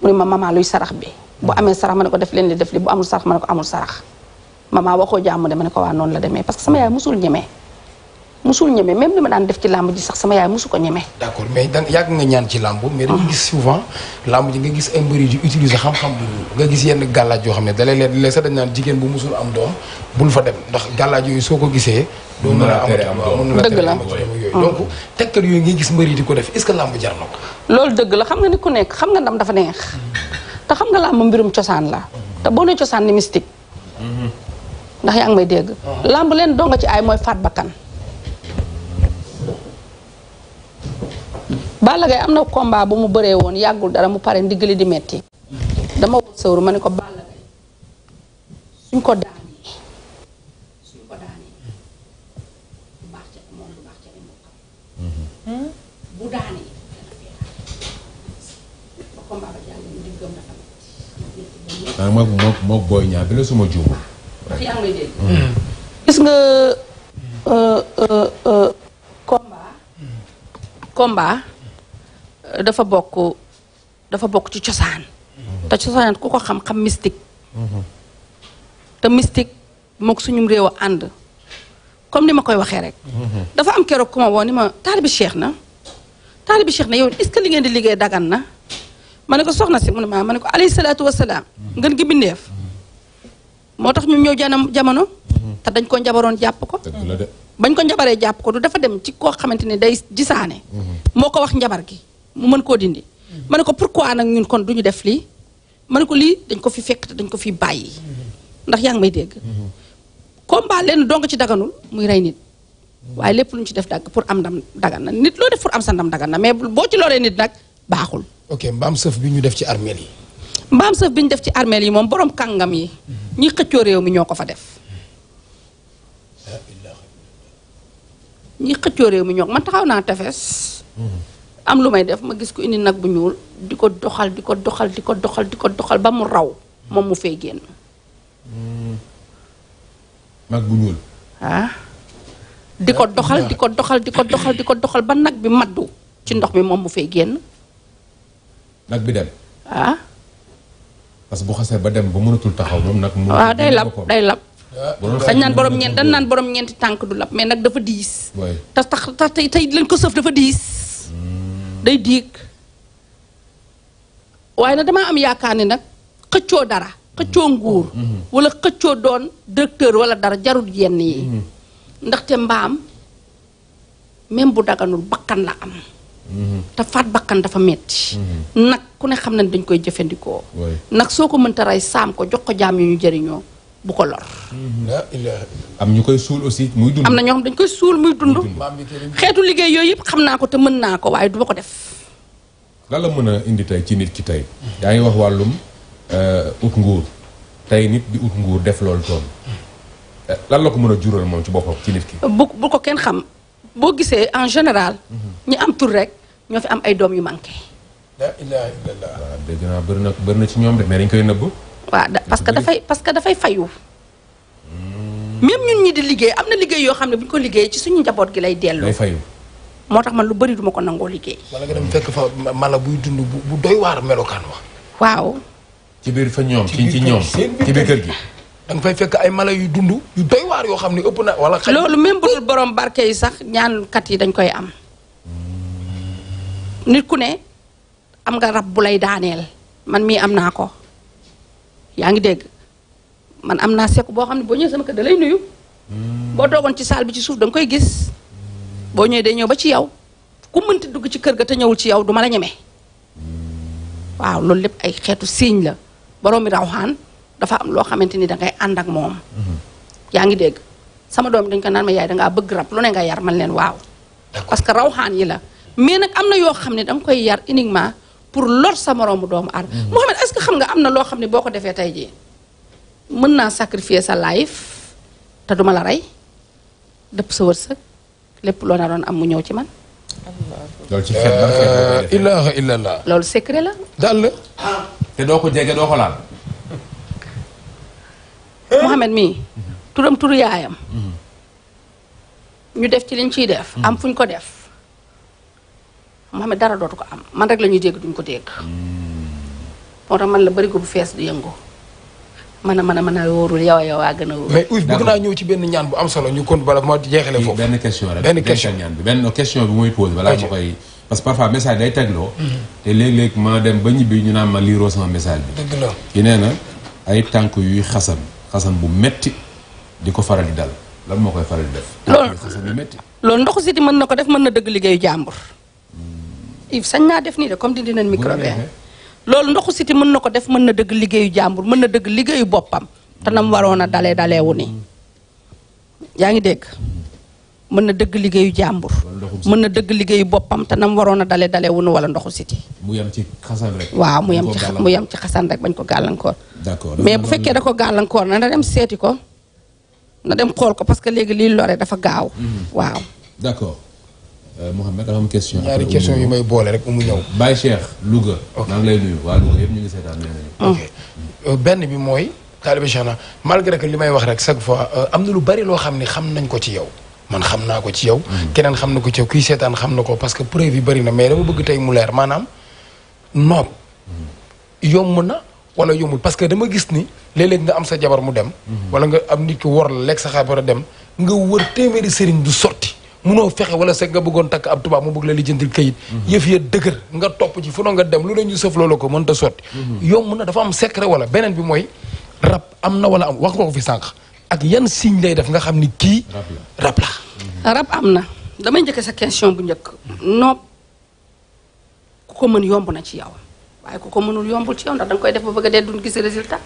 mu ne ma mama sarax bi. bu amee sarax ma ne ko def leen li def li bu amul sarax ma ne ko amul sarax maman waxoo jàmm de ma ne ko waa noonu la demee parce que sama yaay musul ñemee musul ñeme même li def ci làmb ji sax sama yaay musu ko ñeme. d'accord mais nga ñaan ci làmb. mais gis souvent làmb ji nga gis ay mbëri di utiliser nga gis yenn gàllaaj yoo xam ne dalay leen léeg sax dañ naan jigéen bu musul am doom bul fa dem ndax gàllaaj yooyu soo ko gisee. doo mën a am doom dëgg la donc yooyu nga gis mbëri ko def est-ce que làmb jar na ko. loolu dëgg la xam nga ni ku nekk xam nga ndam dafa neex. ta xam nga la làmb mbirum ciosan la ta bo ne ciosan ni mystique ndax ya ngi may deg lamb len do nga ci ay moy fat bakan Balla Gaye am na combat bu mu beure won yagul dara mu pare ndigali di metti dama wut sëwru maniko ne ko Balla Gaye suñ ko daan suñ ko daan hmm? bu daan ah moom moom moom booy ñaar bi suma juumul. fii nga dégg. Mm. gis euh, euh, euh, dafa bokk dafa bokk ci cosaan. te cosaan ku ko xam-xam mystique. Mm-hmm. te mystique mook suñu réew a ànd comme ni ma koy waxee rek. Mm-hmm. dafa am keroog ku ma woo ni ma taalibi Cheikh na taalibi Cheikh na yow est-ce que li ngeen di liggéey dagan na. ma sok soxna si mu ma ma ko alayhi salaatu wasalaam ngën gi bindef motax tax ñu ñëw janam jamono ta dañ ko njabaron japp ko bañ ko njabaré japp ko du dafa dem ci ko xamanteni day jisaane moko wax njabar gi mu mën ko dindi ma pourquoi nak ñun kon duñu def li ma li dañ ko fi fekk dañ ko fi bayyi ndax yaang may deg combat len donc ci daganul muy ray nit waye lepp luñ ci def dag pour am ndam dagan nit lo def pour am sa ndam dagan mais bo ci nit nak baxul ok mbam seuf bi ñu def ci armel yi. mbam seuf bi ñu def ci armel yi mom borom kangam yi. ñi xëccoo rew mi ñoko fa def. ñi xëccoo rew mi ñok man taxaw na tafess am lu may def ma gis ko indi nag bu ñuul diko doxal diko doxal diko doxal diko doxal ba mu raw mom mu fay génn. nak bu ñuul. ah. diko doxal ah. diko doxal diko doxal diko doxal ba nak bi maddu ci ndox mi mom mu fay Nak bi dem. ah. parce bu xasse ba dem ba mënatul taxaw mom nak mo waaw day lab day lab. xagn nan borom ñent dañ nan borom ñent tank du lab mais nak dafa diis. ta tax tax tay lañ ko seuf dafa diis. day dik waaye nag dama am yakane nak xëccio dara. xëccio hmm. nguur. Hmm. Hmm. wala xëccio doon docteur wala dara jarul yenn yi. te mbam même bu daganul bakkan la am. Mm-hmm. te faat bakkan dafa metti mm-hmm. nag ku ne xam nañ dañ koy jëfandikoo nag soo ko mënta rey saam ko jox ko jaam yu ñu jëriñoo bu ko lor mm-hmm. am ñu koy suul aussi muy dund am na ñoo xam dañ koy suul muy dund xeetu liggéey yooyu yëpp xam naa ko te mën naa ko waaye du ma ko def lan la mën a indi tey ci nit ki tey yaa ngi wax wàllum euh, ut nguur tey nit di ut nguur def loolu toon euh, lan la ko mën a jural moom ci boppam ci nit ki bu bu ko kenn xam boo gisee en général. Mhm. ñi am tur rek ñoo fi am ay doom yu manqué. la bëri na bëri na ci ñoom de mais dañ koy nëbb. waa da que dafay parce que dafay fayu. Hmm. même ñun ñi di liggéey am na liggéey yoo xam ne bu ñu ko liggéey ci suñu njaboot gi lay delloo. day fayu. moo tax man lu bëri duma ko nangoo liggéey. wala nga dem fekk fa mala buy dund bu doy waar melokaan wa. waaw. ci biir fa ñoom ci ci ñoom ci biir kër gi. danga nga fay fekk ay mala yu dund yu doy waar yoo xam ne ëpp na wala. loolu même bu dul borom barke yi sax ñaan kat yi dañ koy am nit ku ne am nga rab bu lay daaneel man mii am naa ko yaa ngi dégg man am naa sekk boo xam ne boo ñëwee sama kër da lay nuyu. boo toogoon ci saal bi ci suuf danga koy gis boo ñëwee day ñëw ba ci yow ku mënti dugg ci kër ga te ñëwul ci yaw du ma la ñeme waaw loolu lépp ay xeetu siiñ la borom mi rawxaan dafa am loo xamante ni da ànd ak moom. yaa ngi dégg sama doom dañ ko naan ma yaay dangaa bëgg rab lu ne nga yar man leen waaw. parce que rawxaan yi la. mais nag am na yoo xam ne da koy yar uniquement pour lor sa moroomu doomu aadama. Mhm. que xam nga am na loo xam ne boo ko defee tey jii mën naa sacrifier sa life te duma la rey dëpp sa wërsëg lépp loo naa doon am mu ñëw ci man. loolu ci euh, loolu secret la. daal la. Ah. te doo ko jege doo ko laal. Mohamed mii turam turu yaayam ñu def ci liñ ciy def am fuñ ko def Mohamed dara dootu ko am man rek la ñuy dégg duñ ko dégg moo tax man la a mën a mën a wóorul yow yow a gën a wóor mais Ouz bëgg naa ñëw ci benn ñaan bu am solo ñu kon bala ma jeexale foofu benn question rek benn question bi benn question bi mooy posé balaa ma koy que parfois message day tegloo mhm. te léeg-léeg ma dem ba ñibbi ñu naan ma liiroo sama message bi dëgg la yi ay tànk yuy xasan xasan bu metti di ko faral di dal lan moo koy faral loolu xasan bu metti ndoxu siti mën na ko def mën na dëgg liggéeyu jàmbur. Hmm. sañ naa def nii de comme dindi nañ micro eh? loolu ndoxu siti mën na ko def mën na dëgg liggéeyu jàmbur mën na dëgg liggéeyu boppam te nam waroon a dalee daleewu nii hmm. yaa ngi dégg. Hmm. mën na dëgg liggéeyu jàmbur. mën na dëgg liggéeyu boppam te nam waroon a dale dale wunu wala ndoxu siti mu yem ci xasan rek. waaw mu yem ci mu yem xasan rek bañ ko gàllankoor. d'accord mais bu fekkee da ko gàllankoor na na dem seeti ko na dem xool ko parce que léegi liy lore dafa gaaw. Mhm. waaw d'accord. Euh, Mouhamed dafa am question. ñaari question yu may boole rek mu ñëw. Baye Cheikh Louga. maa ngi lay nuyu euh, benn bi mooy. taalibe Cheikh na li may wax rek chaque fois euh, am na lu bari loo xam ne xam nañ ko ci yow. man xam naa ko ci yow. keneen xam na ko ci yow kuy seetaan xam na ko parce que preuve yi bëri na mais dama bëgg tey mu leer maanaam noob yomb na wala yombul parce que dama gis ni léeg nga am sa jabar mu dem. wala nga am nit ki wor la lekk sa xabar a dem nga wër téeméeri sëriñ du sotti. munoo fexe wala sax nga bëggoon takk ab tubaab mu bëgg la lijjantil kayit. yëf ya dëgër nga topp ci fu noo nga dem lu la ñu sëf loola ko mënta sotti. yomb na dafa am secret wala beneen bi mooy rab am na wala am wax nga ko fi sànq ak yan signe lay def nga xam ni kii. rab am na damay njëkk sa question bu njëkk nopp ku ko mën yomb na ci yow waaye ku ko mënul yombul ci yow ndax danga koy def ba bëgg a dee duñ gis résultat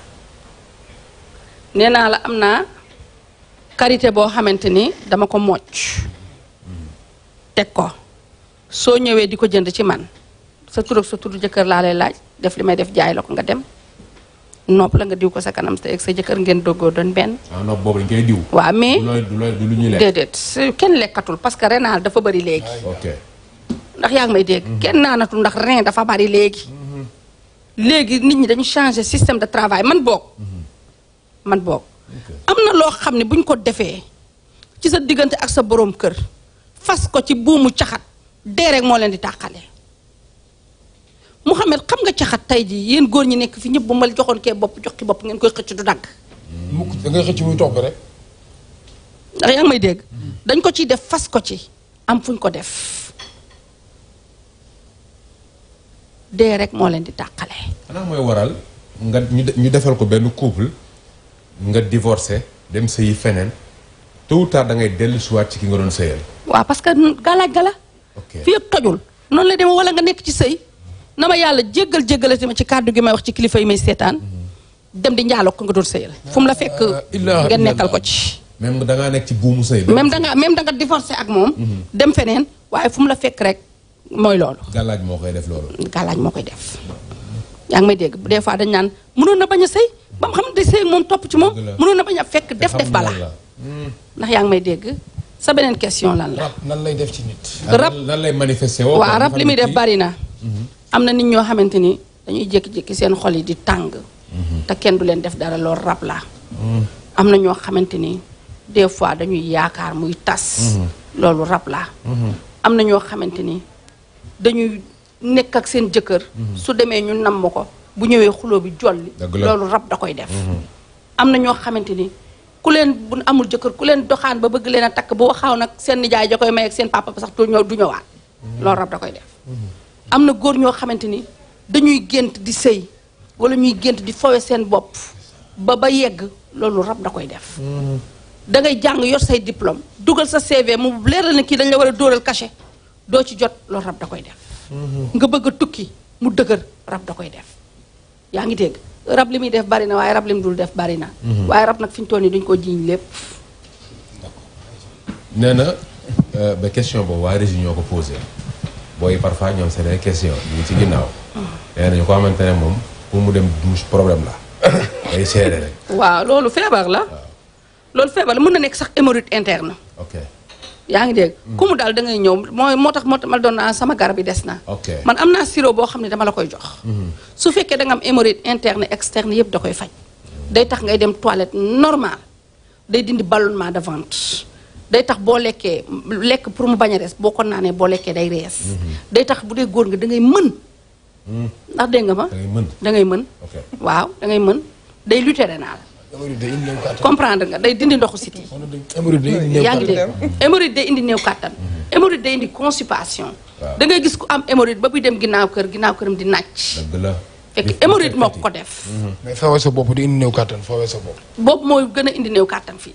nee naa la am naa quarité boo xamante ni dama ko mocc teg ko soo ñëwee di ko jënd ci man sa tur sa turu jëkkër laa lay laaj def li may def jaay la ko nga dem nopp la nga diw ko sa kanam sa ak sa jëkkër ngeen doggoo doon benn. waaw ah, nopp boobu dañ waaw mais du lu ñuy lekk kenn lekkatul parce que rénal dafa bëri léegi. ndax yaa ngi may dégg. Mhm. kenn naanatul ndax rein dafa bëri léegi. Mhm. léegi nit ñi dañu changé système de travail man boog. Mhm. man boog am na loo xam ne buñ ko defee ci sa diggante ak sa boroom kër fas ko ci buumu caxat dee rek moo leen di tàqale. Muhammad xam nga caxat tay ji yeen goor ñi nek fi ñepp bu mal joxoon ke bop jox ki bop ngeen koy xëc du dag mukk da ngay xëc muy rek ndax may deg dañ ko ci def fas ko ci am fuñ ko def de rek mo leen di takalé ana moy waral nga ñu defal ko benn couple nga divorcé dem sey fenen tout ou tard da ngay ci wat ci ki nga doon seyel wa parce que gala gala fi tojul non la dem wala nga nek ci sey nama ma yàlla jéggal jéggalati ma ci kàddu gi may wax ci kilifa yi may dem di njaaloo ko nga doon sëyal fu la fekk nga nekkal ko ci même da ngaa nekk ci buumu sëy même da nga même da nga ak mom mhm. dem fenen, waaye fum la fekk rek mooy lolo. Galaj mo koy def loolu gàllaaj mo koy def yang may dégg des fois dañ na bam xam na def def bala hmm. ndax yang may sa benen question lan la rap nan lay def ci nit rap nan lay manifester rap limi def barina mhm. am na nit ñoo xamante ni dañuy jékki-jékki seen xol yi di tàng. Mhm. te kenn du leen def dara loolu rab laa mhm. am na ñoo xamante ni des fois dañuy yaakaar muy tas. Mhm. loolu rab la na ñoo xamante ni dañuy nekk ak seen jëkkër. su demee ñu namm ko bu ñëwee xuloo bi jolli. loolu rab da koy def. am na ñoo xamante ni ku leen bu amul jëkkër ku leen doxaan ba bëgg leen a takk bu waxaaw nag seen nijaay ja koy may ak seen papa sax du ñëw du ñëwaat. loolu rab da koy def. am na góor ñoo xamante ni dañuy gént di sëy wala ñuy gént di fowe seen bopp ba ba yegg loolu rab da koy def dangay jàng yor say diplôme dugal sa CV mu leeral na kii dañ la war a dóoral cachet doo ci jot loolu rab da koy def nga bëgg tukki mu dëgër rab da koy def yaa ngi dégg rab li muy def bari na waaye rab li mu dul def bari na waaye rab nag fi ñu toll nii duñ ko jiiñ lépp nee na ba question boobu waa région ñoo ko posé booy parfois ñoom c'est des questions ñu ci ginnaaw. nee nañu ko xamante ne moom pour mu dem douche problème la <coughs> day seere rek. waaw loolu feebar la. loolu feebar la mën na nekk sax hémorroïde interne. ok yaa ngi dégg. Mm. ku mu daal da ngay ñëw mooy moo tax moo tax ma doon naa sama garab yi des na. ok man am naa sirop boo xam ne dama la koy jox. Mm-hmm. su fekkee da nga am hémorroïde interne externe yëpp da koy faj. Mm. day tax ngay dem toilette normal day dindi ballonnement de ventre day tax bo lekke lek pour mu baña res boko nané bo lekke day res mm-hmm. day tax budé dee nga da ngay mën mm. ndax dénga ma da ngay mën waaw da ngay mën day lutter rénal comprendre nga day dindi ndoxu siti hémorroïde day indi néew katan mm-hmm. hémorroïde day indi constipation da ngay gis ku am hémorroïde ba buy dem ginnaw kër ginnaw kërëm di nacc fekk hémorroïde moko ko def mm-hmm. mais fawee sa bop di indi néew kàttan fawee sa bop bop moy gëna indi néew katan fi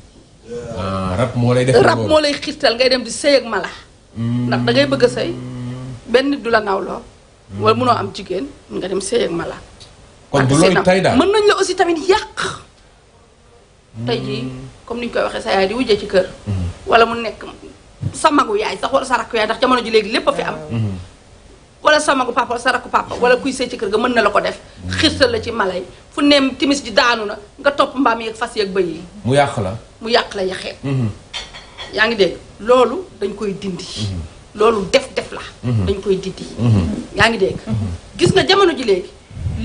Euh, rab moo lay rab moo lay xirtal ngay dem di sëy mala hmm. ndax da bëgg a sëy benn nit du la nawloo hmm. wala mënoo am jigéen nga dem sëy mala kon du looy tay daal mën nañ la aussi tamit yàq hmm. tey jii comme ni koy waxee sa yaay di wujjee ci kër wala mu nekk sa magu yaay sax wala sa rakku yaay ndax jamono ji léegi lépp a fi am wala sa magu papa wala sa rakku papa wala kuy sëy ci kër ga mën na la ko def xirtal la ci mala yi fu nem timis di daanu na nga top mbam yi ak fas yi ak yi mu yak la mu yak la yaxeet hmm yaangi deg lolu dañ koy dindi mhm. lolu def def la mhm. dañ koy dindi mhm. yaa ngi dégg gis nga jamono ji legi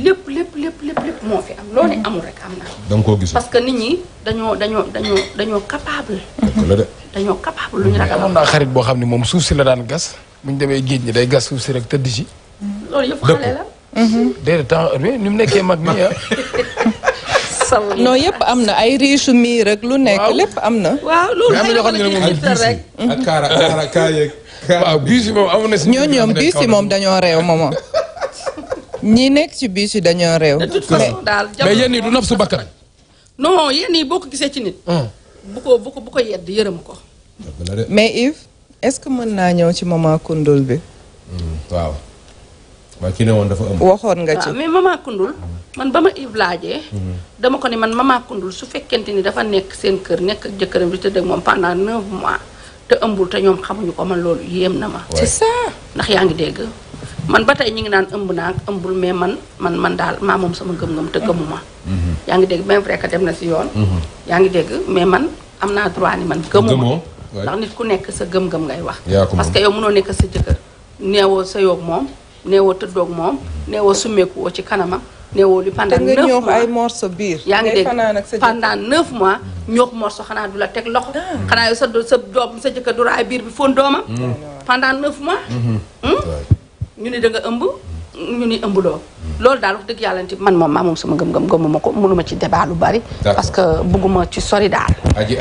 lepp lepp lepp lepp lepp mo fi am lolé amul rek amna na ko gis parce que nit ñi dañoo dañoo dañoo dañoo capable la de dañoo capable lu ñu ragal am xarit bo xamni mom suuf ci la daan gas buñ démé demee ñi day gas suuf ci rek teddi ci lolu yëpp xalé la déedéet temps heure bi ni mu nekkee mag nii ah. non yëpp am na ay riche mii rek lu nekk lépp am na. waaw loolu moom dañoo réew moom ñi nekk ci biis yi dañoo réew. de toute du naf su bakkan. non yéen boo ko gisee ci nit. Hmm. bu ko bu ko yedd yërëm ko. mais Yves est mën naa ñëw ci maman Koundoul bi. Hmm, waaw ki ne dafa am waxon nga ci mais mama kundul man bama ma hmm. Yves dama ko ni man mama kundul su fekente ni dafa nek sen keur nek jeukeram bi di tëdd ak pendant 9 mois te eumbul te ñom xamuñu ko man lolu yem na ma. c'est ça ndax yaangi deg man batay ñi ngi naan ëmb naa eumbul mais man man man dal ma mom sama gem gëm te gemuma yaangi deg même vrai que dem na ci yoon. Mm-hmm. yaangi deg mais man amna droit ni man. gemuma ndax nit ku nek sa gem gem ngay wax. parce que yow mëno nek sa jeuker neewoo sa yoog mom neewoo tëddoog moom neewoo summeekuwoo ci kanamam neewoo li pendant neuf mois te ñoox morso biir. yaa ngi dégg pendant neuf mois ñoox morso xanaa du la teg loxo. xanaa yow sa sa doom sa jëkka du raay biir bi fóon doomam. Mm. pendant neuf mois. Mm-hmm. Hmm? ñu ne danga ëmb ñu ni ëmb loo loolu daal wax dëgg yàlla nit man moom maa moom sama gëm-gëm gëmuma ko mënuma ci debaa lu bari. parce que bëgguma ci sori daal. Adji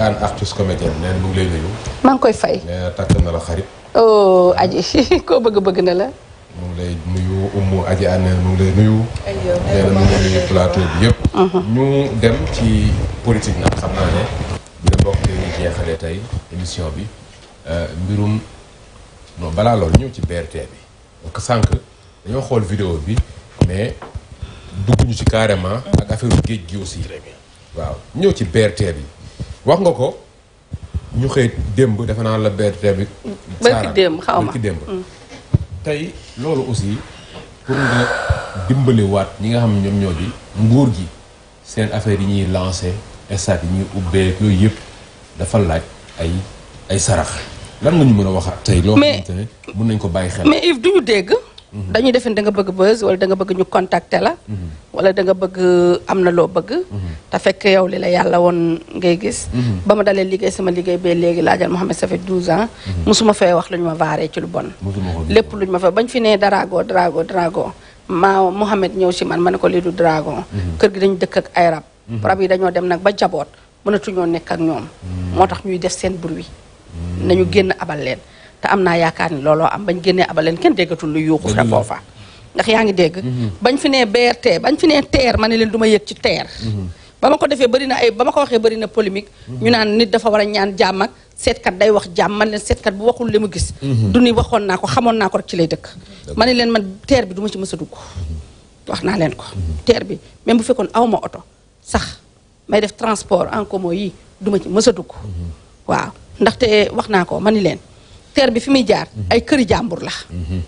maa ngi koy fay. nee na takk na oh, <laughs> koo bëgg bëgg na la. mu ngi lay nuyu Oumou Adji Anne mu ngi lay nuyu. nee na mu plateau bi yëpp. Uh-huh. ñu dem ci politique nag xam naa ne. dina bokk li ñuy jeexalee tey émission bi euh, mbirum non balaa loolu ñëw ci BRT bi parce sànq dañoo xool vidéo bi mais dugg ñu ci carrément. ak affaire géej gi aussi. waaw ñëw ci BRT bi wax nga ko ñu xëy démb defe naa la BRT bi. saara démb xaw ma démb. Mm. tey loolu aussi pour nga dimbaliwaat ñi nga xam ñoom ñoo di nguur gi seen affaire yi ñuy lancé stade yi ñuy ubbee yooyu yëpp dafa laaj ay ay sarax lan nga ñu mën a waxaat tey loo xamante ne mën nañ ko bàyyi xel mais Yves duñu dégg dañuy defeen danga bëgg buzz wala danga bëgg ñu contacter la wala da nga bëgg am na loo bëgg te fekk yow li la yàlla woon ngay gis ba ma dalee liggéey sama liggéey bee léegi laajal Mouhamed ça fait 12 ans musuma fee wax lu ñu ma vaaree ci lu bon lépp lu ñu ma fee bañ fi ne drago drago drago maa Mouhamed ñëw si man ma ne ko lii du dragon kër gi dañu dëkk ak ay rab rab yi dañoo dem nag ba jaboot mënatuñoo nekk ak ñoom moo tax ñuy def seen bruit nañu génn abal leen te am naa yaakaar ni looloo am bañ génnee leen kenn déggatul lu yuuxu fa foofa ndax yaa ngi dégg mhm. bañ fi nee BRT bañ fi nee TER ma ne leen du ma yëg ci TER mhm. ba ma ko defee bëri na ay ba ma ko waxee bëri na polémique mhm. ñu naan nit dafa war a ñaan jàmm seetkat day wax jàmm man leen seetkat bu waxul li mu gis du ni waxoon naa ko xamoon naa ko rek ci lay dëkk ma ne leen man teer bi duma ci mës a dugg wax naa leen ko TER bi même bu fekkoon aw ma oto sax may def transport en commun yi du ci mës a dugg waaw ndaxte wax naa ko ma ni leen terre bi fi muy jaar mhm. ay këri jàmbur la mhm.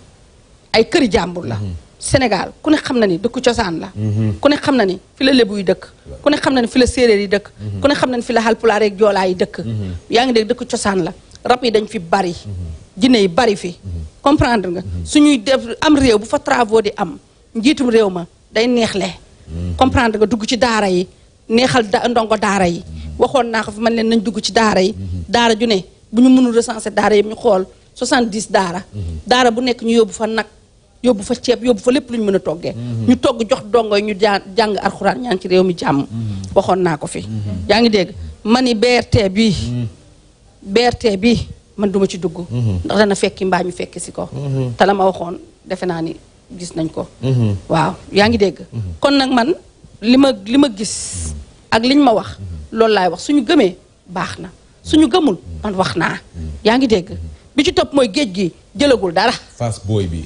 ay këri jàmbur la mhm. Sénégal ku ne xam na ni dëkku cosaan la ku ne xam na ni fi la lébu yi dëkk ku ne xam na ni fi séeréer yi dëkk ku xam na ni fi la yi dëkk yaa ngi dégg dëkku cosaan la rab yi dañ fi bari jinne yi bari fi comprendre nga suñuy def am réew bu fa travaux di am njiitum réew ma day neexle comprendre nga dugg ci daara yi neexal ndongo daara yi waxoon naa ko fi man leen nañ dugg ci daara yi daara ju ne bu ñu mënul recenser daara yi ñu xool 70 daara. Mhm. daara bu nekk ñu yóbbu fa nag yóbbu fa ceeb yóbbu fa lépp lu ñu mën a toggee. Mhm. ñu togg jox dongo ñu jaa jàng alxuraan ñaan ci réew mi jàmm. Mhm. waxoon naa ko fi. yaa ngi dégg ma ni BRT bii. BRT bii man duma ci dugg. ndax dana fekki mbaa ñu fekki si ko. te la ma waxoon defe naa ni gis nañ ko. waaw yaa ngi dégg. kon nag man li ma li ma gis. ak liñ ma wax. loolu laay wax su ñu gëmee baax na. suñu gëmul man wax naa. yaa ngi dégg bi ci topp mooy géej gi jëlagul dara. fas Boy bi.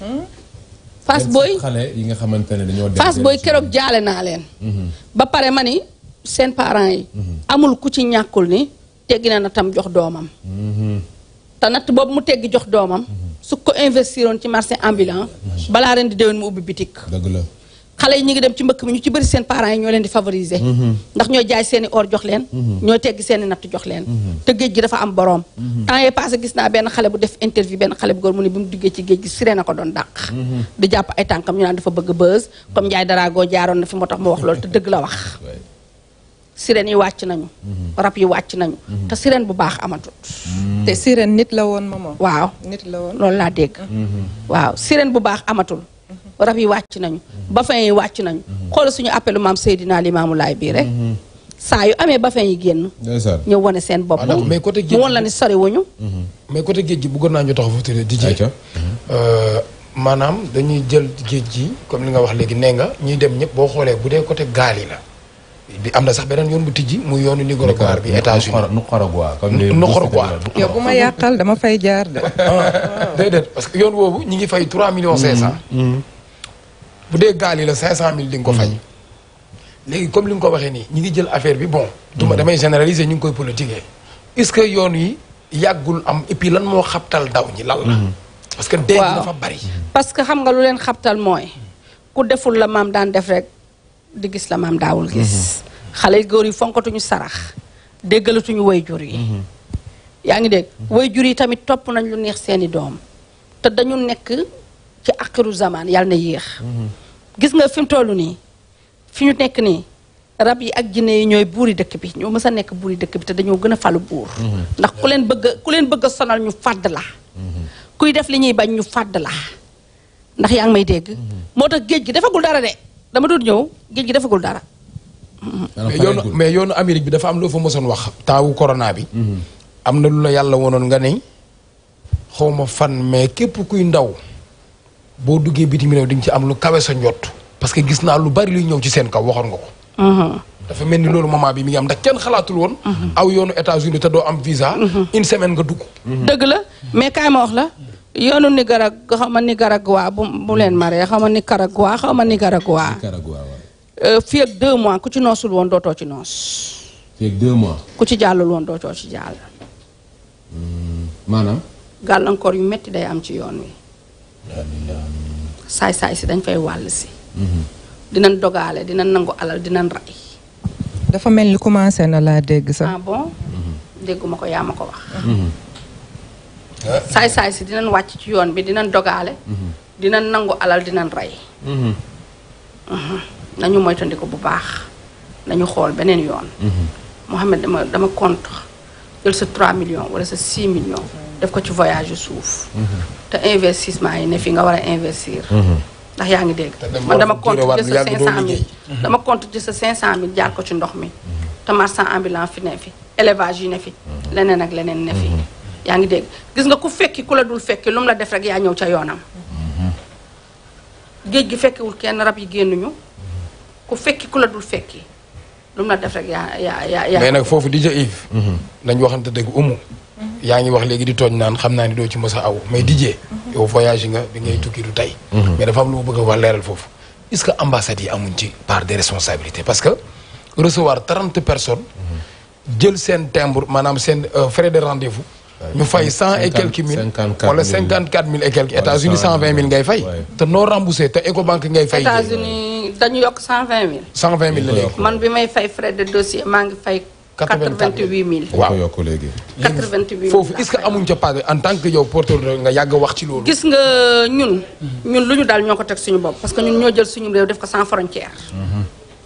Fass booy xale yi nga xamante ne dañoo. Fass Boy keroog jaale naa leen. Mhm. ba pare ma ni seen parent yi. Mhm. amul ku ci ñàkkul ni teggi na natam jox doomam. Mhm. te natt boobu mu teggi jox doomam. su ko investiroon ci marché ambulant. balaa ren di déwén mu ubbi bitik. dëgg la. xale yi ñu ngi dem ci mbëkk mi ñu ci bari seen parents yi ñoo leen di favoriser mhm. ndax ñoo jaay seeni or jox leen mhm. ñoo tegg seen i jox leen mhm. te géej gi dafa am boroom temps yee passé gis naa benn xale bu def interview benn xale bu góor mu ne bi mu duggee ci géej gi siré na ko doon dàq di jàpp ay tànkam ñu naan dafa bëgg bës comme Ndiaye Darago jaaroon na fi moo tax mu wax loolu te dëgg la wax sirène yi wàcc nañu rab yi wàcc nañu te bu baax amatut te sirène nit la woon moom waaw nit la woon loolu laa dégg waaw sirène bu baax amatul rab yi wàcc nañu baffin yi wàcc nañu xoolal suñu appelu maam Seydina Limaamu Laay bii rek mhm. saa yu amee baffin yi génn ñëw wane seen bopp mais côté géej mu woon la ni sori mhm. mais côté géej gi bëggoon naa ñu taxaw foofu tëddee di jeex euh, maanaam dañuy jël géej gi comme li nga wax léegi nee nga ñuy dem ñëpp boo xoolee bu dee côté gaal yi la am na sax beneen yoon bu tijji muy yoonu Nicaragua bi États-Unis Nicaragua yow bu ma yàqal dama fay jaar de ah, parce que yoon boobu ñu ngi fay 3 millions 500 bu dee gaal yi la 500000 di nga ko fay. léegi comme li nga ko waxee nii ñi ngi jël affaire bi bon. duma mm. damay généraliser ñu ngi koy politiquer. est-ce que yoon yi yàggul am et lan moo xabtal daw ñi lan la. Mm. parce que dégg dafa bari. parce que xam nga lu leen xabtal mooy ku deful la maam daan def rek di gis la maam daawul gis. Mm-hmm. xale yu góor yi fonkatuñu sarax woy wayjur yi. Mm-hmm. yaa ngi dégg jur yi tamit topp nañ lu neex seeni doom te dañu nekk ci akiru zaman yàlla na yéex. Mm-hmm. gis nga fi mu toll nii fi ñu nekk nii rab yi ak jinne yi ñooy buuri dëkk bi ñoo mës a nekk buuri dëkk bi te dañoo gën a falu buur mhm. ndax ku leen bëgg ku leen bëgg sonal ñu fàdd la mhm. kuy def li ñuy bañ ñu fàdd la ndax yaa ngi may dégg mhm. moo tax géej gi defagul dara de dama doon ñëw géej gi defagul dara mais yoonu Amérique bi dafa am loo fa mosoon wax taawu corona bi am na lu la yàlla wonoon nga ne xawma fan mais képp kuy ndaw boo duggee bitim réew di nga ci am lu kawe sa njott parce que gis naa lu bari luy ñëw ci seen kaw waxoon nga ko. Uh-huh. dafa mel ni loolu moment bi mi ngi am ndax kenn xalaatul woon. Uh-huh. aw yoonu états unit te doo am visa. Uh-huh. une semaine nga dugg. dëgg la mais kaay ma wax la. yoonu Nicarag xaw ma Nicaragua bu bu leen maree xaw ma Nicaragua xaw ma Nicaragua. Euh, fii ak deux mois ku ci noosul woon dootoo ci noos. fii ku ci jàllul woon dootoo ci jàll. Hmm, maanaam. gàllankoor yu metti day am ci yoon wi. saay-saay si dañ fay wàll si mm-hmm. dinañ dogale dinañ nangu alal dinañ rey dafa mel ni commencé na laa dégg sax ah bon mm-hmm. dégguma ko yaa ma ko wax mm-hmm. eh? saay-saay si dinañ wàcc ci yoon bi dinañ dogaale dinañ nangu alal dinañ rey nañu moytandiku bu baax nañu xool beneen yoon Mohamed dama dama contre jël sa 3 millions wala sa 6 millions def ko ci voyage suuf. te investissement yi ne fi nga war a investir. ndax yaa ngi dégg. man dama compte ci sa 500000. dama compte ci sa 500000 jaar ko ci ndox mi. te marchand ambulant fi ne fi élevage yi ne fi. leneen ak leneen ne fi. yaa ngi dégg gis nga ku fekki ku la dul fekki lu mu la def rek yaa ñëw ca yoonam. géej gi fekkiwul kenn rab yi génnuñu. ku fekki ku la dul fekki lu mu la def rek yaa yaa yaa. mais nag foofu di ja Yves. Mhm. nañ waxante dëgg umu. yaa ngi wax léegi di tooñ naan xam naa ni doo ci mos a aw mais Didier yow voyage nga bi ngay tukki du mhm. mais dafa am lu bëgg a wax leeral foofu est que ambassades yi amuñ ci part mhm. seen timbre maanaam seen euh, frais de rendez-vous ñu fay cent et quelques mille wala cinquante quatre mille et quelques États-Unis mille ngay fay te non remboursé te Ecobank ngay fay États-Unis dañu yokk cent vingt mille la léegi man bi may fay frais de dossier maa ngi fay 88000 waaw yokk léegi 88000 foofu est-ce que amuñ ca pas en tant que yow porteur nga yàgg wax ci loolu gis nga ñun ñun lu ñu daal ñoo ko teg suñu bopp parce que ñun ñoo jël suñu réew def ko sans frontière mhm.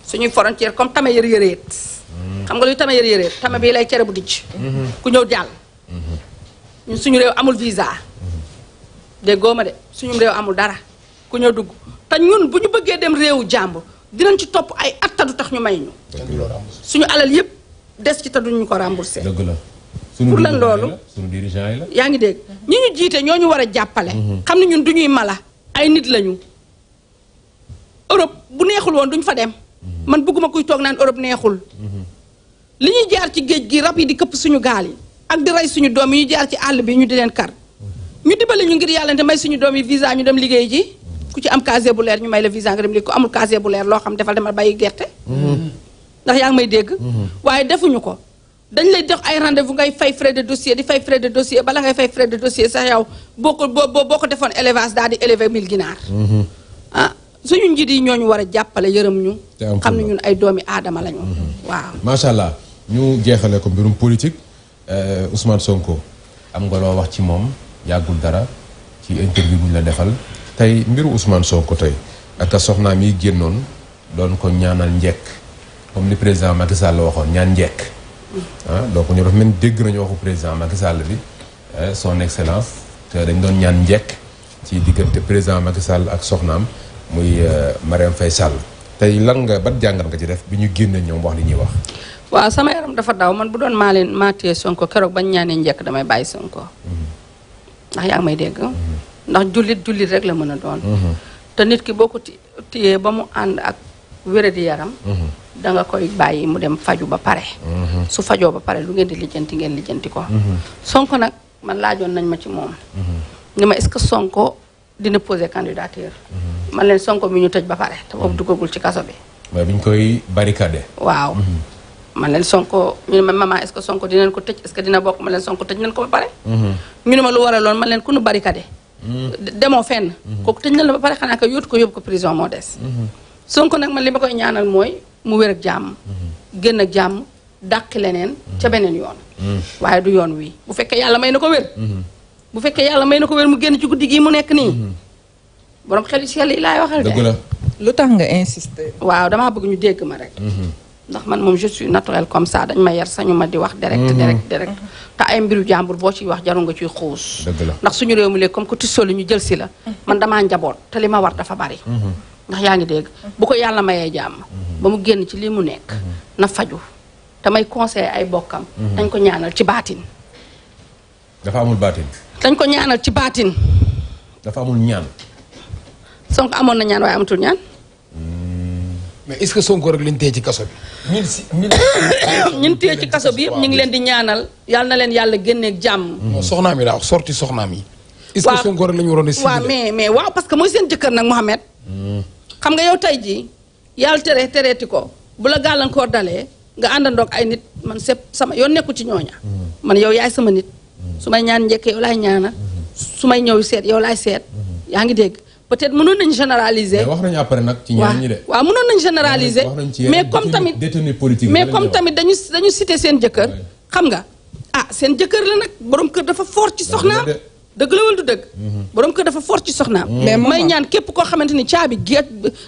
suñuy frontière comme tame yër yëreet mhm. xam nga luy tame yër yëreet tame bii lay cere bu dijj mhm. ku ñëw jàll suñu réew amul visa dégg ma de suñu réew amul dara ku ñëw dugg te ñun bu ñu bëggee dem réewu jàmbur dinañ ci topp ay atta du tax ñu may suñu alal yépp des ci te ñu ko remboursé. dëgg la pour lan loolu. yaa ngi dégg. ñi ñu jiite ñoo ñu war a jàppale. Mhm. xam ne ñun du ñuy mala ay nit lañu. Europe bu neexul woon duñ fa dem. Mhm. man bëgguma kuy toog naan Europe neexul. Mhm. li ñuy jaar ci géej gi rab yi di këpp suñu gaal yi. ak di rey suñu doom yi ñu jaar ci àll bi ñu di leen kar. ñu dimbale ñu ngir yàlla te may suñu doom yi visa ñu dem liggéey ji. ku ci am casier bu leer ñu may la visa nga dem liggéey ku amul casier bu leer loo xam defal demal bàyyi gerte. ndax yaa ngi may dégg. Mhm. waaye defuñu ko. dañ lay jox ay rendez-vous ngay fay frais de dossier di fay frais de dossier bala ngay fay frais de dossier sax yow boo ko boo boo ko defoon élevage daal di élever mille ginaar. Mhm. ah suñu njiit yi ñooñu war a jàppale yërëm ñu. xam ne ñun ay doomi aadama lañu. Mhm. waaw macha allah ñu jeexale ko mbirum politique euh, Ousmane Sonko am nga loo wax ci moom yàggul dara ci interview bu ñu la defal tey mbiru Ousmane Sonko tey ak soxnaam yi génnoon doon ko ñaanal njekk comme le président Macky Sall waxoon ñaan jek ah donc ñu dafa même dégg nañu waxu président Macky Sall bi eh, son excellence té dañ doon ñaan jek ci digënté président Macky Sall ak soxnam muy eh, Mariam Fay Sall tey lan nga bat jangal nga ci def biñu ñu ñom wax li ñi wax wa sama yaram dafa daw man bu doon malen leen sonko kérok bañ ñaanee njekk damay bay sonko ndax ya may dégg mhm. ndax julit julit rek la mëna doon mhm. te nit ki boo ko ba mu and ak wéradi yaram mhm. da nga koy bàyyi mu dem faju ba pare mhm. su fajoo ba pare lu ngeen di lijjanti ngeen lijjanti ko mhm. sonko nag man laajoon nañ ma ci moom ni ma est-ce que sonko dina poser candidature man leen sonko mi ñu tëj ba pare te boobu duggagul ci kaso bi waaye bi ñu koy barricade waaw man leen sonko ñu ne ma maman ko tëj est dina bokk man leen sonko tëj nañ ko ba pare ñu ne ma lu waraloon man leen ku nu de demoo fenn kooku tëj nañ la ba pare xanaa ko yóotu ko yóbbu ko prison moo des Sonko nag man li ma koy ñaanal mooy mu wér ak jàmm. Mm-hmm. génn ak jàmm dàq leneen mm-hmm. ca beneen yoon. Mm-hmm. waaye du yoon wii bu fekkee yàlla may na ko wér. bu fekkee yàlla may na ko wér mu génn ci guddi gii mu nekk nii. borom xel yu sell yi waxal de. lu tax nga insister. waaw damaa bëgg dégg ma rek. ndax man moom je suis comme ça dañ ma yar sañu ma di wax. direct direct te ay mbiru jàmbur boo ciy wax jarul nga ciy xuus. dëgg la ndax suñu réew mi lee comme que tissu li ñu jël si la. man damaa njaboot te li ma war dafa bari. ndax yaa ngi dégg bu ko yàlla mayee jàmm mhm. ba mu génn ci lii mu nekk mhm. na faju te may conseillé ay bokkam mhm. dañ ko ñaanal ci baatin dafa amul baatin ko ñaanal ci baatin dafa amul ñaan Sonko amoon na ñaan waaye amatul ñaan hmm. mais est-ce que Sonko rek lañ téye ci kaso bi ñun <coughs> téye ci kaso bi yëpp ñu ngi leen di ñaanal yàlla na leen yàlla génneeg jàmm hmm. soxnaam yi daa sorti soxnaam yi est que Sonko rek la ñu waroon a waaw mais mais waaw parce que seen jëkkër nag Mohamed hmm. xam nga yow tey jii yàlla tere tereeti ko bu la gàllankoor dalee nga àndandoog ay nit man sepp sama yoon nekku ci ñooña mm-hmm. man yow yaay sama nit mm-hmm. su may ñaan njëkk yow laay ñaana mm-hmm. su may ñëw seet yow laay seet yaa ngi dégg peut-être mënoon nañ généraliser wax nañu après nag ci ñeneen ñi de waaw mënoon nañ généraliser mais comme tamit détenu politique mais comme tamit dañu dañu cité seen jëkkër xam nga ah seen jëkkër la nag borom kër dafa fort ci soxnaam dëgg la wala du dëgg. Mhm. borom kër dafa fort ci soxnaam. Mhm. mais may ñaan képp koo xamante ni caabi géej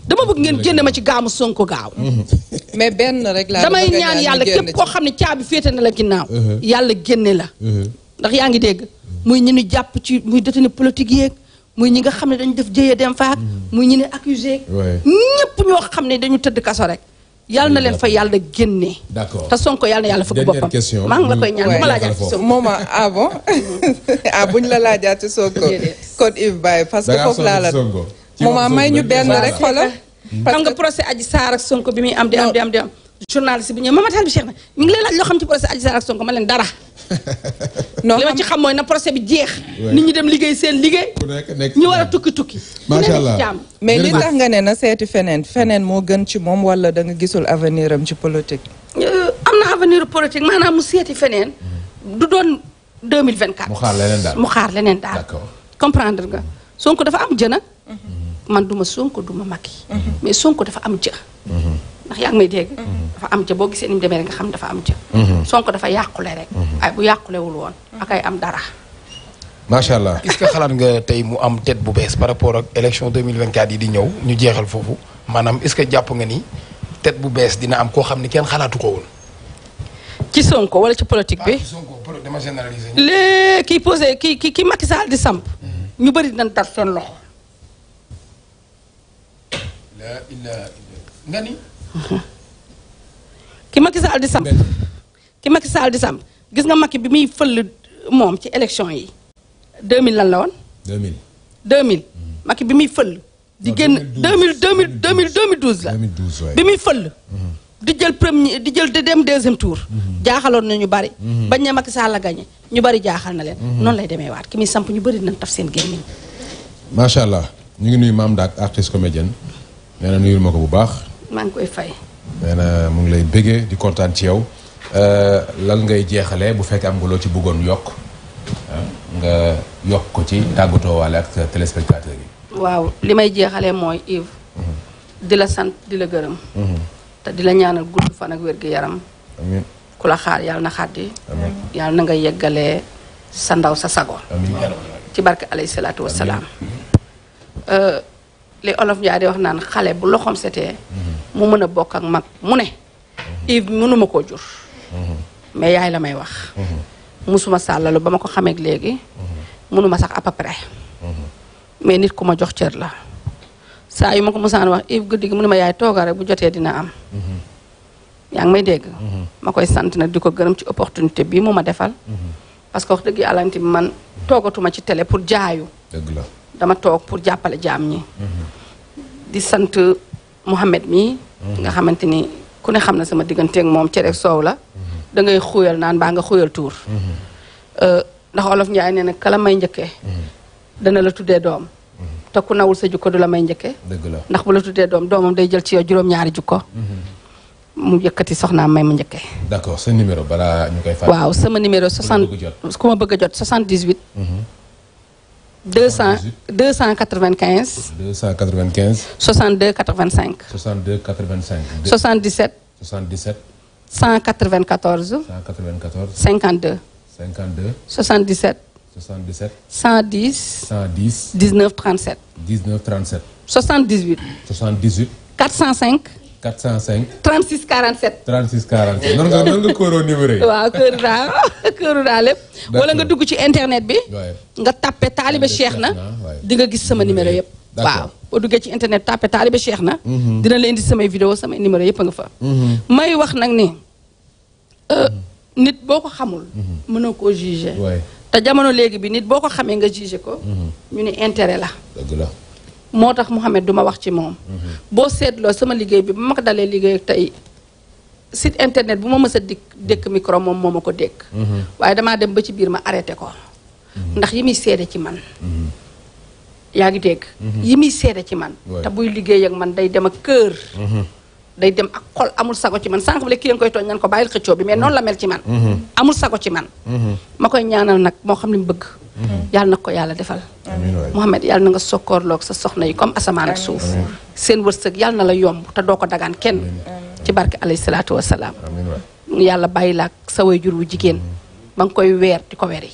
dama bëgg ngeen génne ma ci gaamu Sonko gaaw. Mhm. <laughs> mais benn rek laa damay ñaan yàlla képp koo xam ne caabi féete na la ginnaaw. yàlla génne la. ndax yaa ngi dégg muy ñu ni jàpp ci muy détenu politique yeeg muy ñi nga xam ne dañu def jëye dem faak muy ñu ne accusé ñëpp ñoo xam ne dañu tëdd kaso rek. yàlla na leen fa yàlla génne. d'accord te Sonko yàlla na yàlla fëgg boppam maa ngi la koy ñaan bu ma laajaat ci Sonko. moom <laughs> ah bon ah la laajaat ci Sonko. code Yves Baye parce que foofu laa la moom may ñu benn rek xoolal. parce nga procès aji saar ak Sonko bi muy am di am di am di am. journaliste bi ñëw xam ci procès Adji Sarr ak Sonko ma leen dara. <laughs> non ci xam mooy na procès bi jeex. nit ñi dem liggéey seen liggéey. ñu war a tukki tukki. macha allah mais li tax nga ne na seeti feneen feneen moo gën ci moom wala da nga gisul avenir am ci politique. Euh, am na avenir politique maanaam mu seeti feneen. du doon 2024. mu xaar leneen daal mu xaar leneen daal. comprendre nga Sonko dafa am jëna mhm. man duma Sonko duma Macky mhm. mais Sonko dafa am jë. ndax yaa ngi may dégg. dafa am ca boo gisee ni mu demee nga xam dafa am ca. Mhm. Sonko dafa yàqule rek. Mhm. ay bu yàqulewul woon. ak ay am dara. macha allah est-ce que xalaat nga tey mu am tête bu bees par rapport ak élection 2024 yi di ñëw ñu jeexal foofu maanaam est-ce que jàpp nga ni tête bu bees dina am koo xam ni kenn xalaatu ko woon. ci Sonko wala ci politique bi ah, dama généraliser. léegi kii posé kii kii kii Macky di samp. Mhm. ñu bëri na tar seen loxo. la ilaha ki Macky Sall di samp ki Macky Sall di samp gis nga Macky bi muy fël moom ci élection yi 2000 lan la woon. 2000 2000. Hmm. Macky bi muy fël. di génn 2000 2000 2000 2012 la. 2012 waay bi muy fël. Hmm. di jël premier di jël di dem deuxième tour. Hmm. jaaxaloon na ñu bari. bañ ne Macky Sall la gagné ñu bari jaaxal na leen. noonu lay demee waat ki muy samp ñu bari dinañ taf seen gémmiñ. macha allah ñu ngi nuyu maam daak artiste comédienne nee nuyul ma ko bu baax. maa ngi koy fay. nee na mu ngi lay bëggee di kontaan ci yow euh, lan ngay jeexale bu fekkee am nga loo ci bëggoon yokk ah, nga yokk ko ci tàggatoo waale ak téléspectateur yi. waaw li may jeexalee mooy Yves. Mhm. di la sant di la gërëm. Mhm. te di la ñaanal gudd fan ak wér gi yaram. ku la xaar yal na xaddi. amiin na nga yeggale sa ndaw sa sago. ci barke alayhi salaatu wa salaam. Euh, li olof Ndiaye di wax naan xale bu loxoom setee. Mhm. mu mën a bokk ak mag mu ne Yves mënuma ko jur mais yaay la may wax musuma sàllalu ba ma ko xameeg léegi mënuma sax à peu près mais nit ku ma jox cer la saa yu ma ko mosaan wax Yves guddi gi mu ne ma yaay tooga rek bu jotee dina am yaa ngi may dégg ma koy sant na di ko gërëm ci opportunité bii mu ma defal parce que wax dëgg yàlla nti man toogatuma ci tele pour jaayu dama toog pour jàppale jaam ñi di sant Mouhamed mi nga xamante ni ku ne xam na sama digganteeg moom cere soow la. da ngay xuyal naan baa nga xuyal tuur. Mm-hmm. ndax olof Njaay nee na kala may njëkkee. Mm-hmm. dana la tuddee doom. Mm-hmm. te ku nawul sa jukko du la may njëkkee. dëgg la ndax bu la tuddee doom doomam day jël ci yow juróom-ñaari jukko. mu yëkkati soxnaam may ma njëkkee. d'accord sa numéro balaa ñu koy. waaw sama numéro 60 ku ma bëgg a jot 78. 200 295. 295. 62 85. 62 85. 77. 77. 194. 194. 52. 52. 77. 77. 110. 110. 1937 1937 19 37. 78. 78. 405. 405. 36 47. 36 47 nan nga nan nga kóoroo numéro yi. waaw kóoru naa <laughs> kóoru naa lépp. wala nga dugg ci internet bi. nga tappe taaliba Cheikh na. di nga gis sama numéro yëpp. waaw boo duggee ci internet tappe taaliba Cheikh na. Mhm. dina leen di samay vidéo samay numéro yëpp nga fa. Mhm. may wax nag ni euh, mhm. nit boo ko xamul. mënoo koo jugé. te jamono léegi bi nit boo ko xamee nga jugé ko. ñu ni intere la. moo tax Mouhamed du ma wax ci moom. Mhm. boo seetloo sama liggéey bi ba ma ko dalee liggéey tey sit internet bu ma mës a dikk dëkk micro moom moo ma ko dékk. Mhm. waaye damaa dem ba ci biir ma arrêté ko. Mhm. ndax yi muy seede ci man. yaa ngi dégg. yi muy seede ci man. te buy liggéey ak man day dem ak kër. day dem ak xol amul sago ci man sànq bu le ki leen koy tooñ nan ko bàyyil xëccoo bi mais noonu la mel ci man mm-hmm. amul sago ci man mm-hmm. ma koy ñaanal nag moo xam li mu bëgg mm-hmm. yàlla na ko yàlla defal Mouhamed yàlla na nga sokkoorloog sa soxna yi comme asamaan ak suuf seen wërsëg yàlla na la yomb te doo ko dagaan kenn ci barke alayhi salaatu wasalaam yàlla bàyyi laak sa way jur wu jigéen ba nga koy weer di ko weri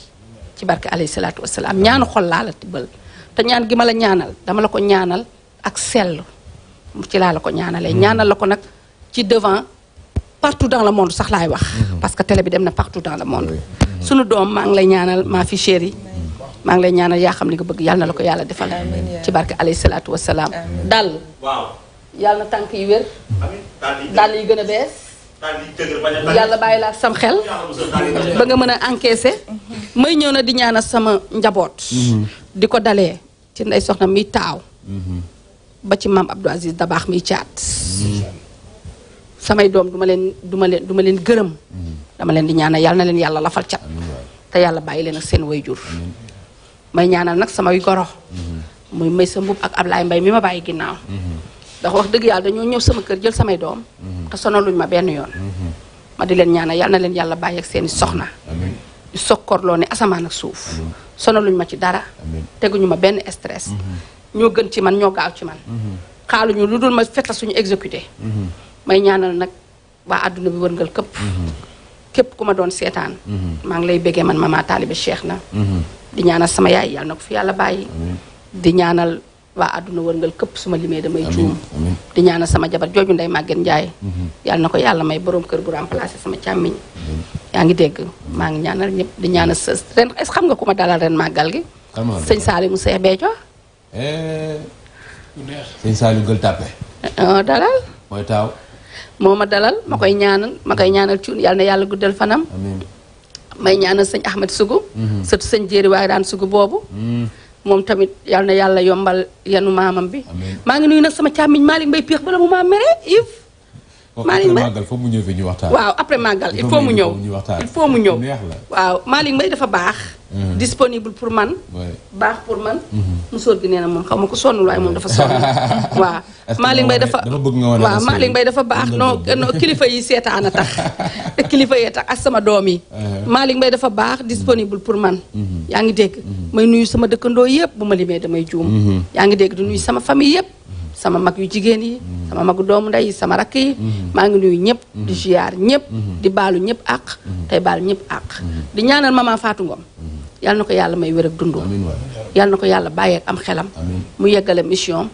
ci barke alayhi salaatu wasalaam ñaanu xol laa la tibbal te ñaan gi ma la ñaanal dama la ko ñaanal ak sell ci laa la ko ñaanalee ñaanal la ko nag ci devant partout dans le monde sax laay wax mhm. parce que télé bi dem na partout dans la monde mhm. sunu doom maa ngi lay ñaanal maa fi chéri yi mhm. maa ngi lay ñaanal yaa xam ni nga bëgg yàlla la ko yàlla defal ci barke alayhi salaatu wasalaam dal yàlla tànk yi wér dal a bees yàlla bàyyi la sam xel ba nga mën a encaisser may ñëw na di ñaanal sama njaboot di ko dalee ci ndey soxna mi taaw ba ci maam Abdou Aziz baax mi caat samay doom duma leen duma leen duma leen gërëm dama leen di ñaana yàlla na leen yàlla lafal cat te yàlla bàyyi leen ak seen wayjur may ñaanal nag samay goro muy may sa mbub ak Ablaye mbay mi ma bàyyi ginnaaw ndax wax dëgg yàlla dañoo ñëw sama kër jël samay doom te luñ ma benn yoon ma di leen ñaanal yàlla na leen yàlla bàyyi ak seen i soxna sokkorloo ne asamaan ak suuf luñ ma ci dara teguñu ma benn stress ñoo gën ci man ñoo gaaw ci man mhm. xaaluñu ñu luddul ma fetal suñu exécuté mhm. may ñaanal nak ba aduna bi wërngal këpp mhm. képp ku doon seetaan ma ngi lay bégé man mama talibé cheikh na di ñaanal sama yaay yàlla na fi yàlla bàyyi di ñaanal waa aduna wërngal kep suma limee damay juum di ñaanal sama jabar joju nday magen njaay yàlla na ko may borom kër bu remplacer sama càmmiñ ya ngi dégg ma ngi ñaanal ñep di ñaanal ren xam nga kuma dalal ren magal gi kan Eh, sëñ Saliou Gueule Tapée oh, dalal mooy taaw moo ma dalal ma koy ñaanal ma koy ñaanal cuun yàlla na yàlla guddal fanam amiin may ñaanal sëñ Ahmed Sougou mhm. surtout sëñ Jéeri waaye daan Sougou boobu mhm. moom tamit yàlla na yàlla yombal yanu maamam bi maa ngi nuyu nag sama càmmiñ Malick Mbaye Péex bala mu maa mere Yves Malick Mbaye màggal mu ñëw fi ñu waxtaan mu ñëw il faut dafa baax Mm-hmm. disponible pour man. baax pour man. Mm-hmm. musóor gi nee na moom xaw ma ko sonnul waaye moom dafa sonn. <laughs> <laughs> waaw Malick Mbaye dafa waaw Malick Mbaye dafa baax noo non kilifa yi seetaan a tax te <laughs> kilifa yee tax ak sama doom yi. Uh-huh. Malick Mbaye dafa baax mm-hmm. disponible pour man. yaa ngi dégg may nuyu sama dëkkandoo yëpp bu ma limee damay juum. yaa ngi dégg du nuyu sama famille yëpp. sama mag yu jigen yi sama mak doomu hmm. nday sama rakk yi ngi nuyu ñep di ziar ñep di balu ñep ak hmm. tay bal ñep ak hmm. di ñaanal mama Fatou Ngom yalla nako yalla may wër ak dundu yalla nako yalla baye ak am xelam mu yeggale mission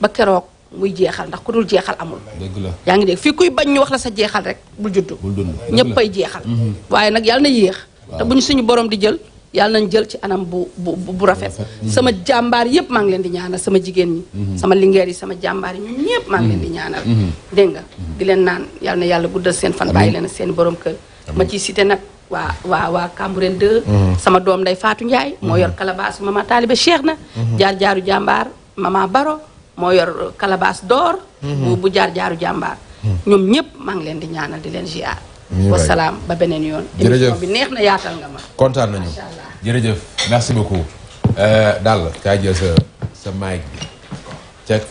ba keroog muy jéxal ndax ku dul jeexal amul yaa ngi dégg fi kuy bañ ñu wax la sa jéxal rek bu juddu ñëpp jéxal mhm. waye nak yalla na yéx te bu suñu borom di jël yalla nañ jël ci anam bu bu bu rafet mhm. sama jambar yep ma ngi sama jigeni ni mhm. sama lingeer yi sama jambar yi ñun ñëpp ma ngi leen di mhm. ñaanal dégg nga di leen naan yalla na yalla guddal seen fan bàyyi leen seen borom keur ma ci cité nak wa wa wa 2 sama dom nday Fatou ndjay mo yor kalabaasu mama talibé Cheikh na jaar jaaru jambar mama Baro mo yor kalabaas d'or bu bu jaar jaaru jambar ñom ñëpp ma ngi leen di ñaanal di leen ziar wasalaam ba beneen yoon. jërëjëf émission bi neex na yaatal nga ma. kontaan nañu jërëjëf merci beaucoup. Euh, Dalla kaay jël sa sa mic bi. check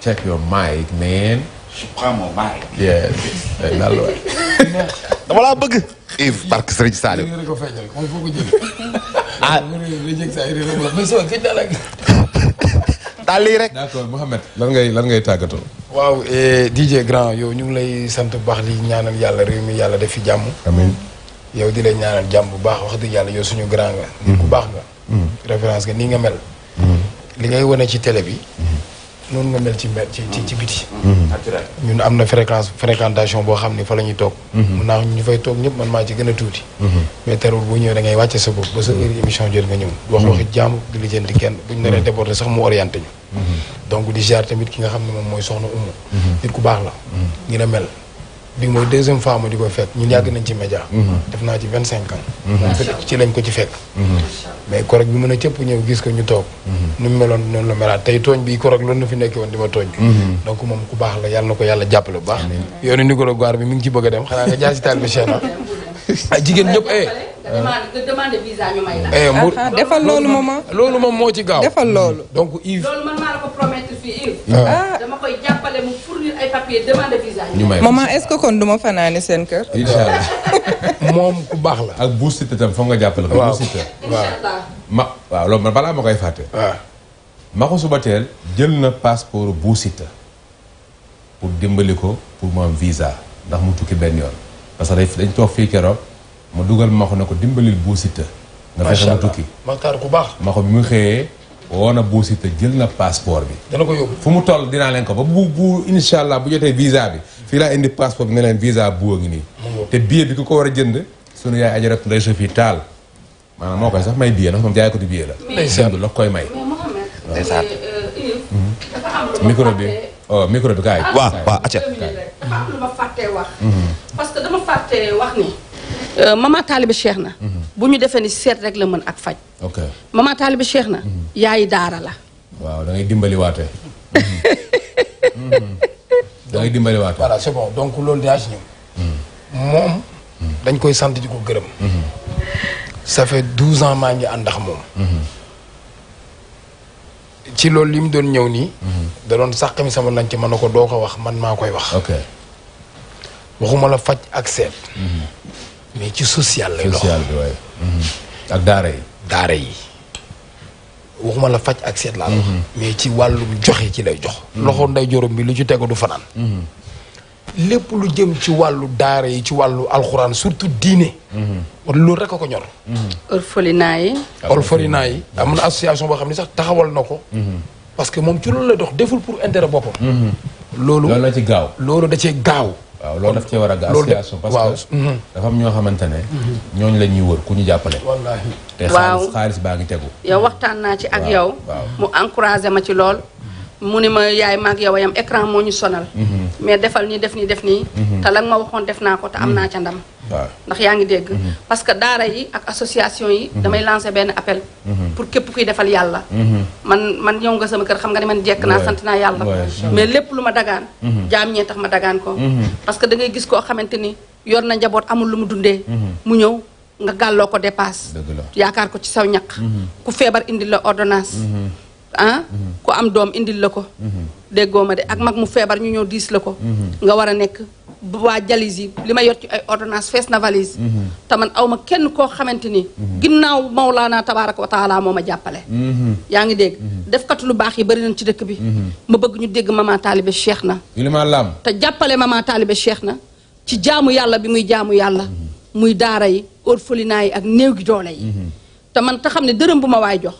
check your mic man. je prends mon mic. yes Dalla waay. <laughs> dama laa bëgg. Yves barke Serigne Saliou. ko ah. dàll yi rek. d'accord Mouhamed lan ngay lan ngay tàggatoo. waaw eh, DJ Grand yow ñu ngi lay sant bu baax li ñaanal yàlla réew mi yàlla def fi jàmm. amiin yow di lay ñaanal jàmm bu baax wax dëgg yàlla yow suñu grand nga. nit mm-hmm. ku baax nga. Mm-hmm. référence nii nga mel. Mm-hmm. li ngay wane ci télé bi. noonu nga mel ci ci ci ci biti. ñun am na fréquence fréquentation boo xam ni fa la ñuy toog. mun naa ñu fay toog ñëpp man maa ci gën a tuuti. mais terewul bu ñëwee da ngay wàcce sa bopp ba sa heure émission jot nga ñëw. wax waxi jàmm di lijjanti kenn buñ naree déborder sax mu orienté ñu. donc di ziar tamit ki nga xam ne moom mooy soxna Umu. Mhm. nit ku baax la. ñu mhm. ne mel. bi mooy deuxième fois ma di ko fekk ñu yàgg nañ ci média. Mhm. def naa ci vingt cinq ans. ci lañ ko ci fekk. mais korog bi mën a cëpp ñëw gis ko ñu toog. nu mu meloon noonu la melaat tey tooñ bi korog loolu na fi nekk woon di ma tooñ. donc moom ku baax la yàlla na ko yàlla jàppale bu baax. yoonu Nicolas Gouare bi mi ngi ci bëgg a dem xanaa nga jaasi taal bi Cheikh Ah, jigéen ñëpp eh. nga demandé eh, ah, ah, defal loolu moom loolu moom moo ci gaaw. defal mm. may maman est-ce que kon du ma fanaane seen kër. <laughs> moom ku baax la. ak bourse itam foog nga jàppale ko. waaw waaw ma waaw loolu man balaa ma koy fàtte. waaw. ma ko suba teel jël na passeport bourse pour dimbali ko pour mu am visa ndax mu tukki benn yoon. parce que dañ toog fii keroog mu dugal maxo ne ko dimbalil Bou Siteu nga fexe mu tukki maxtaar ku baax maxo bi mu xëyee woo na Bou Siteu jël na passeport bi dana ko yóbbu fu mu toll dinaa leen ko ba bu bu insha allah bu jotee visa bi fii laa indi passeport bi ne leen visa bu a ngi nii te billet bi ku ko war a jënd sunu yaay ajarat nday sofi taal maanaam moo koy sax may billet ndax moom jaay ko di billet la seen bi la koy may ndeysaan euh, mhm. bi Euh, micro bi kaay. waaw waaw mm-hmm. dama fàttee wax ni. Euh, mama taalibi cheikh na. Mm-hmm. bu ñu defee ni seet rek la mën ak faj. ok mama taalibi cheikh na. Mm-hmm. yaayi daara la. waaw da ngay dimbali waate. <laughs> da ngay dimbali waate. voilà c'est bon donc loolu dinaa si ñëw. moom. dañ koy sant di ko gërëm. ça fait douze ans maa ngi ànd ak moom. ci loolu li mu doon ñëw nii. Mhm. da doon sàq mi sama lanc mën na ko doo ko wax man maa koy wax. waxuma la faj ak seet. Mhm. mais ci social lay loxo social bi waay mhm. ak daara yi. daara yi waxuma la faj ak seet laa wax. mais ci wàllum joxe ci lay jox. loxo ndeyjooram bi lu ci tegu du fanaan. lépp lu jëm ci wàllu daare yi ci wàllu alxuraan surtout diine. Mhm. loolu rekk ko ñor. Mhm. orphelinat yi. orphelinat yi am na association boo xam ne sax taxawal na ko. Mhm. parce que moom ci loolu la dox deful pour intérêt boppam. loolu loolu la ci gaaw. loolu da cee gaaw. loolu daf cee war a gaaw association parce que ñoo xamante ne. ñooñu la ñuy wër ku ñu jàppale. wallaahi te xaalis xaalis baa ngi tegu. yow waxtaan naa ci ak yow. mu encouragé ma ci lool. mu ni ma yaay maag yow a yam écran moo ñu sonal mhm. mais defal nii def nii def nii mhm. te la ma waxoon def naa ko te am mhm. naa ca ndam ndax yaa ngi dégg parce que daara yi ak association yi damay lancé benn appel pour képp kuy defal yàlla man man ñëw nga sama kër xam nga ne man jekk naa sant naa yàlla mais lépp lu ma dagaan jaam ñee tax ma dagaan ko parce que da ngay gis koo xamante ni yor na njaboot amul lu mu dundee mu ñëw nga gàlloo ko dépasse yaakaar ko ci saw ñaq ku feebar indi la ordonnance ah ku am doom indil la ko déggoo ma de ak mag mu feebar ñu ñëw diis la ko nga war a nekk waa jalis yi li ma yor ci ay ordonnance fees na valise te man aw ma kenn koo xamante ni ginnaaw Mawlaana laa naa taala moo ma jàppale yaa ngi dégg def defkat lu baax yi bari nañ ci dëkk bi ma bëgg ñu dégg maman Talibé Cheikh na Iliman Lam te jàppale maman Talibé Cheikh na ci jaamu yàlla bi muy jaamu yàlla muy daara yi orphelinat yi ak néew gi doole yi te man xam ne dërëm bu ma waay jox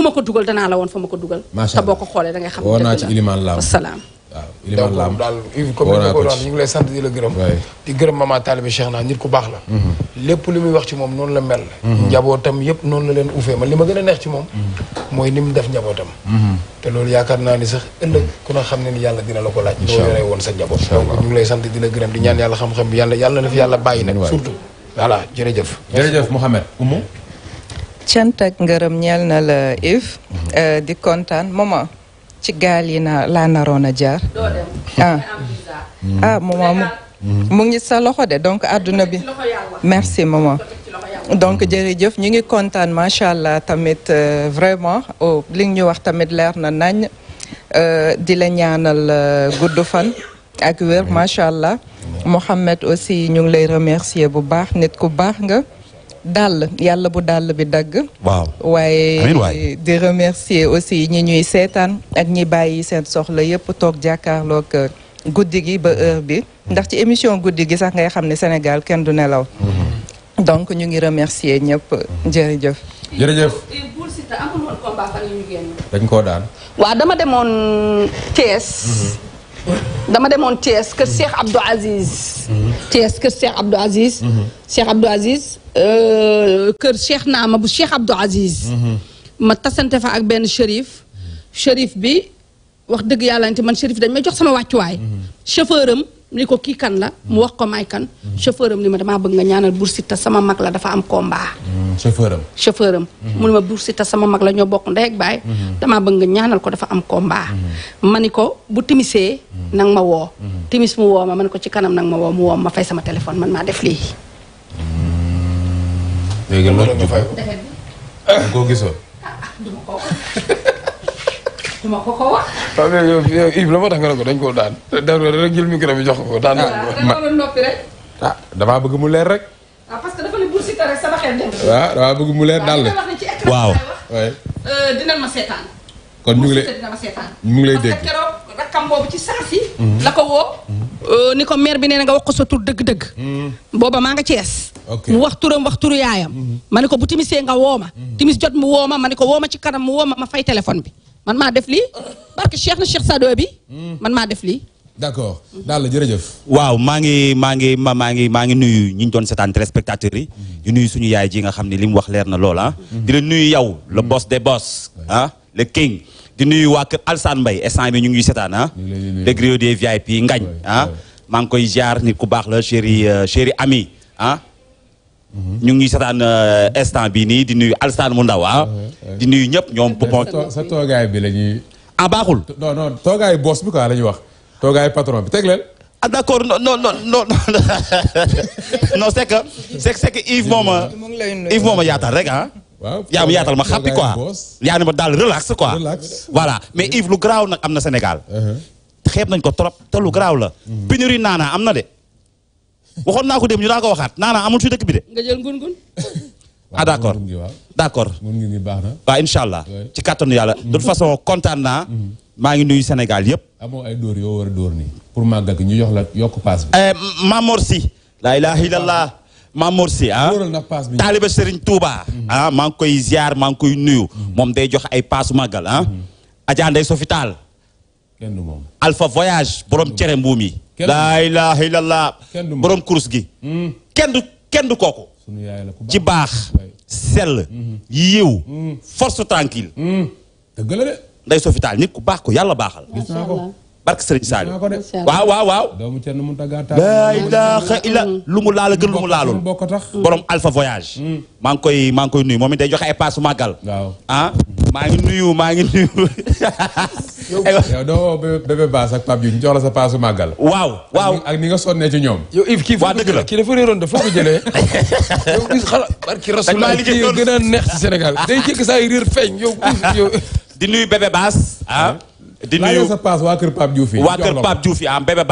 fu ma ko dugal danaa la woon fa ma ko dugal. macha allah te boo ko xoolee da xam. woo naa ci Ilimane waaw daal comme ni ko la gërëm. di gërëm maman Talibé Cheikh naa nit ku baax mhm. wax ci moom noonu la mel. Mhm. njabootam yëpp noonu la leen uufee man li ma gën a neex ci moom. Mhm. mooy ni mu def njabootam. te loolu yaakaar naa ni sax ëllëg ku na xam ne ni yàlla dina la ko laaj. incha allah woon sa njaboot. donc ñu lay sant di la gërëm di ñaan yàlla xam-xam bi yàlla yàlla na fi yàlla bàyyi nag surtout voilà jërëjëf. jërëjëf Mouhamed Oumou cant ak ngërëm ñeel na la Yves mhm. euh, di kontaan moment ci gaal yi laa naroon a jaar ah mhm. ah mhm. mu ngi sa loxo de donc àdduna bi merci mama donc jërëjëf ñu ngi kontaan macha allah tamit euh, vraiment oh, li ñu wax tamit leer na nañ euh, di la ñaanal gudd fan ak wér macha allah Mohamed aussi ñu ngi lay remercier bu baax nit ku baax nga dàll yàlla bu dàll bi dagg. waaw waaye di remercier aussi ñi ñuy seetaan ak ñi bàyyi seen soxla yëpp toog jàkkaarloog euh, guddi gi ba heure bi ndax ci émission guddi gi sax ngay xam ne Sénégal kenn du nelaw. Mm-hmm. donc ñu ngi remercier ñëpp jërëjëf. jërëjëf. dañ koo daan. waaw dama demoon Thiès. Mm-hmm. dama demone ties kër Cheikh Abdou Aziz. ties kër Cheikh Abdou Aziz. Cheikh Abdou Aziz euh keur Cheikh nama bu Cheikh Abdou Aziz. ma tassante fa ak ben cherif cherif bi wax deug yàlla nti man cherif dañ may jox sama waccu way chauffeuram ni ko kii kan la mu wax ko may kan chauffeur am ma damaa bëgg nga ñaanal Bou Siteu sama mag la dafa am combat. Mm, chauffeur am chauffeur mm-hmm. mu ne ma Bou Siteu sama mag la ñoo bokk ndey ak baay mm-hmm. damaa bëgg nga ñaanal ko dafa am combat. Mm-hmm. ma ni ko bu timisee nag ma woo timis mu woo ma ma ni ko ci kanam nag ma woo mu woo ma fay sama téléphone man maa def lii mm. <laughs> dama ko ko wax. waaw mais tax nga ko dañ koo daan daanaka rek jël micro bi jox ko daan nañ ko. ma rek. ah bëgg mu leer rek. ah parce que dafa sama xel dem. waaw damaa bëgg mu leer daal la waaw dinañ ma seetaan. kon ñu ngi lay dina ma ñu ngi lay dégg parce que ci saa la ko woo. ni ko maire bi nee nga wax ko sa nga mu wax turam wax turu yaayam. bu nga timis jot mu woo ma woma ci kanam mu ma fay téléphone bi. man maa def li barke Cheikh na Cheikh Sado bi hmm. man maa def lii. d'accord daal la jërëjëf. waaw maa ngi maa ngi ma maa ngi maa ngi nuyu ñi ñu doon seetaan téléspectateurs yi. Hmm. di nuyu suñu yaay ji nga xam ni li mu wax leer na loola. Ah. Hmm. di la nuyu yow le boss de boss. ah le king. di nuyu waa kër Alsaan Mbaye instant bi ñu ngi seetaan ah. le griot des VIP Ngañ ah. maa ngi koy jaar nit ku baax la chéri euh, chéri ami ah. ñu ngi seetaan euh, instant bii nii di nuyu Alsaan mu ndaw ah. di nuyu ñëpp ñoom. sa sa toogaay bi la ñuy. ah baaxul. non non bi quoi la ñuy wax. toogaay patron bi teg leen. ah d'accord non non non non <laughs> moom a. Yves moom a yaatal rek ah. waaw yaa ma yaatal ma xàppi quoi. yaa ne ma daal relax quoi. voilà mais Yves lu garaaw nag am na Sénégal. Uh-huh. xeeb nañ ko trop te lu garaaw la. Mm-hmm. pénurie naanaa am na de. waxoon naa ko dem ñu daa ko waxaat naana naa amul fi dëkk bi de. nga jël ngun-ngun. ah d' accord d' accord. ngun baax na. waaw incha allah ci kattanu yàlla. de façon kontaan naa. Mm-hmm. maa ngi nuyu Sénégal yëpp. amoo ay dóor yoo war dóor nii. pour màggal gi ñu jox la yokk paas bi. Eh, Mamor si. la ilaha illallah. Mamor si ah. wóoral na taaliba Serigne Touba. Mm-hmm. ah maa ngi koy ziar maa ngi koy nuyu. Mm-hmm. moom day jox ay paasu màggal ah. Adja Sofital. kenn du Alpha Voyage borom cere mbuum yi laa ilaha illallah borom kurus gi hmm. kenn du kenn du kooku ci baax sell hmm. yiw hmm. force tranquille dëgg la de nday Sophie nit ku ko barke Serigne Saliou waaw waaw waaw laa ilaaha illa lu mu laal gën lu mu laalul borom Alpha Voyage hmm. maa ngi koy maa ngi koy nuyu moom it day joxe ay paasu màggal ah maa ngi nuyu maa ngi nuyu <laughs> yow doo bébé baas ak Pape Diouf ñu jox la sa paasu màggal waaw waaw ak ni nga sonnee ci ñoom yow if kii waaw dëgg la kii dafa réeroon dafa <laughs> a <laughs> di nuyu bébé baas ah di nuyu sa paas waa kër Pape Diouf yi waa kër Pape Diouf yi euh,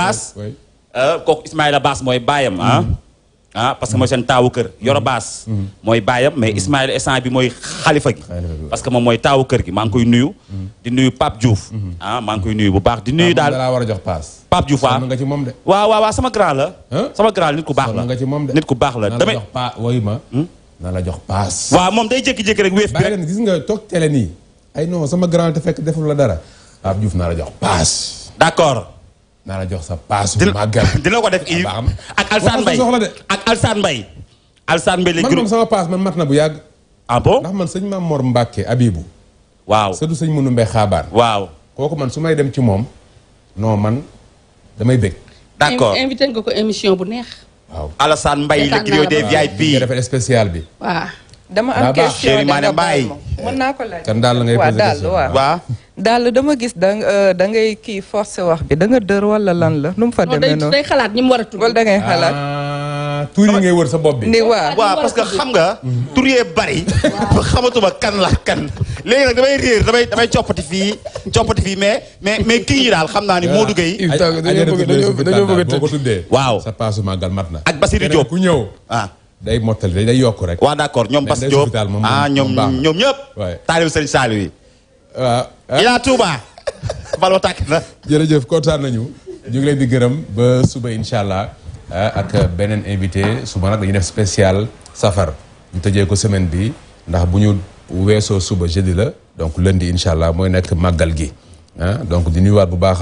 Baas. mooy baayam ah. Mm-hmm. ah parce que seen taawu kër Yoro mm-hmm. Baas. Mm-hmm. mooy baayam mais Ismaïla instant bi mooy xalifa parce que moom mooy taawu kër gi maa ngi koy nuyu. di nuyu Pape Diouf. ah maa ngi koy nuyu bu baax di nuyu daal war a jox paas. Pape Diouf ah nga ci moom de. waaw waaw waaw la. sama grand ku baax la nga ci moom de. nit baax la damay jox pa woy ma. Hmm? na la jox paas. waaw moom day jékki-jékki rek wéef bi rek. gis nga toog télé nii ay non sama grand te fekk deful la dara Pape Diouf naa la jox paas. d'accord. naa la jox sa paas. dina <laughs> dina ko def i ak Alsaan ak Alsaan mbay Alsaan Mbaye léegi man moom sama paas man mat na bu yàgg. ah bon ndax man sëñ Maam Mor Mbacke Abibu. waaw sëdu sëñ Munu Mbaye Xaabaan. waaw kooku man su may dem ci moom. non man damay bëgg. d'accord invité nga ko émission bu neex. waaw Alassane mbay la griot des VIP. dafay spécial bi waaw. dama am question da nga bàyyi mën naa ko laaj kan dal ngay posé wa dal dama gis da da ngay ki forcer wax bi da nga deur wala lan la num fa demé non day xalat ñi wara war wala da ngay xalat tur ngay wër sa bopp bi ni wa wa parce que xam nga tur bari xamatuma kan la kan légui nak damay réer damay damay coppati fi coppati fi mais mais mais ki yi dal xamna naa ni Modou gay dañu bëgg dañu bëgg a tëdd waaw sa paasu màggal mat ak Basirou Diop ku ñëw ah day mottali day yok rek. wa d'accord accord ñoom Bass ah ñom ñom ñep waay Serigne Saliou yi. waaw. Euh, euh. ila Touba. <laughs> balo tak na. jërëjëf kontaan nañu. ñu ngi lay di gërëm ba suba inshallah euh, ak benen invité suba nak dañuy def spécial safar ñu tejé ko semaine bi ndax bu ñu weesoo suba jeudi la donc lundi inshallah moy mooy magal gi hein donc di nuyuwaat bu baax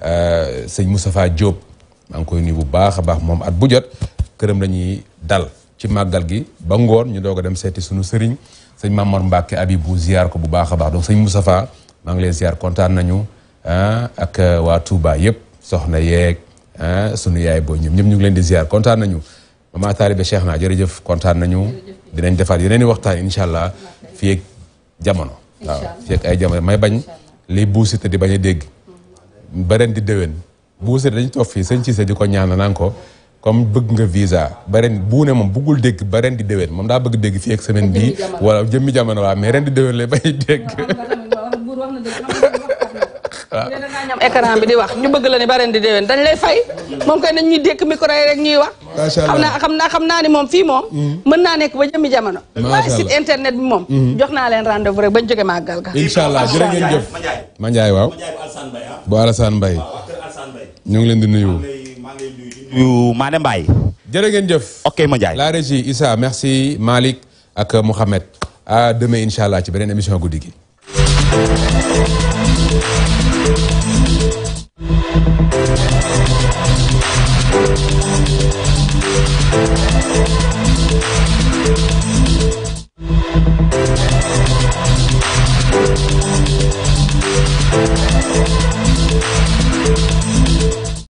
a serigne Moustapha Diop mang koy nuyu bu baax baax mom at bu jot kërëm lañuy dal. ci màggal gi ba ngoon ñu doog a dem seeti suñu sëriñ sëñ Mamor Mbacke Abibou ziar ko bu baax a baax donc sëñ Moustapha maa ngi lay ziar kontaan nañu ah, ak euh, waa Touba yëpp soxna yeeg ah, sunu yaay boo ñoom ñëpp ñu ngi leen di ziar kontaan nañu mama taalibe Cheikh naa jërëjëf kontaan nañu dinañ defaat yeneen i waxtaan incha allah fii jamono waaw ay jamono may bañ liy buusi te di bañ a dégg ba ren di déwén buusi dañ toog fii sëñ Cissé di ko ñaan naan ko comme bëgg nga visa ba ren bu ne moom dégg ba ren di déwén moom daa bëgg dégg fi ak semaine bii wala jëmmi jamono waaw mais ren di déwén lay bay dégg waaw <laughs> wax ñu bëgg la fay moom koy nañ ñuy dékk micro yi rek ñuy wax xam naa xam naa xam naa moom fii moom mm-hmm. mën naa nekk ba jëmmi jamono waaye site internet bi moom mm-hmm. jox naa leen rendez-vous rek bañ jóge màggal ga incha allah bu Alassane Mbaye ah. ñu leen di nuyu maa ngi lay jërë ngeen jëf. ok ma la régie Issa merci Malik. ak Mouhamed à demain incha ci émission